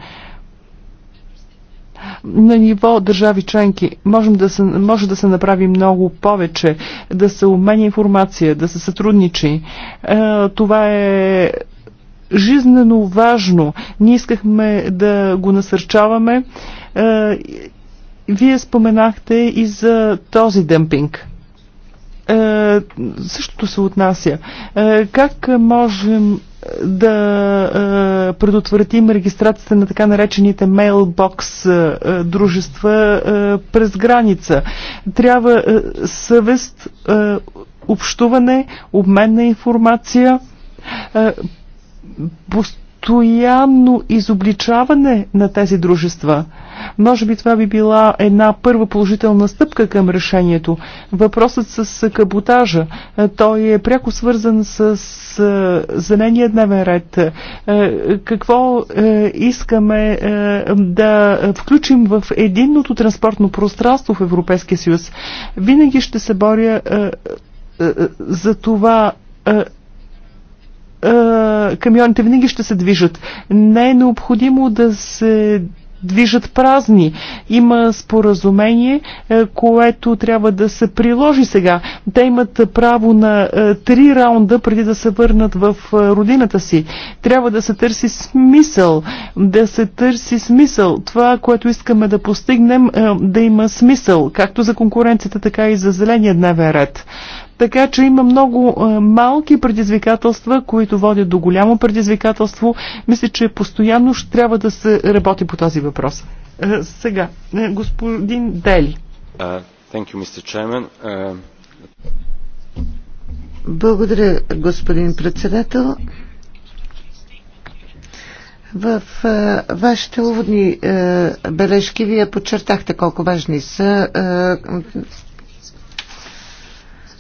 на ниво държави членки можем да се, може да се направи много повече, да се обменя информация, да се сътрудничи. Е, това е жизнено важно. Ние искахме да го насърчаваме. Е, вие споменахте и за този дъмпинг е, същото се отнася. Как можем да предотвратим регистрацията на така наречените мейлбокс дружества през граница. Трябва съвест, общуване, обмен на информация, постоянно постоянно изобличаване на тези дружества. Може би това би била една първа положителна стъпка към решението. Въпросът с каботажа, е, той е пряко свързан с е, зеления дневен ред. Е, какво искаме да включим в единното транспортно пространство в Европейския съюз? Винаги ще се боря за това камионите винаги ще се движат. Не е необходимо да се движат празни. Има споразумение, което трябва да се приложи сега. Те имат право на три раунда преди да се върнат в родината си. Трябва да се търси смисъл. Да се търси смисъл. Това, което искаме да постигнем, да има смисъл, както за конкуренцията, така и за зеления дневен ред. Така че има много малки предизвикателства, които водят до голямо предизвикателство. Мисля, че постоянно ще трябва да се работи по този въпрос. Сега, господин Дели. Uh, uh... Благодаря, господин председател. В а, вашите уводни а, бележки вие подчертахте колко важни са а,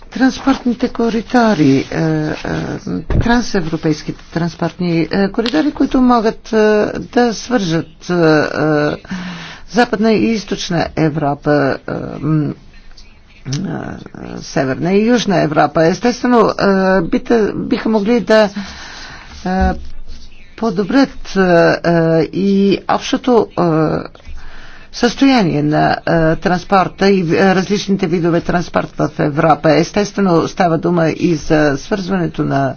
транспортните коридори, е, е, трансевропейските транспортни е, коридори, които могат да свържат Западна и Източна Европа, Северна и Южна Европа. Естествено, биха могли да подобрят и общото състояние на а, транспорта и а, различните видове транспорт в Европа. Естествено става дума и за свързването на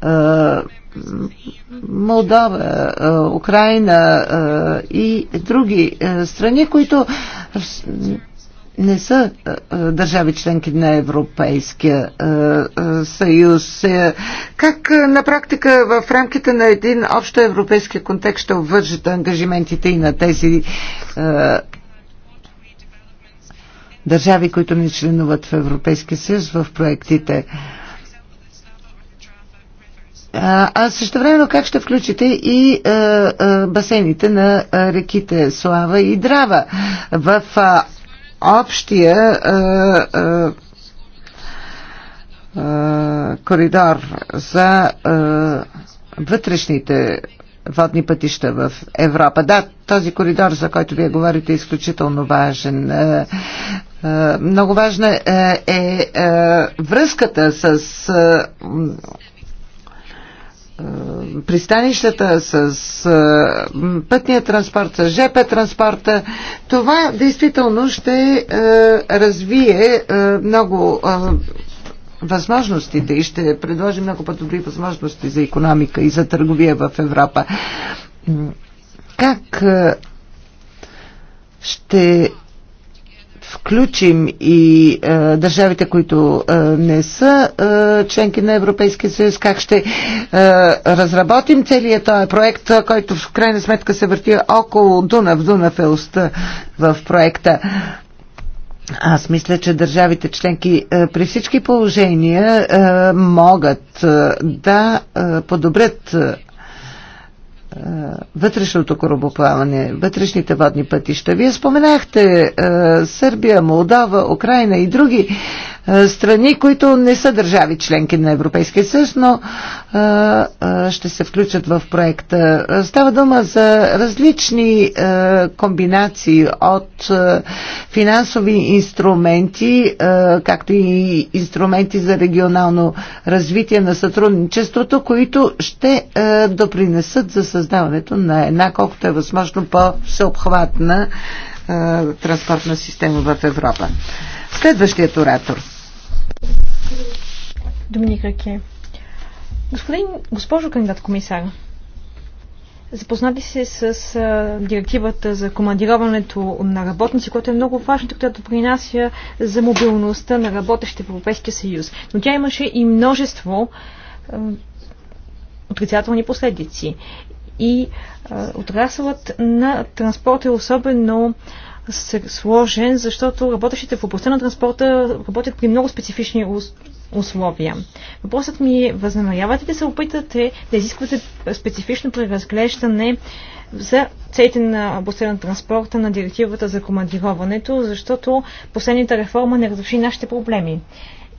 а, Молдова, а, Украина а, и други а, страни, които не са е, е, държави членки на Европейския е, съюз. Как на практика в рамките на един общо европейски контекст ще обвържат ангажиментите и на тези държави, които не членуват в Европейския съюз в проектите? А също време как ще включите и а, а, басейните на реките Слава и Драва в а, общия е, е, е, коридор за вътрешните водни пътища в Европа. Да, този коридор, за който вие говорите, е изключително важен. Много важна е връзката с е, пристанищата, с е, пътния транспорт, с ЖП транспорта. Това действително ще е, развие много възможностите и ще предложи много по-добри възможности за економика и за търговия в Европа. Как ще включим и е, държавите, които е, не са е, членки на Европейския съюз, как ще е, разработим целият този проект, който в крайна сметка се върти около Дунав. Дунав е уста в проекта. Аз мисля, че държавите членки е, при всички положения е, могат е, да подобрят е, вътрешното корабоплаване, вътрешните водни пътища. Вие споменахте е, Сърбия, Молдова, Украина и други е, страни, които не са държави членки на Европейския съюз, но е, е, ще се включат в проекта. Става дума за различни комбинации от финансови инструменти, както и инструменти за регионално развитие на сътрудничеството, които ще допринесат за създаването на една, колкото е възможно по-всеобхватна транспортна система в Европа. Следващият оратор – Доминик Раке. Господин, госпожо кандидат комисар, запознати се с а, директивата за командироването на работници, което е много важно, която принася за мобилността на работещите в Европейския съюз. Но тя имаше и множество а, отрицателни последици. И а, отрасълът на транспорта е особено а, сложен, защото работещите в областта на транспорта работят при много специфични условия. Въпросът ми е, възнамерявате ли да се опитате да изисквате специфично преразглеждане за целите на областта на транспорта на директивата за командироването, защото последната реформа не разреши нашите проблеми.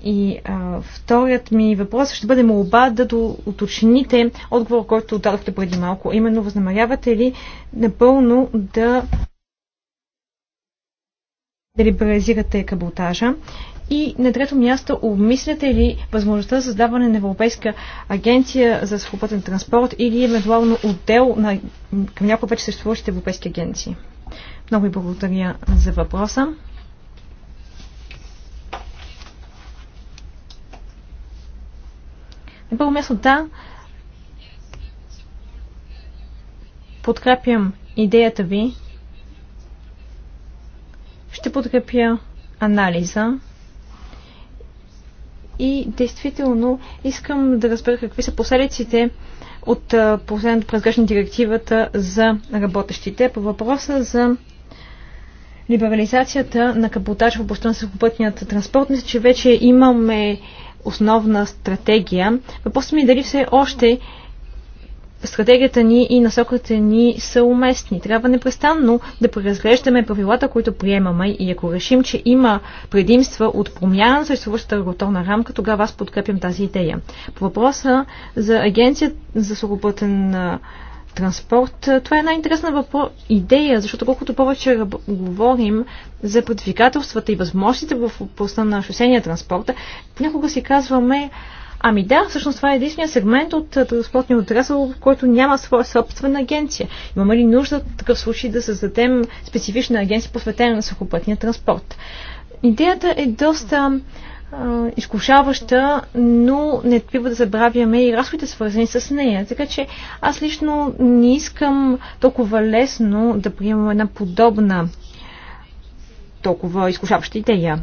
И а, вторият ми въпрос ще бъде молба да уточните отговор, който дадохте преди малко. Именно възнамерявате ли напълно да да либерализирате каботажа? И на трето място, обмисляте ли възможността за създаване на Европейска агенция за свободен транспорт или евентуално отдел на, към някои вече съществуващите европейски агенции? Много ви благодаря за въпроса. На първо място, да, подкрепям идеята ви ще подкрепя анализа и действително искам да разбера какви са последиците от последното презгръщане директивата за работещите. По въпроса за либерализацията на каботаж в областта на сухопътният транспорт, мисля, че вече имаме основна стратегия. Въпросът ми е дали все още стратегията ни и насоката ни са уместни. Трябва непрестанно да преразглеждаме правилата, които приемаме и ако решим, че има предимства от промяна на съществуващата регулаторна рамка, тогава аз подкрепям тази идея. По въпроса за агенцията за свободен транспорт. Това е една интересна въпро... идея, защото колкото повече ръб... говорим за предизвикателствата и възможностите в областта на шосения транспорт, някога си казваме, Ами да, всъщност това е единствения сегмент от е, транспортния отрасъл, в който няма своя собствена агенция. Имаме ли нужда в такъв случай да създадем специфична агенция, посветена на сухопътния транспорт? Идеята е доста изкушаваща, но не трябва да забравяме и разходите свързани с нея. Така че аз лично не искам толкова лесно да приемам една подобна толкова изкушаваща идея.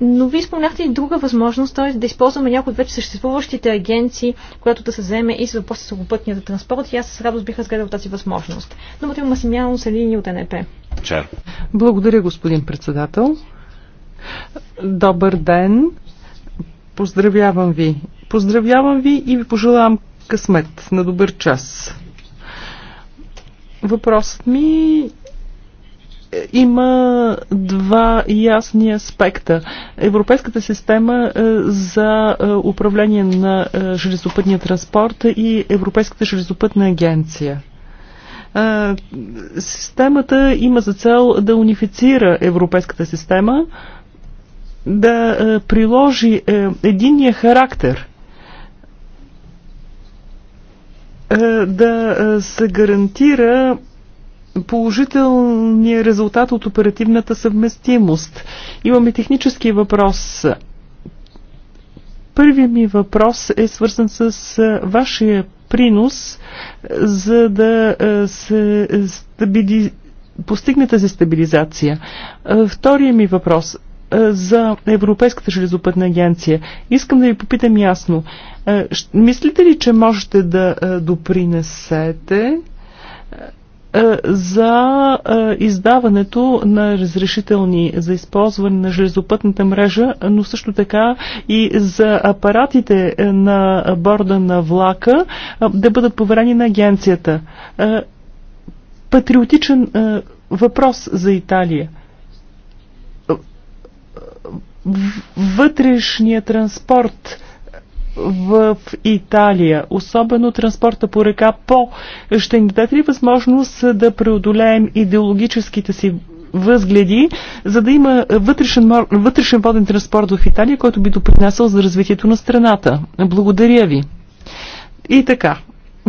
Но вие спомняхте и друга възможност, т.е. да използваме някои от вече съществуващите агенции, която да се вземе и с въпроси с сухопътния транспорт. И аз с радост бих разгледал тази възможност. Думата има Масимяно линии от НП. Чар. Благодаря, господин председател. Добър ден. Поздравявам ви. Поздравявам ви и ви пожелавам късмет на добър час. Въпросът ми има два ясни аспекта. Европейската система е, за е, управление на е, железопътния транспорт и Европейската железопътна агенция. Системата има за цел да унифицира европейската система, да приложи единния характер – да се гарантира Положителният резултат от оперативната съвместимост. Имаме технически въпрос. Първият ми въпрос е свързан с вашия принос, за да се стабили... постигне тази стабилизация. Вторият ми въпрос за Европейската железопътна агенция. Искам да ви попитам ясно. Мислите ли, че можете да допринесете е, за е, издаването на разрешителни за използване на железопътната мрежа, но също така и за апаратите е, на борда на влака да бъдат поверени на агенцията. Патриотичен въпрос за Италия Вътрешният транспорт в Италия, особено транспорта по река По, ще ни даде ли възможност да преодолеем идеологическите си възгледи, за да има вътрешен, вътрешен воден транспорт в Италия, който би допринесъл за развитието на страната. Благодаря ви. И така,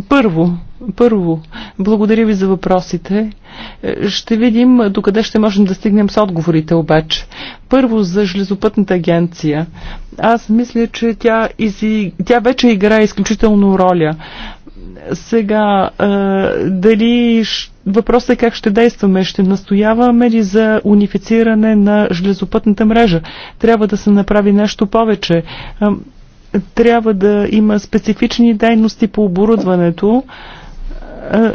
първо, първо, благодаря ви за въпросите. Е, ще видим докъде ще можем да стигнем с отговорите обаче. Първо за Железопътната агенция. Аз мисля, че тя, изи... тя вече играе изключително роля. Сега, е, дали въпросът е как ще действаме? Ще настояваме ли за унифициране на железопътната мрежа? Трябва да се направи нещо повече трябва да има специфични дейности по оборудването,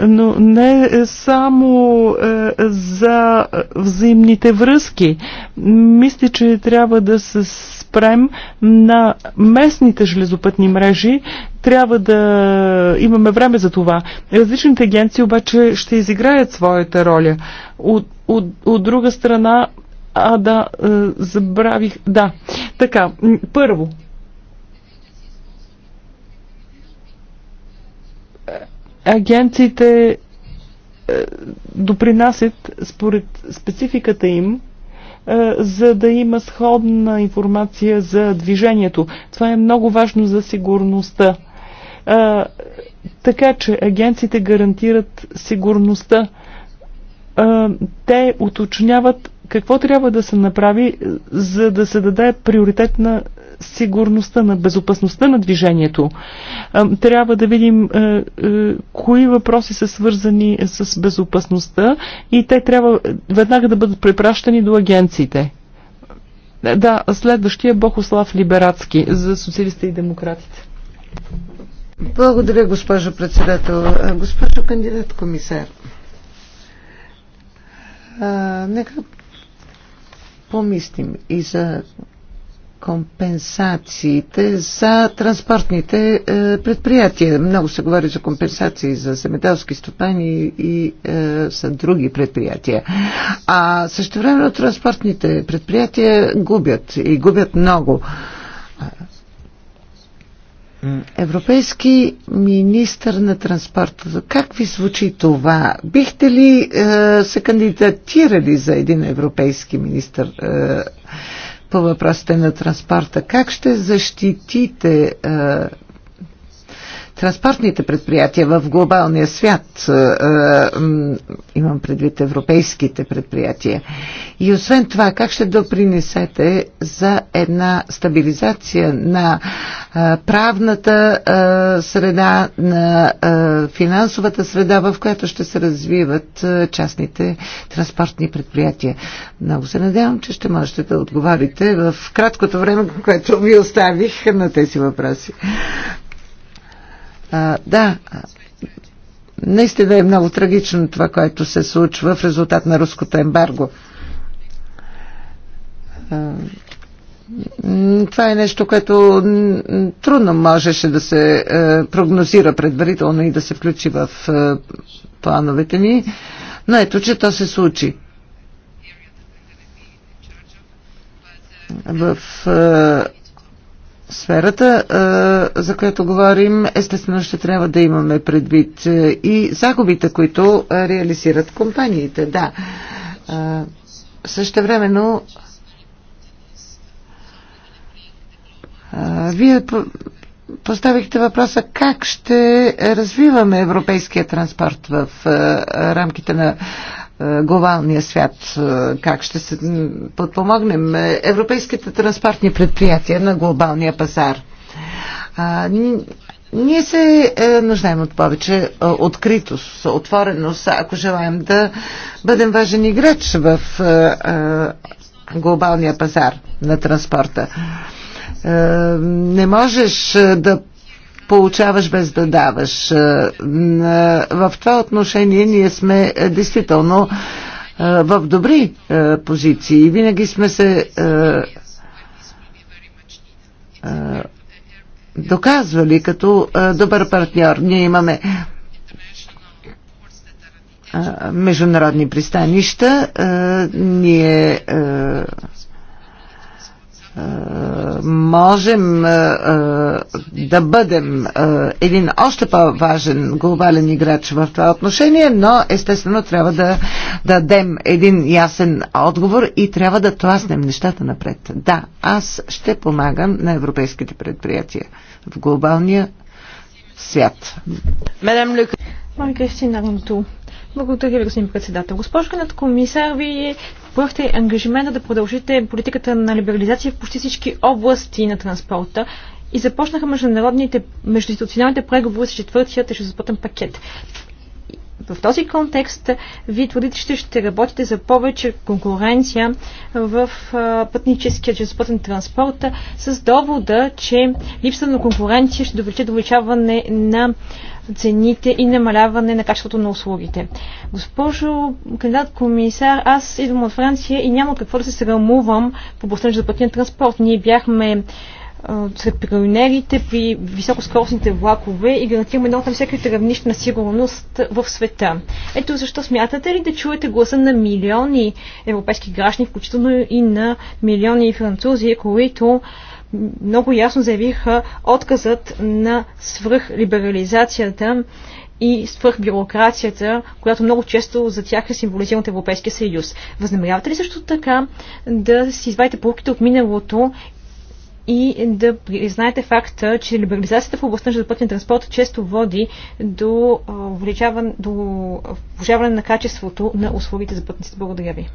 но не само за взаимните връзки. Мисля, че трябва да се спрем на местните железопътни мрежи. Трябва да имаме време за това. Различните агенции обаче ще изиграят своята роля. От, от, от друга страна, а да, забравих. Да, така, първо, агенциите е, допринасят според спецификата им, е, за да има сходна информация за движението. Това е много важно за сигурността. Е, така че агенциите гарантират сигурността. Те уточняват какво трябва да се направи, за да се даде приоритет на сигурността, на безопасността на движението. Трябва да видим е, е, кои въпроси са свързани с безопасността и те трябва веднага да бъдат препращани до агенциите. Е, да, следващия Бохослав Либерацки за социалистите и демократите. Благодаря, госпожо председател. Госпожо кандидат комисар, а, нека помислим и за компенсациите за транспортните е, предприятия. Много се говори за компенсации за земеделски стопани и са е, други предприятия. А също време транспортните предприятия губят и губят много. Европейски министър на транспорта. Как ви звучи това? Бихте ли е, се кандидатирали за един европейски министър? Е, по въпросите на транспорта. Как ще защитите а, е, транспортните предприятия в глобалния свят, е, е, имам предвид европейските предприятия. И освен това, как ще допринесете за една стабилизация на е, правната среда, на финансовата среда, в която ще се развиват частните транспортни предприятия? Много се надявам, че ще можете да отговорите в краткото време, което ви оставих на тези въпроси. А, да, наистина е много трагично това, което се случва в резултат на руското ембарго. Това е нещо, което трудно можеше да се прогнозира предварително и да се включи в плановете ни, но ето, че то се случи. В сферата, за която говорим, естествено ще трябва да имаме предвид и загубите, които реализират компаниите. Да. Също времено вие поставихте въпроса как ще развиваме европейския транспорт в рамките на е, глобалния свят, е, как ще се подпомогнем европейските транспортни предприятия на глобалния пазар. Ние се е, нуждаем от повече откритост, отвореност, ако желаем да бъдем важен играч в глобалния пазар на транспорта. не можеш да получаваш без да даваш. Е, в това отношение ние сме е, действително е, в добри позиции. Винаги сме се доказвали като добър партньор. Ние имаме международни пристанища. Ние можем да бъдем един още по-важен глобален играч в това отношение, но естествено трябва да дадем един ясен отговор и трябва да тласнем нещата напред. Да, аз ще помагам на европейските предприятия в глобалния свят. Мадам Ле... Маргарита благодаря ви, господин председател. Госпожка над комисар, вие поехте ангажимента да продължите политиката на либерализация в почти всички области на транспорта и започнаха международните, междуинституционалните преговори с четвъртият железопътен пакет. В този контекст вие твърдите, ще работите за повече конкуренция в пътническия чрезпътен транспорт с довода, че липса на конкуренция ще довлече до увеличаване на цените и намаляване на качеството на услугите. Госпожо кандидат комисар, аз идвам от Франция и няма какво да се срамувам по областта за пътния транспорт. Ние бяхме сред пионерите при високоскоростните влакове и гарантираме едно на всеки равнище на сигурност в света. Ето защо смятате ли да чуете гласа на милиони европейски граждани, включително и на милиони французи, които много ясно заявиха отказът на свръхлиберализацията и свърхбюрокрацията, която много често за тях е символизирана от Европейския съюз. Възнамерявате ли също така да си извадите полуките от миналото и да признаете факта, че либерализацията в областта на железопътния транспорт често води до увеличаване, влежаване на качеството на условите за пътниците. Благодаря ви.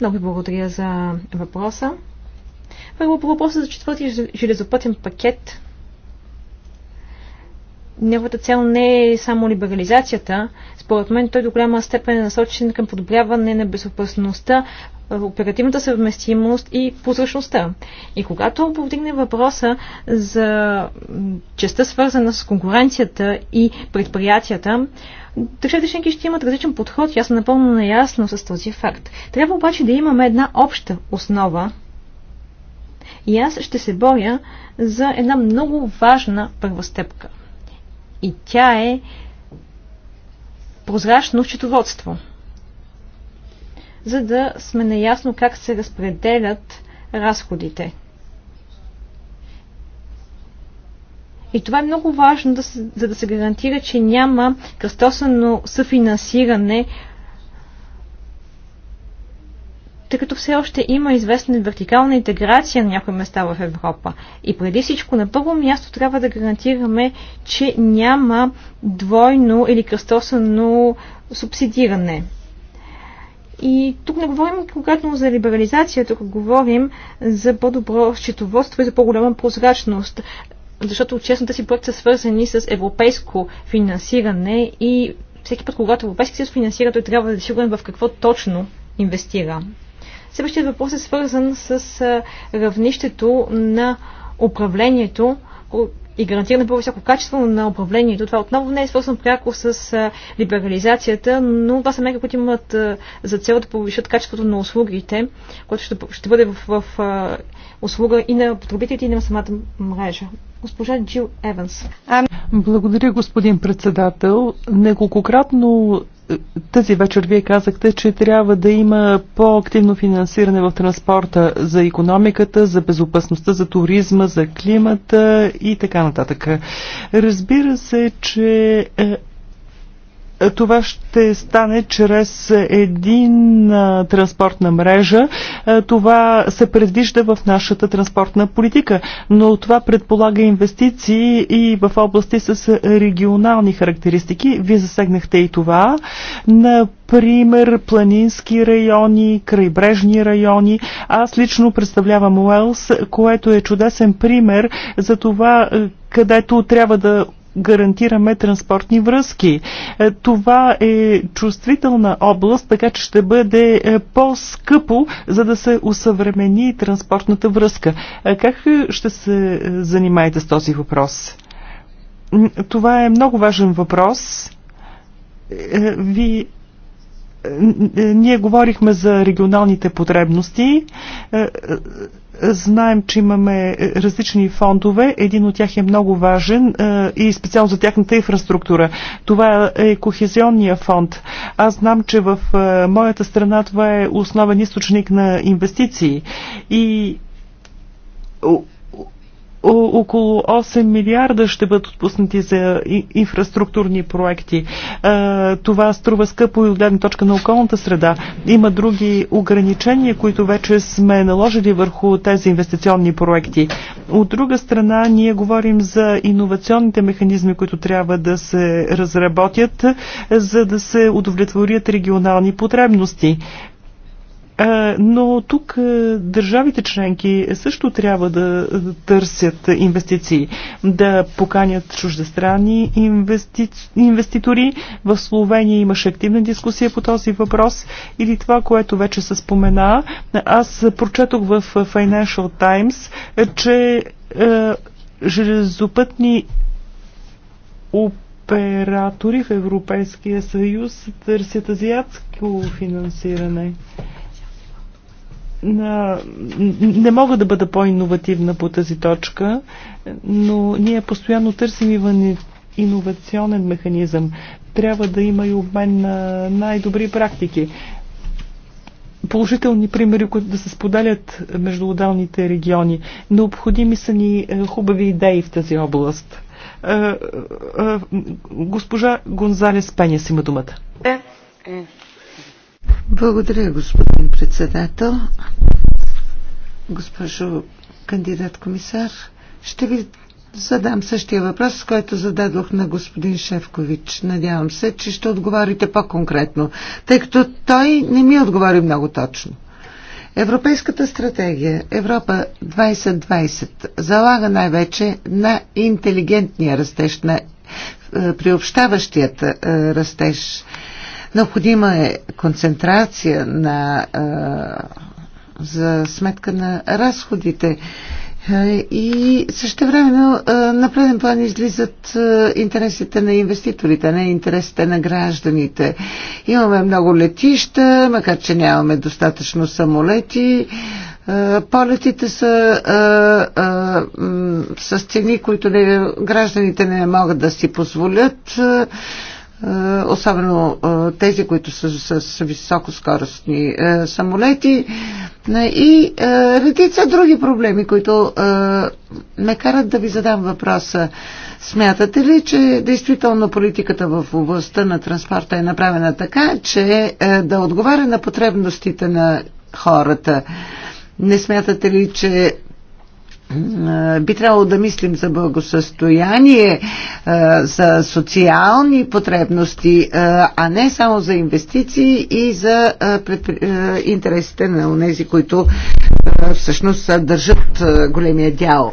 Много ви благодаря за въпроса. Първо по въпроса за четвъртия железопътен пакет. Неговата цел не е само либерализацията. Според мен той до голяма степен е насочен към подобряване на безопасността, оперативната съвместимост и прозрачността. И когато повдигне въпроса за частта свързана с конкуренцията и предприятията, държавите членки ще имат различен подход и аз съм напълно наясно с този факт. Трябва обаче да имаме една обща основа, и аз ще се боря за една много важна първостепка. И тя е прозрачно счетоводство, за да сме наясно как се разпределят разходите. И това е много важно, за да се гарантира, че няма кръстосано съфинансиране тъй като все още има известна вертикална интеграция на някои места в Европа. И преди всичко, на първо място трябва да гарантираме, че няма двойно или кръстосано субсидиране. И тук не говорим конкретно за либерализация, тук говорим за по-добро счетоводство и за по-голяма прозрачност, защото честната си проект са свързани с европейско финансиране и всеки път, когато европейски съюз финансира, той трябва да е сигурен в какво точно инвестира. Следващият въпрос е свързан с равнището на управлението и гарантиране по-високо качество на управлението. Това отново не е свързано пряко с либерализацията, но това са мерки, които имат за цел да повишат качеството на услугите, което ще, ще бъде в, в, в услуга и на потребителите, и на самата мрежа. Госпожа Джил Еванс. Благодаря, господин председател. Неколкократно тази вечер вие казахте, че трябва да има по-активно финансиране в транспорта за економиката, за безопасността, за туризма, за климата и така нататък. Разбира се, че е, това ще стане чрез един транспортна мрежа. Това се предвижда в нашата транспортна политика, но това предполага инвестиции и в области с регионални характеристики. Вие засегнахте и това. Например, планински райони, крайбрежни райони. Аз лично представлявам Уелс, което е чудесен пример за това, където трябва да гарантираме транспортни връзки. Е, това е чувствителна област, така че ще бъде е, по-скъпо, за да се усъвремени транспортната връзка. Е, как ще се занимаете с този въпрос? Това е много важен въпрос. Ви ние говорихме за регионалните потребности. Знаем, че имаме е, различни фондове. Един от тях е много важен е, и специално за тяхната инфраструктура. Това е Кохезионния фонд. Аз знам, че в е, моята страна това е основен източник на инвестиции. И около 8 милиарда ще бъдат отпуснати за инфраструктурни проекти. Е, това струва скъпо и от гледна точка на околната среда. Има други ограничения, които вече сме наложили върху тези инвестиционни проекти. От друга страна, ние говорим за иновационните механизми, които трябва да се разработят, за да се удовлетворят регионални потребности. Е, но тук е, държавите членки също трябва да търсят инвестиции, да поканят чуждестранни инвести... инвеститори. В Словения имаше активна дискусия по този въпрос или това, което вече се спомена. Аз прочетох в Financial Times, е, че е, железопътни оператори в Европейския съюз търсят азиатско финансиране не мога да бъда по-инновативна по тази точка, но ние постоянно търсим иновационен механизъм. Трябва да има и обмен на най-добри практики. Положителни примери, които да се споделят между отдалните региони. Необходими са ни е, хубави идеи в тази област. Е, е, госпожа Гонзалес Пеня си има думата. Благодаря, господин председател. Госпожо кандидат комисар, ще ви задам същия въпрос, който зададох на господин Шефкович. Надявам се, че ще отговорите по-конкретно, тъй като той не ми отговори много точно. Европейската стратегия Европа 2020 залага най-вече на интелигентния растеж, на е, приобщаващият е, растеж. Необходима е концентрация на, за сметка на разходите. И също време на преден план излизат интересите на инвеститорите, не интересите на гражданите. Имаме много летища, макар че нямаме достатъчно самолети. Полетите са а, а, с цени, които не, гражданите не могат да си позволят. Е, особено е, тези, които са с, с високоскоростни е, самолети и редица други проблеми, които ме карат да ви задам въпроса. Смятате ли, че действително политиката в областта на транспорта е направена така, че да отговаря на потребностите на хората? Не смятате ли, че би трябвало да мислим за благосъстояние, за социални потребности, а не само за инвестиции и за интересите на тези, които всъщност държат големия дял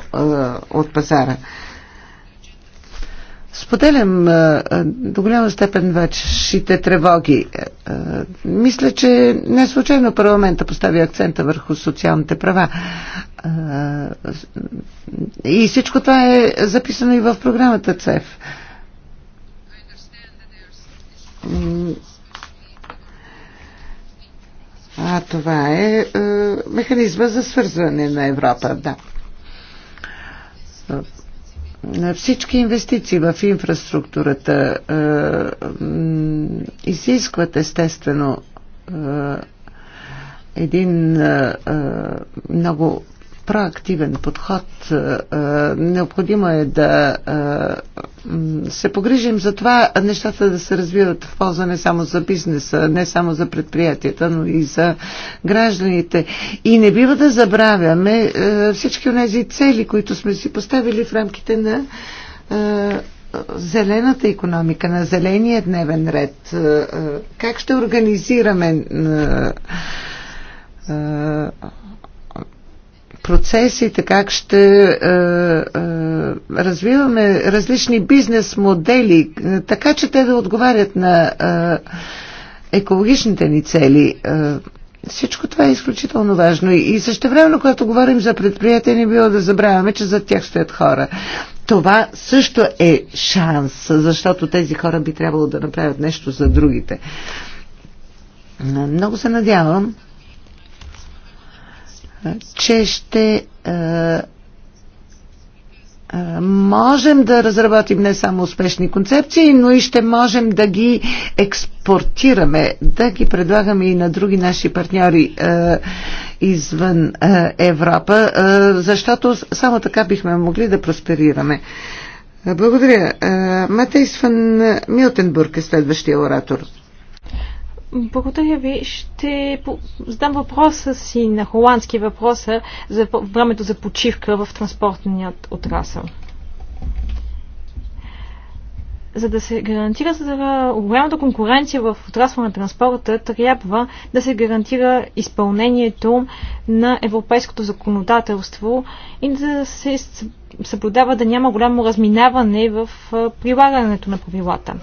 от пазара. Споделям до голяма степен вашите тревоги. Мисля, че не случайно парламента постави акцента върху социалните права. И всичко това е записано и в програмата ЦЕФ. А това е, е механизма за свързване на Европа, да. Всички инвестиции в инфраструктурата е, изискват естествено е, един е, много проактивен подход. Е, е, необходимо е да е, се погрижим за това нещата да се развиват в полза не само за бизнеса, не само за предприятията, но и за гражданите. И не бива да забравяме всички от тези цели, които сме си поставили в рамките на зелената економика, на зеления дневен ред. Как ще организираме процесите, как ще е, е, развиваме различни бизнес модели, е, така че те да отговарят на е, екологичните ни цели. Е, всичко това е изключително важно. И същевременно, когато говорим за предприятия, не било да забравяме, че за тях стоят хора. Това също е шанс, защото тези хора би трябвало да направят нещо за другите. Е, много се надявам, че ще е, е, можем да разработим не само успешни концепции, но и ще можем да ги експортираме, да ги предлагаме и на други наши партньори е, извън е, Европа, е, защото само така бихме могли да просперираме. Благодаря. Е, Матейс Фан Милтенбург е следващия оратор. Благодаря ви. Ще задам въпроса си на холандски въпроса за времето за почивка в транспортният отрасъл. За да се гарантира за голямата конкуренция в отрасъл на транспорта, трябва да се гарантира изпълнението на европейското законодателство и да се съблюдава да няма голямо разминаване в прилагането на правилата.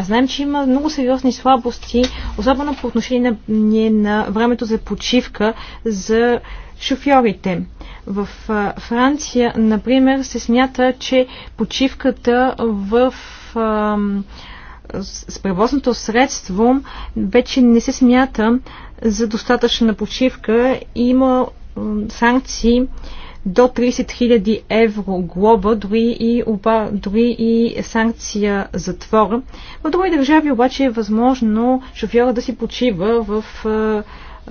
А знаем, че има много сериозни слабости, особено по отношение на, на времето за почивка за шофьорите. В Франция, например, се смята, че почивката в с превозното средство вече не се смята за достатъчна почивка и има санкции до 30 000 евро глоба, дори и, оба, дори и санкция затвора. В други държави обаче е възможно шофьора да си почива в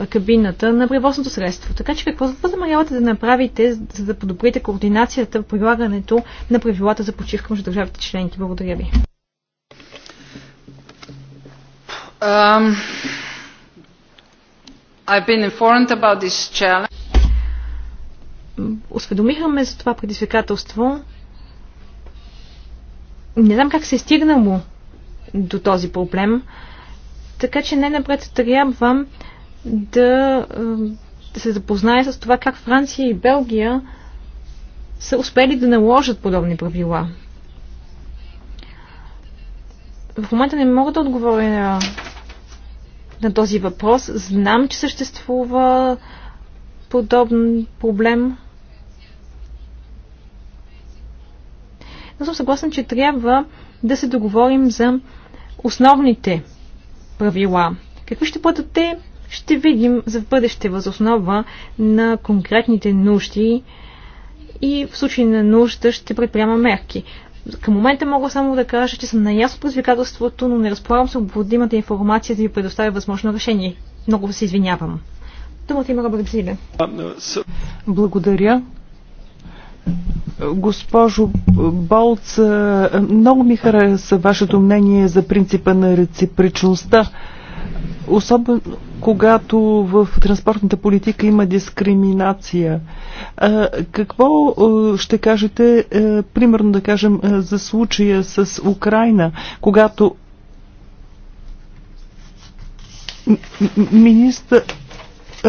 кабината на превозното средство. Така че какво възнамерявате да направите, за да подобрите координацията в прилагането на правилата за почивка между държавите членки? Благодаря ви. Um, I've been informed about this challenge осведомихаме за това предизвикателство. Не знам как се е стигнало до този проблем, така че най-напред трябва да, е, да се запознае с това как Франция и Белгия са успели да наложат подобни правила. В момента не мога да отговоря на, на този въпрос. Знам, че съществува подобен проблем. но съм съгласен, че трябва да се договорим за основните правила. Какви ще бъдат те, ще видим за бъдеще възоснова на конкретните нужди и в случай на нужда ще предприема мерки. Към момента мога само да кажа, че съм наясно предизвикателството, но не разполагам с обводимата информация да ви предоставя възможно решение. Много се извинявам. Думата има Робърт Зиле. Благодаря. Госпожо Болц, много ми хареса вашето мнение за принципа на реципричността, Особено когато в транспортната политика има дискриминация. Какво ще кажете, примерно да кажем, за случая с Украина, когато министър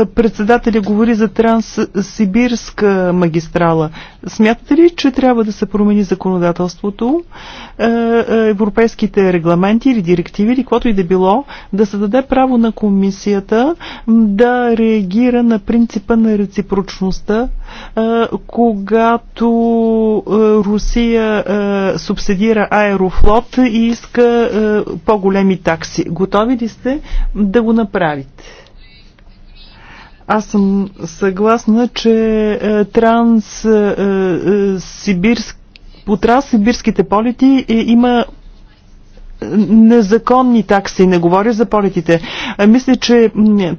Председателя говори за транссибирска магистрала. Смятате ли, че трябва да се промени законодателството, е, е, европейските регламенти или директиви, или каквото и да било, да се даде право на комисията да реагира на принципа на реципрочността, е, когато Русия субсидира аерофлот и иска по-големи такси. Готови ли сте да го направите? Аз съм съгласна, че е, е, е, сибирск, по транссибирските полети има незаконни такси. Не говоря за полетите. Мисля, че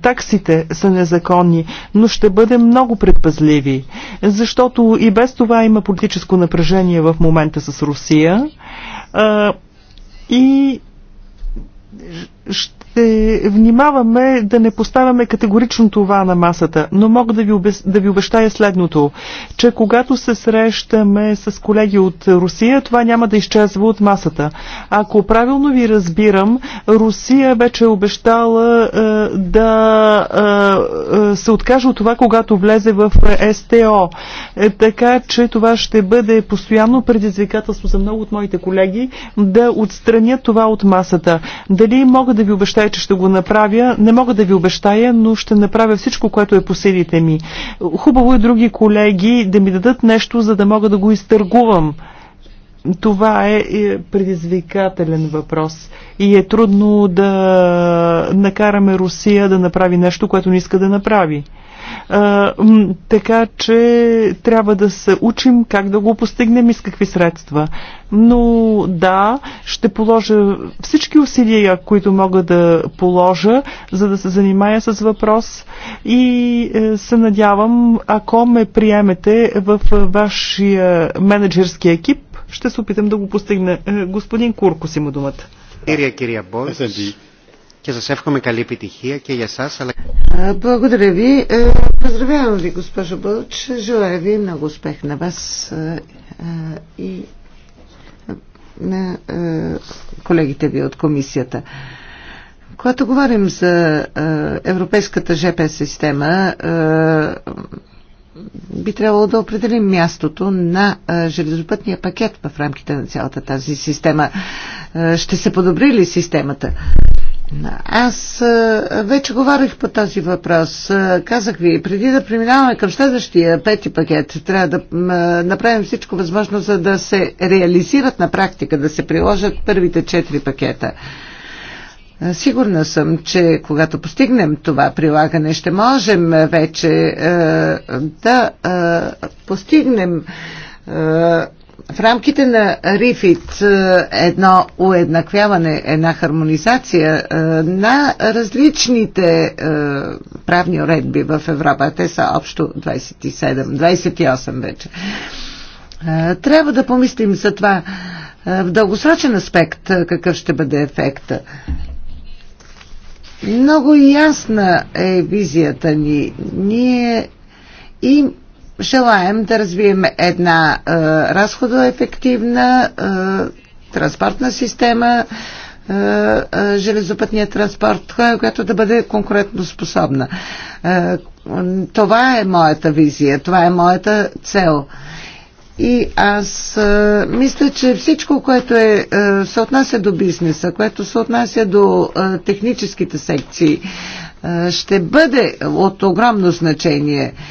таксите са незаконни, но ще бъдем много предпазливи, защото и без това има политическо напрежение в момента с Русия. И ще ще внимаваме да не поставяме категорично това на масата, но мога да ви, обе... да ви обещая следното, че когато се срещаме с колеги от Русия, това няма да изчезва от масата. Ако правилно ви разбирам, Русия вече е обещала е, да е, е, се откаже от това, когато влезе в СТО. Е, така че това ще бъде постоянно предизвикателство за много от моите колеги да отстранят това от масата. Дали мога да ви обещая, че ще го направя. Не мога да ви обещая, но ще направя всичко, което е по силите ми. Хубаво е други колеги да ми дадат нещо, за да мога да го изтъргувам. Това е, е предизвикателен въпрос и е трудно да накараме Русия да направи нещо, което не иска да направи. Така че трябва да се учим как да го постигнем и с какви средства. Но да, ще положа всички усилия, които мога да положа, за да се занимая с въпрос и е, се надявам, ако ме приемете в вашия менеджерски екип, ще се опитам да го постигна. Е, господин Курко си му думата. Кирия, Кирия Бойс και σας εύχομαι καλή επιτυχία και για σας αλλά... Благодаря ви. Поздравявам ви, госпожо Бълч. Желая ви много успех на вас е, е, и е, на колегите ви от комисията. Когато говорим за европейската ЖП система, би трябвало да определим мястото на железопътния пакет в рамките на цялата тази система. Ще се подобри ли системата? Аз вече говорих по този въпрос. Казах ви, преди да преминаваме към следващия пети пакет, трябва да направим всичко възможно, за да се реализират на практика, да се приложат първите четири пакета. Сигурна съм, че когато постигнем това прилагане, ще можем вече да постигнем в рамките на РИФИТ е, едно уеднаквяване, една хармонизация е, на различните е, правни уредби в Европа, те са общо 27, 28 вече. Трябва да помислим за това в дългосрочен аспект какъв ще бъде ефекта. Много ясна е визията ни. Ние и желаем да развием една е, разходоефективна е, транспортна система, е, е, железопътния транспорт, която да бъде конкурентно способна. Е, това е моята визия, това е моята цел. И аз а, е, мисля, че всичко, което е, а, е, се отнася до бизнеса, което се отнася до а, е, техническите секции, а, ще бъде от огромно значение. А,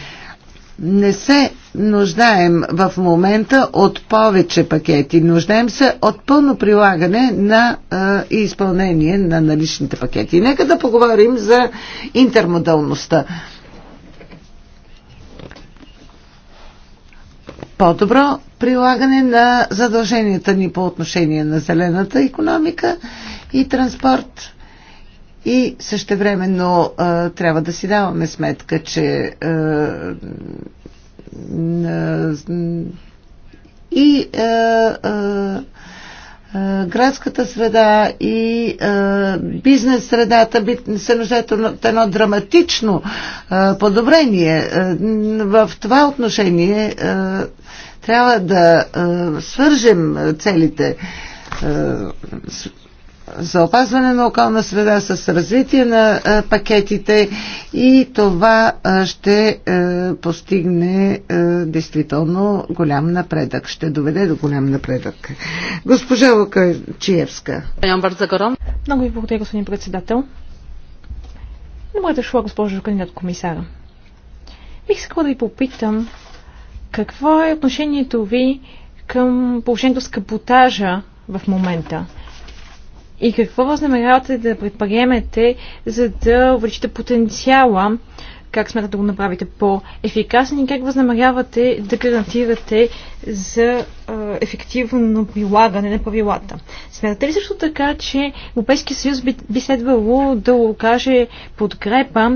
не се нуждаем в момента от повече пакети. Нуждаем се от пълно прилагане на а, и изпълнение на наличните пакети. Нека да поговорим за интермодалността. По-добро прилагане на задълженията ни по отношение на зелената економика и транспорт и същевременно а, трябва да си даваме сметка, че а, а, и а, а, градската среда и а, бизнес средата би, се нуждаят от едно драматично а, подобрение. А, в това отношение а, трябва да а, свържем целите а, за опазване на околна среда, с развитие на е, пакетите и това е, ще е, постигне действително голям напредък, ще доведе до голям напредък. Госпожа Лукачиевска. Много ви благодаря, господин председател. Добре дошла, госпожо от комисара. Бих искала да ви попитам какво е отношението ви към положението с капотажа в момента и какво възнамерявате да предприемете, за да увеличите потенциала, как смятате да го направите по-ефикасен и как възнамерявате да гарантирате за ефективно прилагане на правилата. Смятате ли също така, че Европейския съюз би, би следвало да окаже подкрепа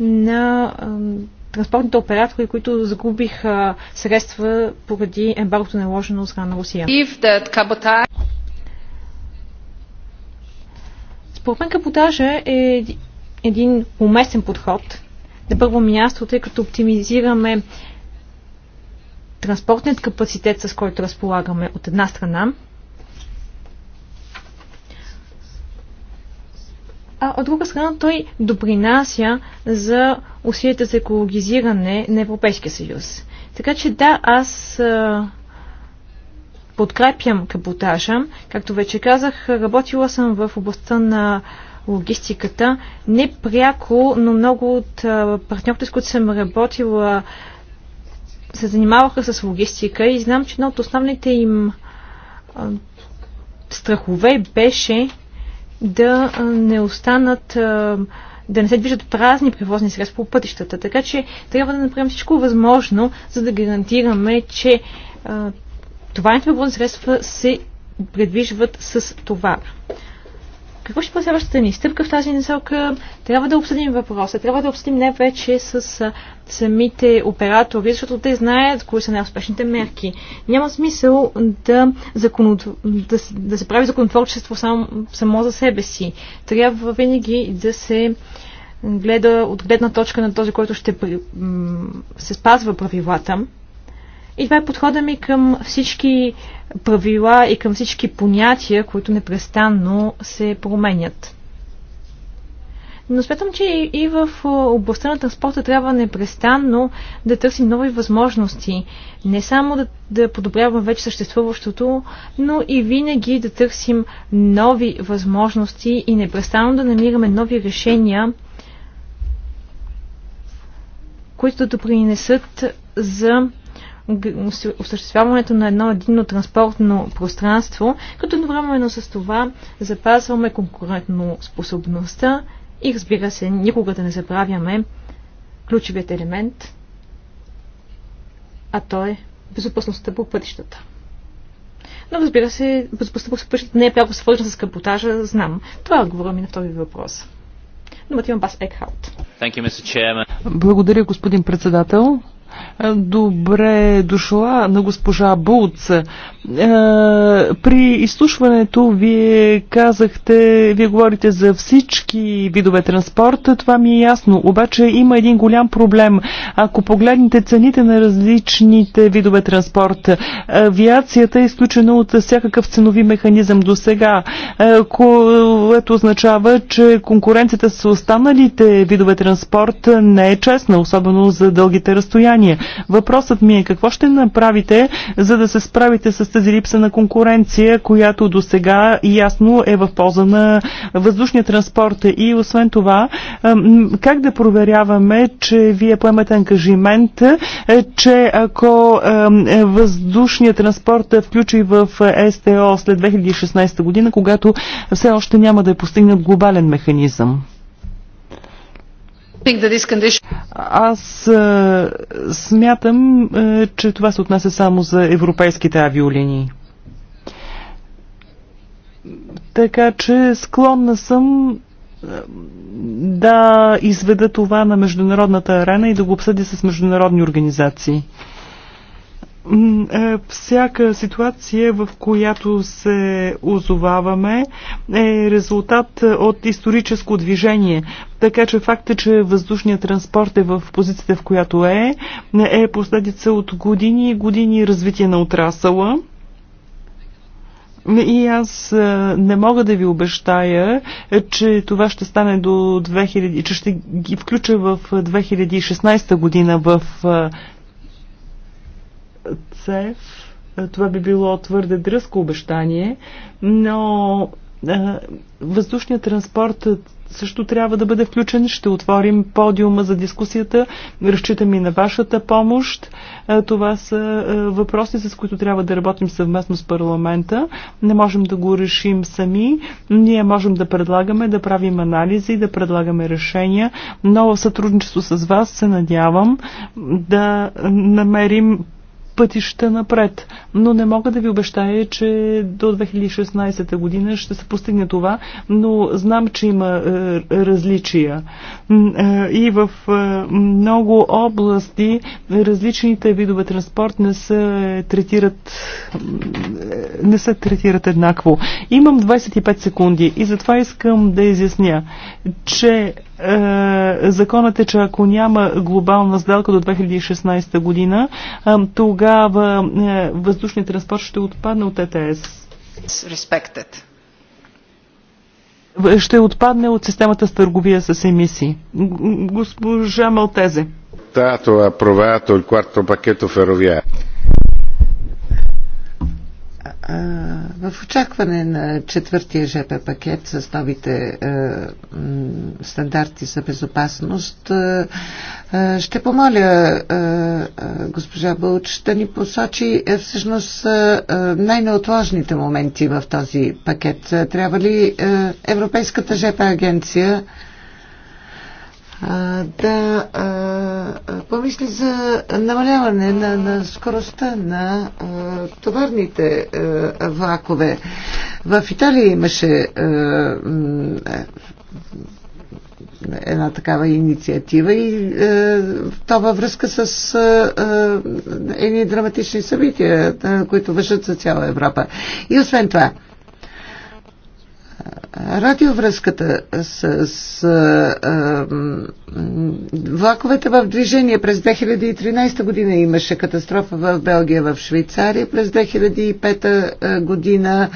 на транспортните оператори, които загубиха средства поради ембаргото наложено от страна на Русия? Според мен капотажа е един уместен подход. На първо място, тъй като оптимизираме транспортният капацитет, с който разполагаме от една страна, а от друга страна той допринася за усилията за екологизиране на Европейския съюз. Така че да, аз подкрепям каботажа. Както вече казах, работила съм в областта на логистиката. Не пряко, но много от партньорите, с които съм работила, се занимаваха с логистика и знам, че едно от основните им страхове беше да не останат да не се движат празни превозни средства по пътищата. Така че трябва да направим всичко възможно, за да гарантираме, че товарните превозни средства се предвижват с товар. Какво ще бъде следващата ни стъпка в тази насока? Трябва да обсъдим въпроса. Трябва да обсъдим не вече с самите оператори, защото те знаят кои са най-успешните мерки. Няма смисъл да, законот... да, да се прави законотворчество само, само за себе си. Трябва винаги да се гледа от гледна точка на този, който ще се спазва правилата. И това е подхода ми към всички правила и към всички понятия, които непрестанно се променят. Но смятам, че и в областта на транспорта трябва непрестанно да търсим нови възможности. Не само да, да подобряваме вече съществуващото, но и винаги да търсим нови възможности и непрестанно да намираме нови решения, които да допринесат за осъществяването на едно единно транспортно пространство, като едновременно с това запазваме конкурентно способността и разбира се, никога да не забравяме ключовият елемент, а то е безопасността по пътищата. Но разбира се, безопасността по пътищата не е пряко свързана с капотажа, знам. Това е отговора ми на втори въпрос. Думата имам Бас Екхаут. Благодаря, господин председател. Добре дошла на госпожа Булц. Е, при изслушването вие казахте, вие говорите за всички видове транспорт, това ми е ясно. Обаче има един голям проблем. Ако погледнете цените на различните видове транспорт, е, авиацията е изключена от всякакъв ценови механизъм до сега, е, което означава, че конкуренцията с останалите видове транспорт не е честна, особено за дългите разстояния състояние. Въпросът ми е какво ще направите, за да се справите с тази липса на конкуренция, която до сега ясно е в полза на въздушния транспорт. И освен това, как да проверяваме, че вие поемате ангажимент, е, че ако въздушният транспорт включи в СТО след 2016 година, когато все още няма да е постигнат глобален механизъм? Аз а, е, смятам, а, е, че това се отнася само за европейските авиолинии. Така че склонна съм е, да изведа това на международната арена и да го обсъдя с международни организации. Е, всяка ситуация, в която се озоваваме, е резултат от историческо движение. Така че факта, че въздушният транспорт е в позицията, в която е, е последица от години и години развитие на отрасъла. И аз е, не мога да ви обещая, е, че това ще стане до 2000, че ще ги включа в 2016 година в СЕФ. Това би било твърде дръзко обещание, но е, въздушният транспорт е, също трябва да бъде включен. Ще отворим подиума за дискусията. Разчитам и на вашата помощ. Е, това са въпроси, с които трябва да работим съвместно с парламента. Не можем да го решим сами. Ние можем да предлагаме, да правим анализи, да предлагаме решения, но в сътрудничество с вас се надявам да намерим пътища напред. Но не мога да ви обещая, че до 2016 година ще се постигне това, но знам, че има е, различия. Е, и в е, много области различните видове транспорт не се третират, е, не се третират еднакво. Имам 25 секунди и затова искам да изясня, че е, законът е, че ако няма глобална сделка до 2016 година, е, тогава е, въздушният транспорт ще отпадне от ЕТС. Респектът. Ще отпадне от системата с търговия с емисии. Госпожа Малтезе. Stato approvato il quarto pacchetto феровия в очакване на четвъртия ЖП пакет с новите е, стандарти за безопасност, е, е, ще помоля госпожа Бълч да ни посочи всъщност най-неотложните моменти в този пакет. Трябва ли Европейската ЖП агенция да помисли за намаляване на, на скоростта на а, товарните а, влакове. В Италия имаше а, е, една такава инициатива и а, това във връзка с а, а, едни драматични събития, а, които вършат за цяла Европа. И освен това, радиовръзката с, с а, влаковете в движение през 2013 година имаше катастрофа в Белгия, в Швейцария през 2005 година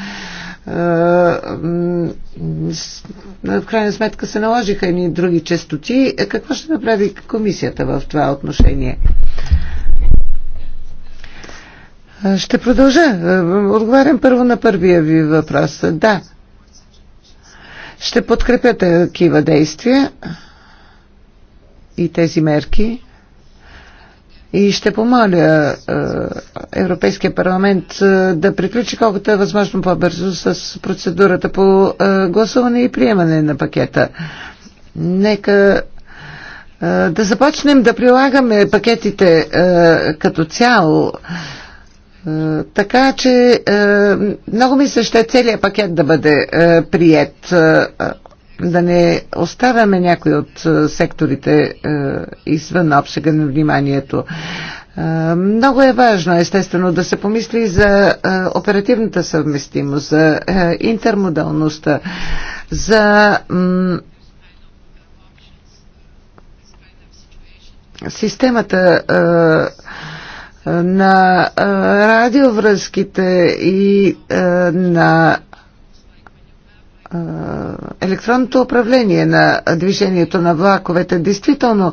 в крайна сметка се наложиха едни други честоти. Какво ще направи комисията в това отношение? Ще продължа. Отговарям първо на първия ви въпрос. Да, ще подкрепя такива действия и тези мерки. И ще помоля е, Европейския парламент е, да приключи колкото е възможно по-бързо с процедурата по е, гласуване и приемане на пакета. Нека е, да започнем да прилагаме пакетите е, като цяло. Е, така че е, много ми се ще целият пакет да бъде е, прият. Да не оставяме някои от секторите извън обсега на вниманието. Много е важно, естествено, да се помисли за оперативната съвместимост, за интермодалността, за системата е, на е, радиовръзките и е, на електронното управление на движението на влаковете. Действително,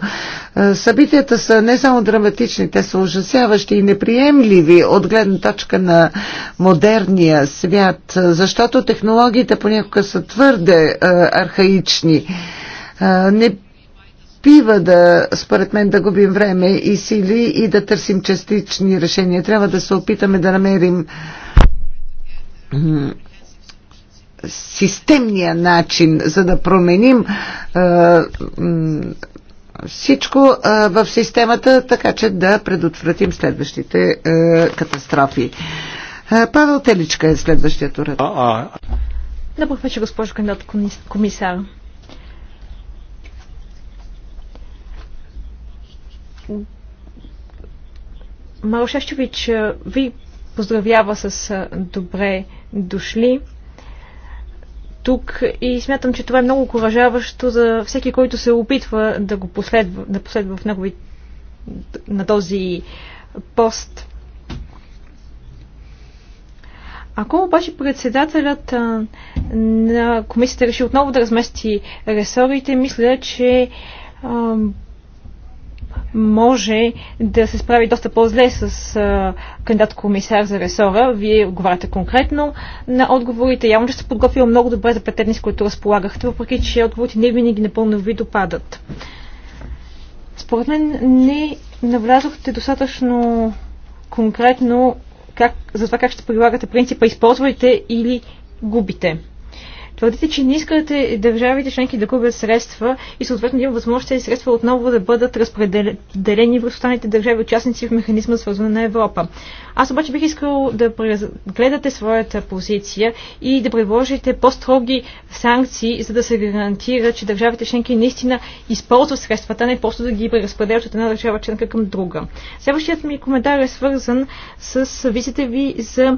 събитията са не само драматични, те са ужасяващи и неприемливи от гледна точка на модерния свят, защото технологиите понякога са твърде архаични. Не бива да, според мен, да губим време и сили и да търсим частични решения. Трябва да се опитаме да намерим системния начин, за да променим всичко в системата, така че да предотвратим следващите катастрофи. Павел Теличка е следващият уред. Добър вечер, госпожо кандидат комисар. Маро е, ви поздравява с е, добре дошли тук и смятам, че това е много окоръжаващо за всеки, който се опитва да го последва, да последва в негови, на този пост. Ако обаче председателят е, на комисията реши отново да размести ресорите, мисля, че може да се справи доста по-зле с кандидат-комисар за ресора. Вие отговаряте конкретно на отговорите. Явно, че сте подготвил много добре за петерни, с които разполагахте, въпреки че отговорите не винаги напълно ви допадат. Според мен не навлязохте достатъчно конкретно как, за това как ще прилагате принципа използвайте или губите. Твърдите, че не искате държавите членки да губят средства и съответно има възможност тези средства отново да бъдат разпределени в останалите държави участници в механизма свързване на Европа. Аз обаче бих искал да гледате своята позиция и да предложите по-строги санкции, за да се гарантира, че държавите членки наистина използват средствата, не просто да ги преразпределят от една държава членка към друга. Следващият ми коментар е свързан с визите ви за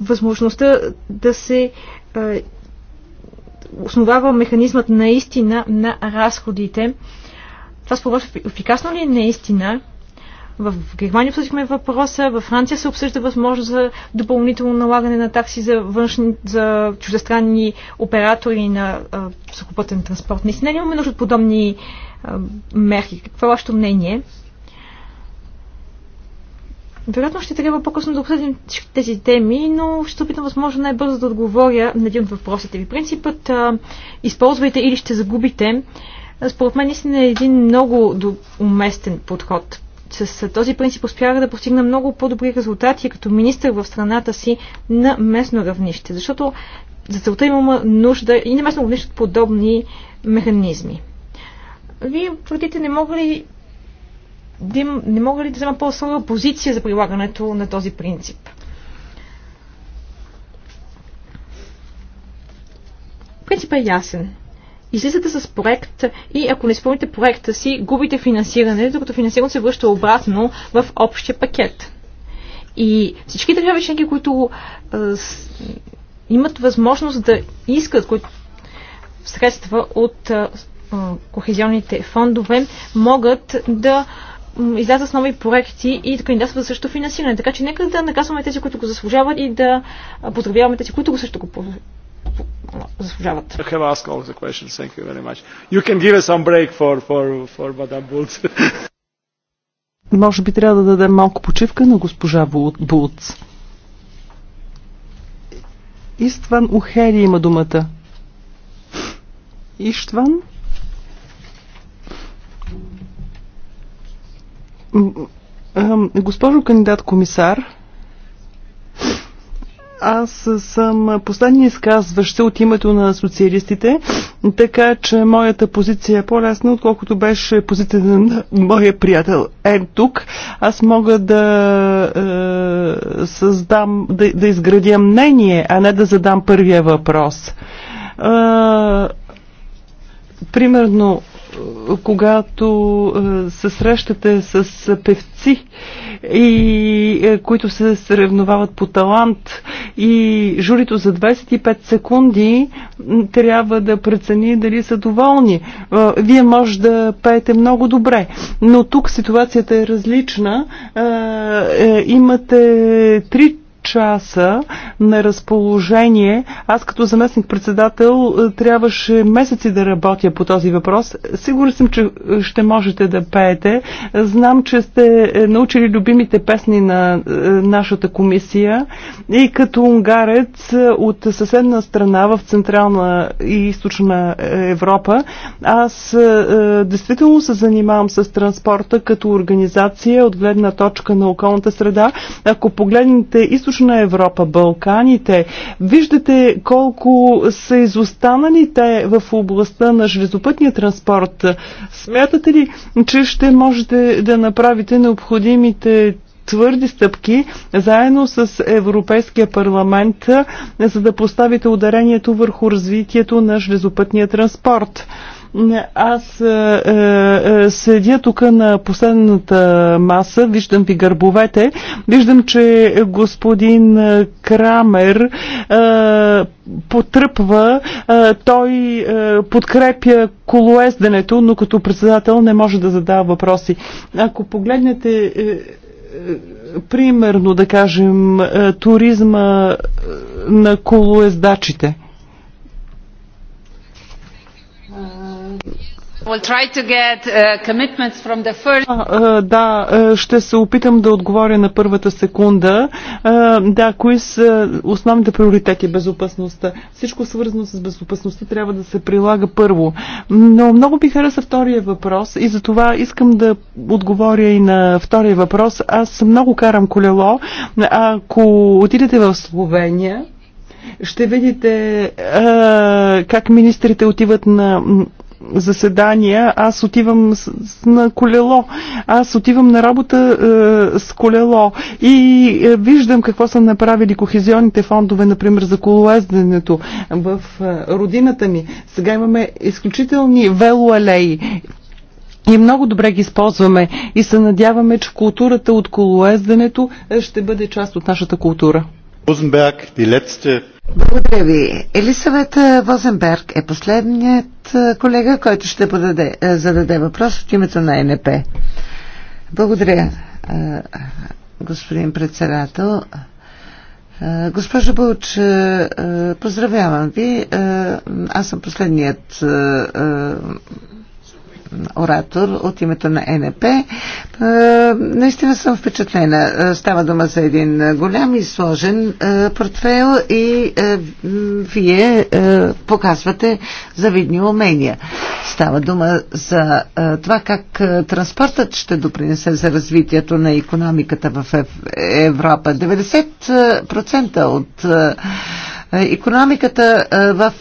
възможността да се е, основава механизмът наистина на разходите. Това според ефикасно ли е наистина? В Германия обсъдихме въпроса, във Франция се обсъжда възможност за допълнително налагане на такси за, външни, за чуждестранни оператори на а, сухопътен транспорт. Наистина ли имаме нужда от подобни а, мерки? Какво е вашето мнение? Вероятно ще трябва по-късно да обсъдим тези теми, но ще опитам възможно най-бързо да отговоря на един от въпросите ви. Принципът а, използвайте или ще загубите, според мен наистина е един много уместен подход. С този принцип успях да постигна много по-добри резултати като министър в страната си на местно равнище, защото за целта имам нужда и на местно равнище от подобни механизми. Вие твърдите, не мога ли не мога ли да взема по-слаба позиция за прилагането на този принцип? Принципът е ясен. Излизате с проект и ако не изпълните проекта си, губите финансиране, докато финансирането се връща обратно в общия пакет. И всички държави членки, които имат възможност да искат средства от а, кохезионните фондове, могат да излязат с нови проекти и да кандидатстват за също финансиране. Така че нека да наказваме тези, които го заслужават и да поздравяваме тези, които го също го заслужават. I have asked all the questions. Thank you very much. You can give us some break for, for, for Madame Може би трябва да дадем малко почивка на госпожа Булц. Истван Ухери има думата. Иштван? Госпожо кандидат комисар, аз съм последния изказващ от името на социалистите, така че моята позиция е по-лесна, отколкото беше позицията на моя приятел ен тук. Аз мога да е, създам, да, да изградя мнение, а не да задам първия въпрос. Е, примерно когато е, се срещате с певци, и, е, които се съревновават по талант и журито за 25 секунди трябва да прецени дали са доволни. Е, вие може да пеете много добре, но тук ситуацията е различна. Имате три часа на разположение. Аз като заместник-председател е, трябваше месеци да работя по този въпрос. Сигурен съм, че е, ще можете да пеете. Знам, че сте е, научили любимите песни на нашата комисия и като унгарец от съседна страна в Централна и Източна Европа, аз действително се занимавам с транспорта като организация от гледна точка на околната среда. Ако погледнете източната Южна Европа, Балканите. Виждате колко са изостанали те в областта на железопътния транспорт. Смятате ли, че ще можете да направите необходимите твърди стъпки заедно с Европейския парламент, за да поставите ударението върху развитието на железопътния транспорт? Аз е, е, седя тук на последната маса, виждам ви гърбовете, виждам, че господин Крамер е, потръпва, е, той е, подкрепя колоезденето, но като председател не може да задава въпроси. Ако погледнете. Е, е примерно, да кажем, е, туризма е, на колоездачите. Uh, да, е, ще се опитам да отговоря на първата секунда. Е, да, кои са основните приоритети безопасността? Всичко свързано с безопасността трябва да се прилага първо. Но много би хареса втория въпрос и за това искам да отговоря и на втория въпрос. Аз много карам колело. Ако отидете в Словения, ще видите а, е, как министрите отиват на заседания, аз отивам с, с, на колело. Аз отивам на работа е, с колело и е, виждам какво са направили кохезионните фондове, например, за колоезденето в е, родината ми. Сега имаме изключителни велоалеи. И много добре ги използваме и се надяваме, че културата от колоезденето е, ще бъде част от нашата култура. Благодаря ви. Елисавета Возенберг е последният е, колега, който ще подаде, е, зададе въпрос от името на НП. Благодаря, е, господин председател. Госпожа Бълч, поздравявам ви. Аз съм последният оратор от името на НП. Е, наистина съм впечатлена. Е, става дума за един голям и сложен е, портфел и вие показвате завидни умения. Става дума за това как транспортът ще допринесе за развитието на економиката в Европа. 90% от економиката в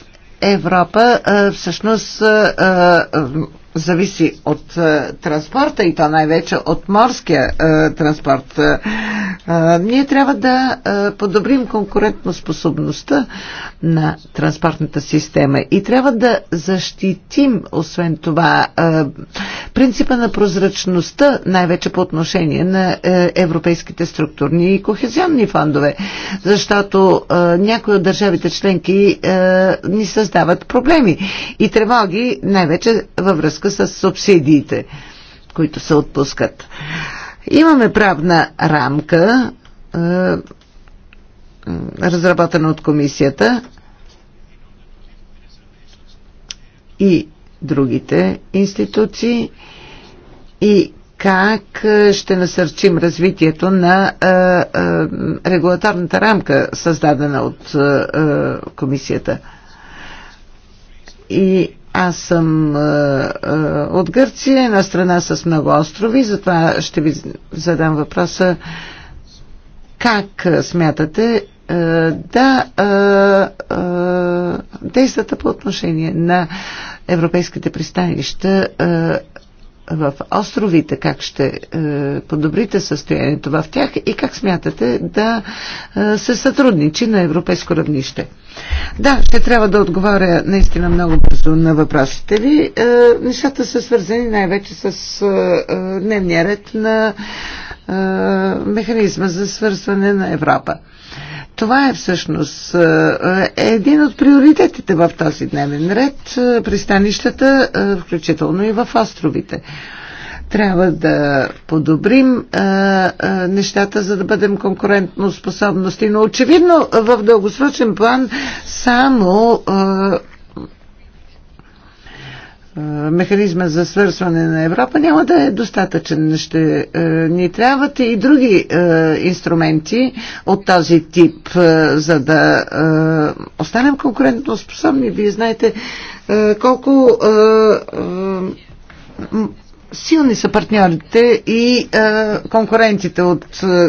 Европа всъщност зависи от е, транспорта и то най-вече от морския е, транспорт. Е, е, ние трябва да е, подобрим конкурентоспособността на транспортната система и трябва да защитим, освен това, е, принципа на прозрачността, най-вече по отношение на е, европейските структурни и кохезионни фондове, защото е, някои от държавите членки е, ни създават проблеми и тревоги, най-вече във връзка връзка с субсидиите, които се отпускат. Имаме правна рамка, е, разработена от комисията и другите институции и как е, ще насърчим развитието на е, регулаторната рамка, създадена от комисията. И аз съм е, е, от Гърция, една страна с много острови, затова ще ви задам въпроса как е, смятате е, да е, е, действате по отношение на европейските пристанища е, в островите, как ще е, подобрите състоянието в тях и как смятате да е, се сътрудничи на европейско равнище. Да, ще трябва да отговаря наистина много бързо на въпросите ви. Е, нещата са свързани най-вече с е, е дневния ред на е, механизма за свързване на Европа. Е, това е всъщност е, е един от приоритетите в този дневен ред. Е, пристанищата, е, включително и в островите. Трябва да подобрим а, а, нещата, за да бъдем конкурентно способности. Но очевидно в дългосрочен план само а, е, механизма за свързване на Европа няма да е достатъчен. Ще е, ни трябват и други е, инструменти от този тип, е, за да е, останем конкурентно способни. Вие знаете е, колко е, е, силни са партньорите и е, конкурентите от е,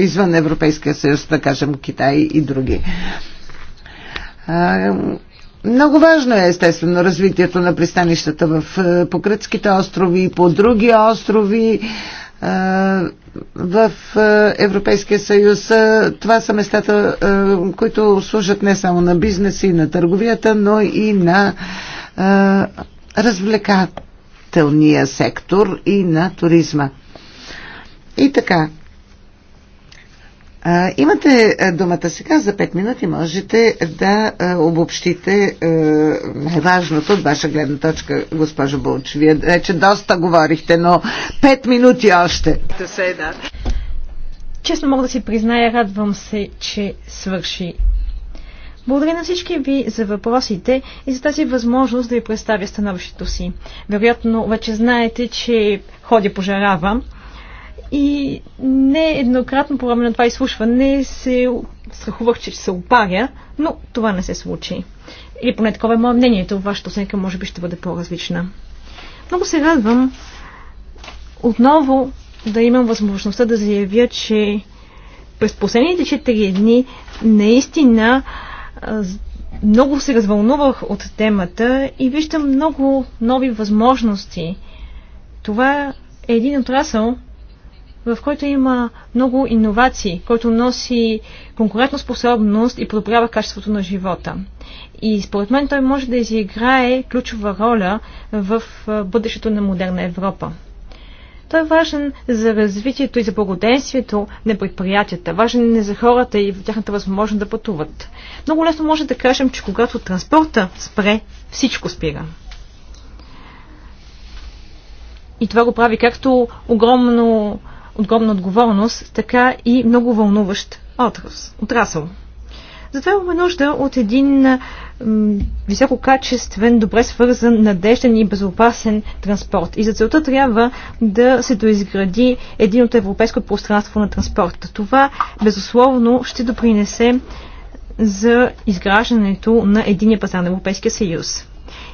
извън Европейския съюз, да кажем Китай и други. Е, много важно е естествено развитието на пристанищата в, е, по острови и по други острови е, в е, Европейския съюз. Това са местата, които служат не само на бизнеса и на търговията, но и на развлекателния сектор и на туризма. И така, Имате думата сега за 5 минути. Можете да обобщите най-важното от ваша гледна точка, госпожо Булч. Вие вече доста говорихте, но 5 минути още. Честно мога да си призная, радвам се, че свърши. Благодаря на всички ви за въпросите и за тази възможност да ви представя становището си. Вероятно вече знаете, че ходя пожарава и не еднократно по време на това изслушване се страхувах, че ще се опаря, но това не се случи. Или поне такова е мое мнението. Вашата оценка може би ще бъде по-различна. Много се радвам отново да имам възможността да заявя, че през последните 4 дни наистина много се развълнувах от темата и виждам много нови възможности. Това е един отрасъл, в който има много иновации, който носи способност и подобрява качеството на живота. И според мен той може да изиграе ключова роля в бъдещето на модерна Европа. Той е важен за развитието и за благоденствието на предприятията. Важен е за хората и в тяхната възможност да пътуват. Много лесно може да кажем, че когато транспорта спре, всичко спира. И това го прави както огромно огромна отговорност, така и много вълнуващ отраз, отрасъл. Затова имаме нужда от един висококачествен, добре свързан, надежден и безопасен транспорт. И за целта трябва да се доизгради един от европейско пространство на транспорта. Това безусловно ще допринесе за изграждането на единия пазар на Европейския съюз.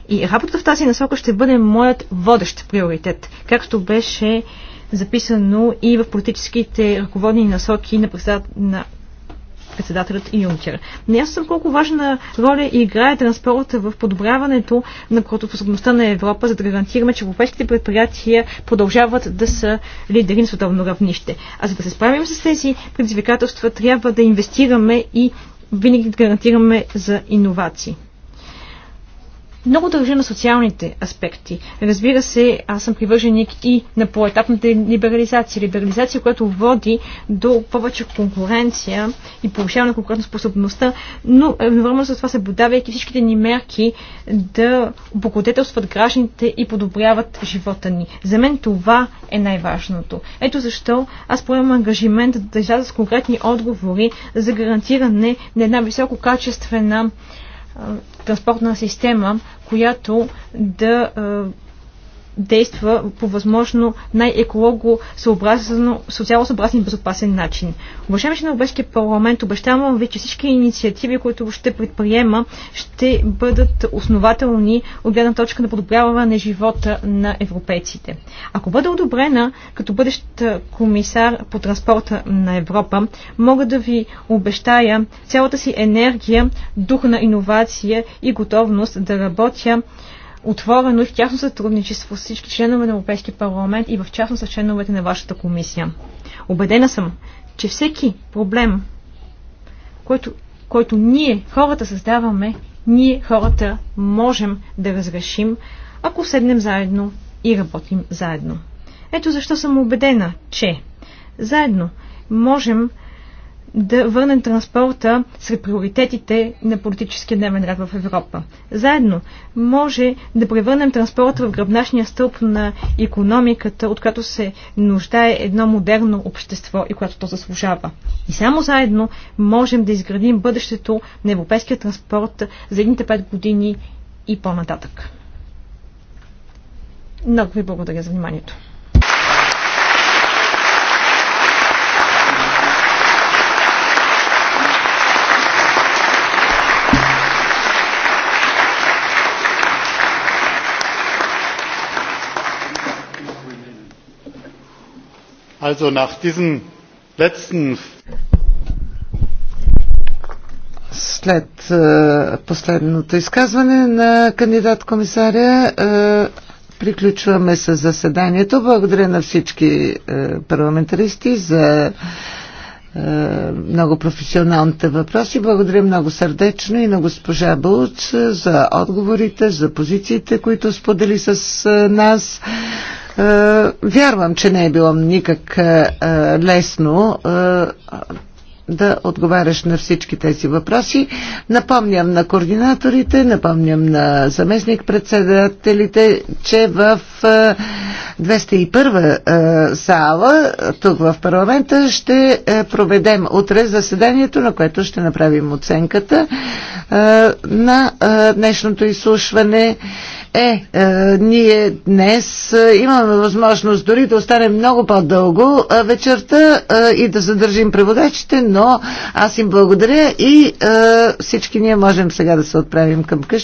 И работата в тази насока ще бъде моят водещ приоритет, както беше записано и в политическите ръководни насоки на, председател, на председателят Юнкер. Неясно съм колко важна роля играе транспорта в подобряването на конкурентоспособността на Европа, за да гарантираме, че европейските предприятия продължават да са лидери на световно равнище. А за да се справим с тези предизвикателства, трябва да инвестираме и винаги да гарантираме за иновации. Много държа на социалните аспекти. Разбира се, аз съм привърженик и на поетапната либерализация. Либерализация, която води до повече конкуренция и повишаване на конкурентоспособността, но едновременно с това се подавайки всичките ни мерки да облагодетелстват гражданите и подобряват живота ни. За мен това е най-важното. Ето защо аз поемам ангажимент да изляза с конкретни отговори за гарантиране на една висококачествена качествена транспортна система, която да действа по възможно най-еколого социално съобразен и безопасен начин. Уважаеми че на Европейския парламент, обещавам ви, че всички инициативи, които ще предприема, ще бъдат основателни от гледна точка на подобряване на живота на европейците. Ако бъда одобрена като бъдещ комисар по транспорта на Европа, мога да ви обещая цялата си енергия, дух на иновация и готовност да работя отворено и в тясно сътрудничество с всички членове на Европейския парламент и в частност с членовете на вашата комисия. Обедена съм, че всеки проблем, който, който ние, хората, създаваме, ние, хората, можем да разрешим, ако седнем заедно и работим заедно. Ето защо съм убедена, че заедно можем да върнем транспорта сред приоритетите на политическия дневен ред в Европа. Заедно може да превърнем транспорта в гръбнашния стълб на економиката, от която се нуждае едно модерно общество и което то заслужава. И само заедно можем да изградим бъдещето на европейския транспорт за едните пет години и по-нататък. Много ви благодаря за вниманието. also nach diesen letzten след е, последното изказване на кандидат комисаря е, приключваме с заседанието. Благодаря на всички е, парламентаристи за е, много професионалните въпроси. Благодаря много сърдечно и на госпожа Булц за отговорите, за позициите, които сподели с е, нас. Е, вярвам, че не е било никак лесно да отговаряш на всички тези въпроси. Напомням на координаторите, напомням на заместник-председателите, че в 201 е, е, сала, тук в парламента, ще е, проведем утре заседанието, на което ще направим оценката на днешното изслушване. Е, е, ние днес е, имаме възможност дори да останем много по-дълго е, вечерта е, и да задържим преводачите, но но аз им благодаря и а, е, всички ние можем сега да се отправим към къща.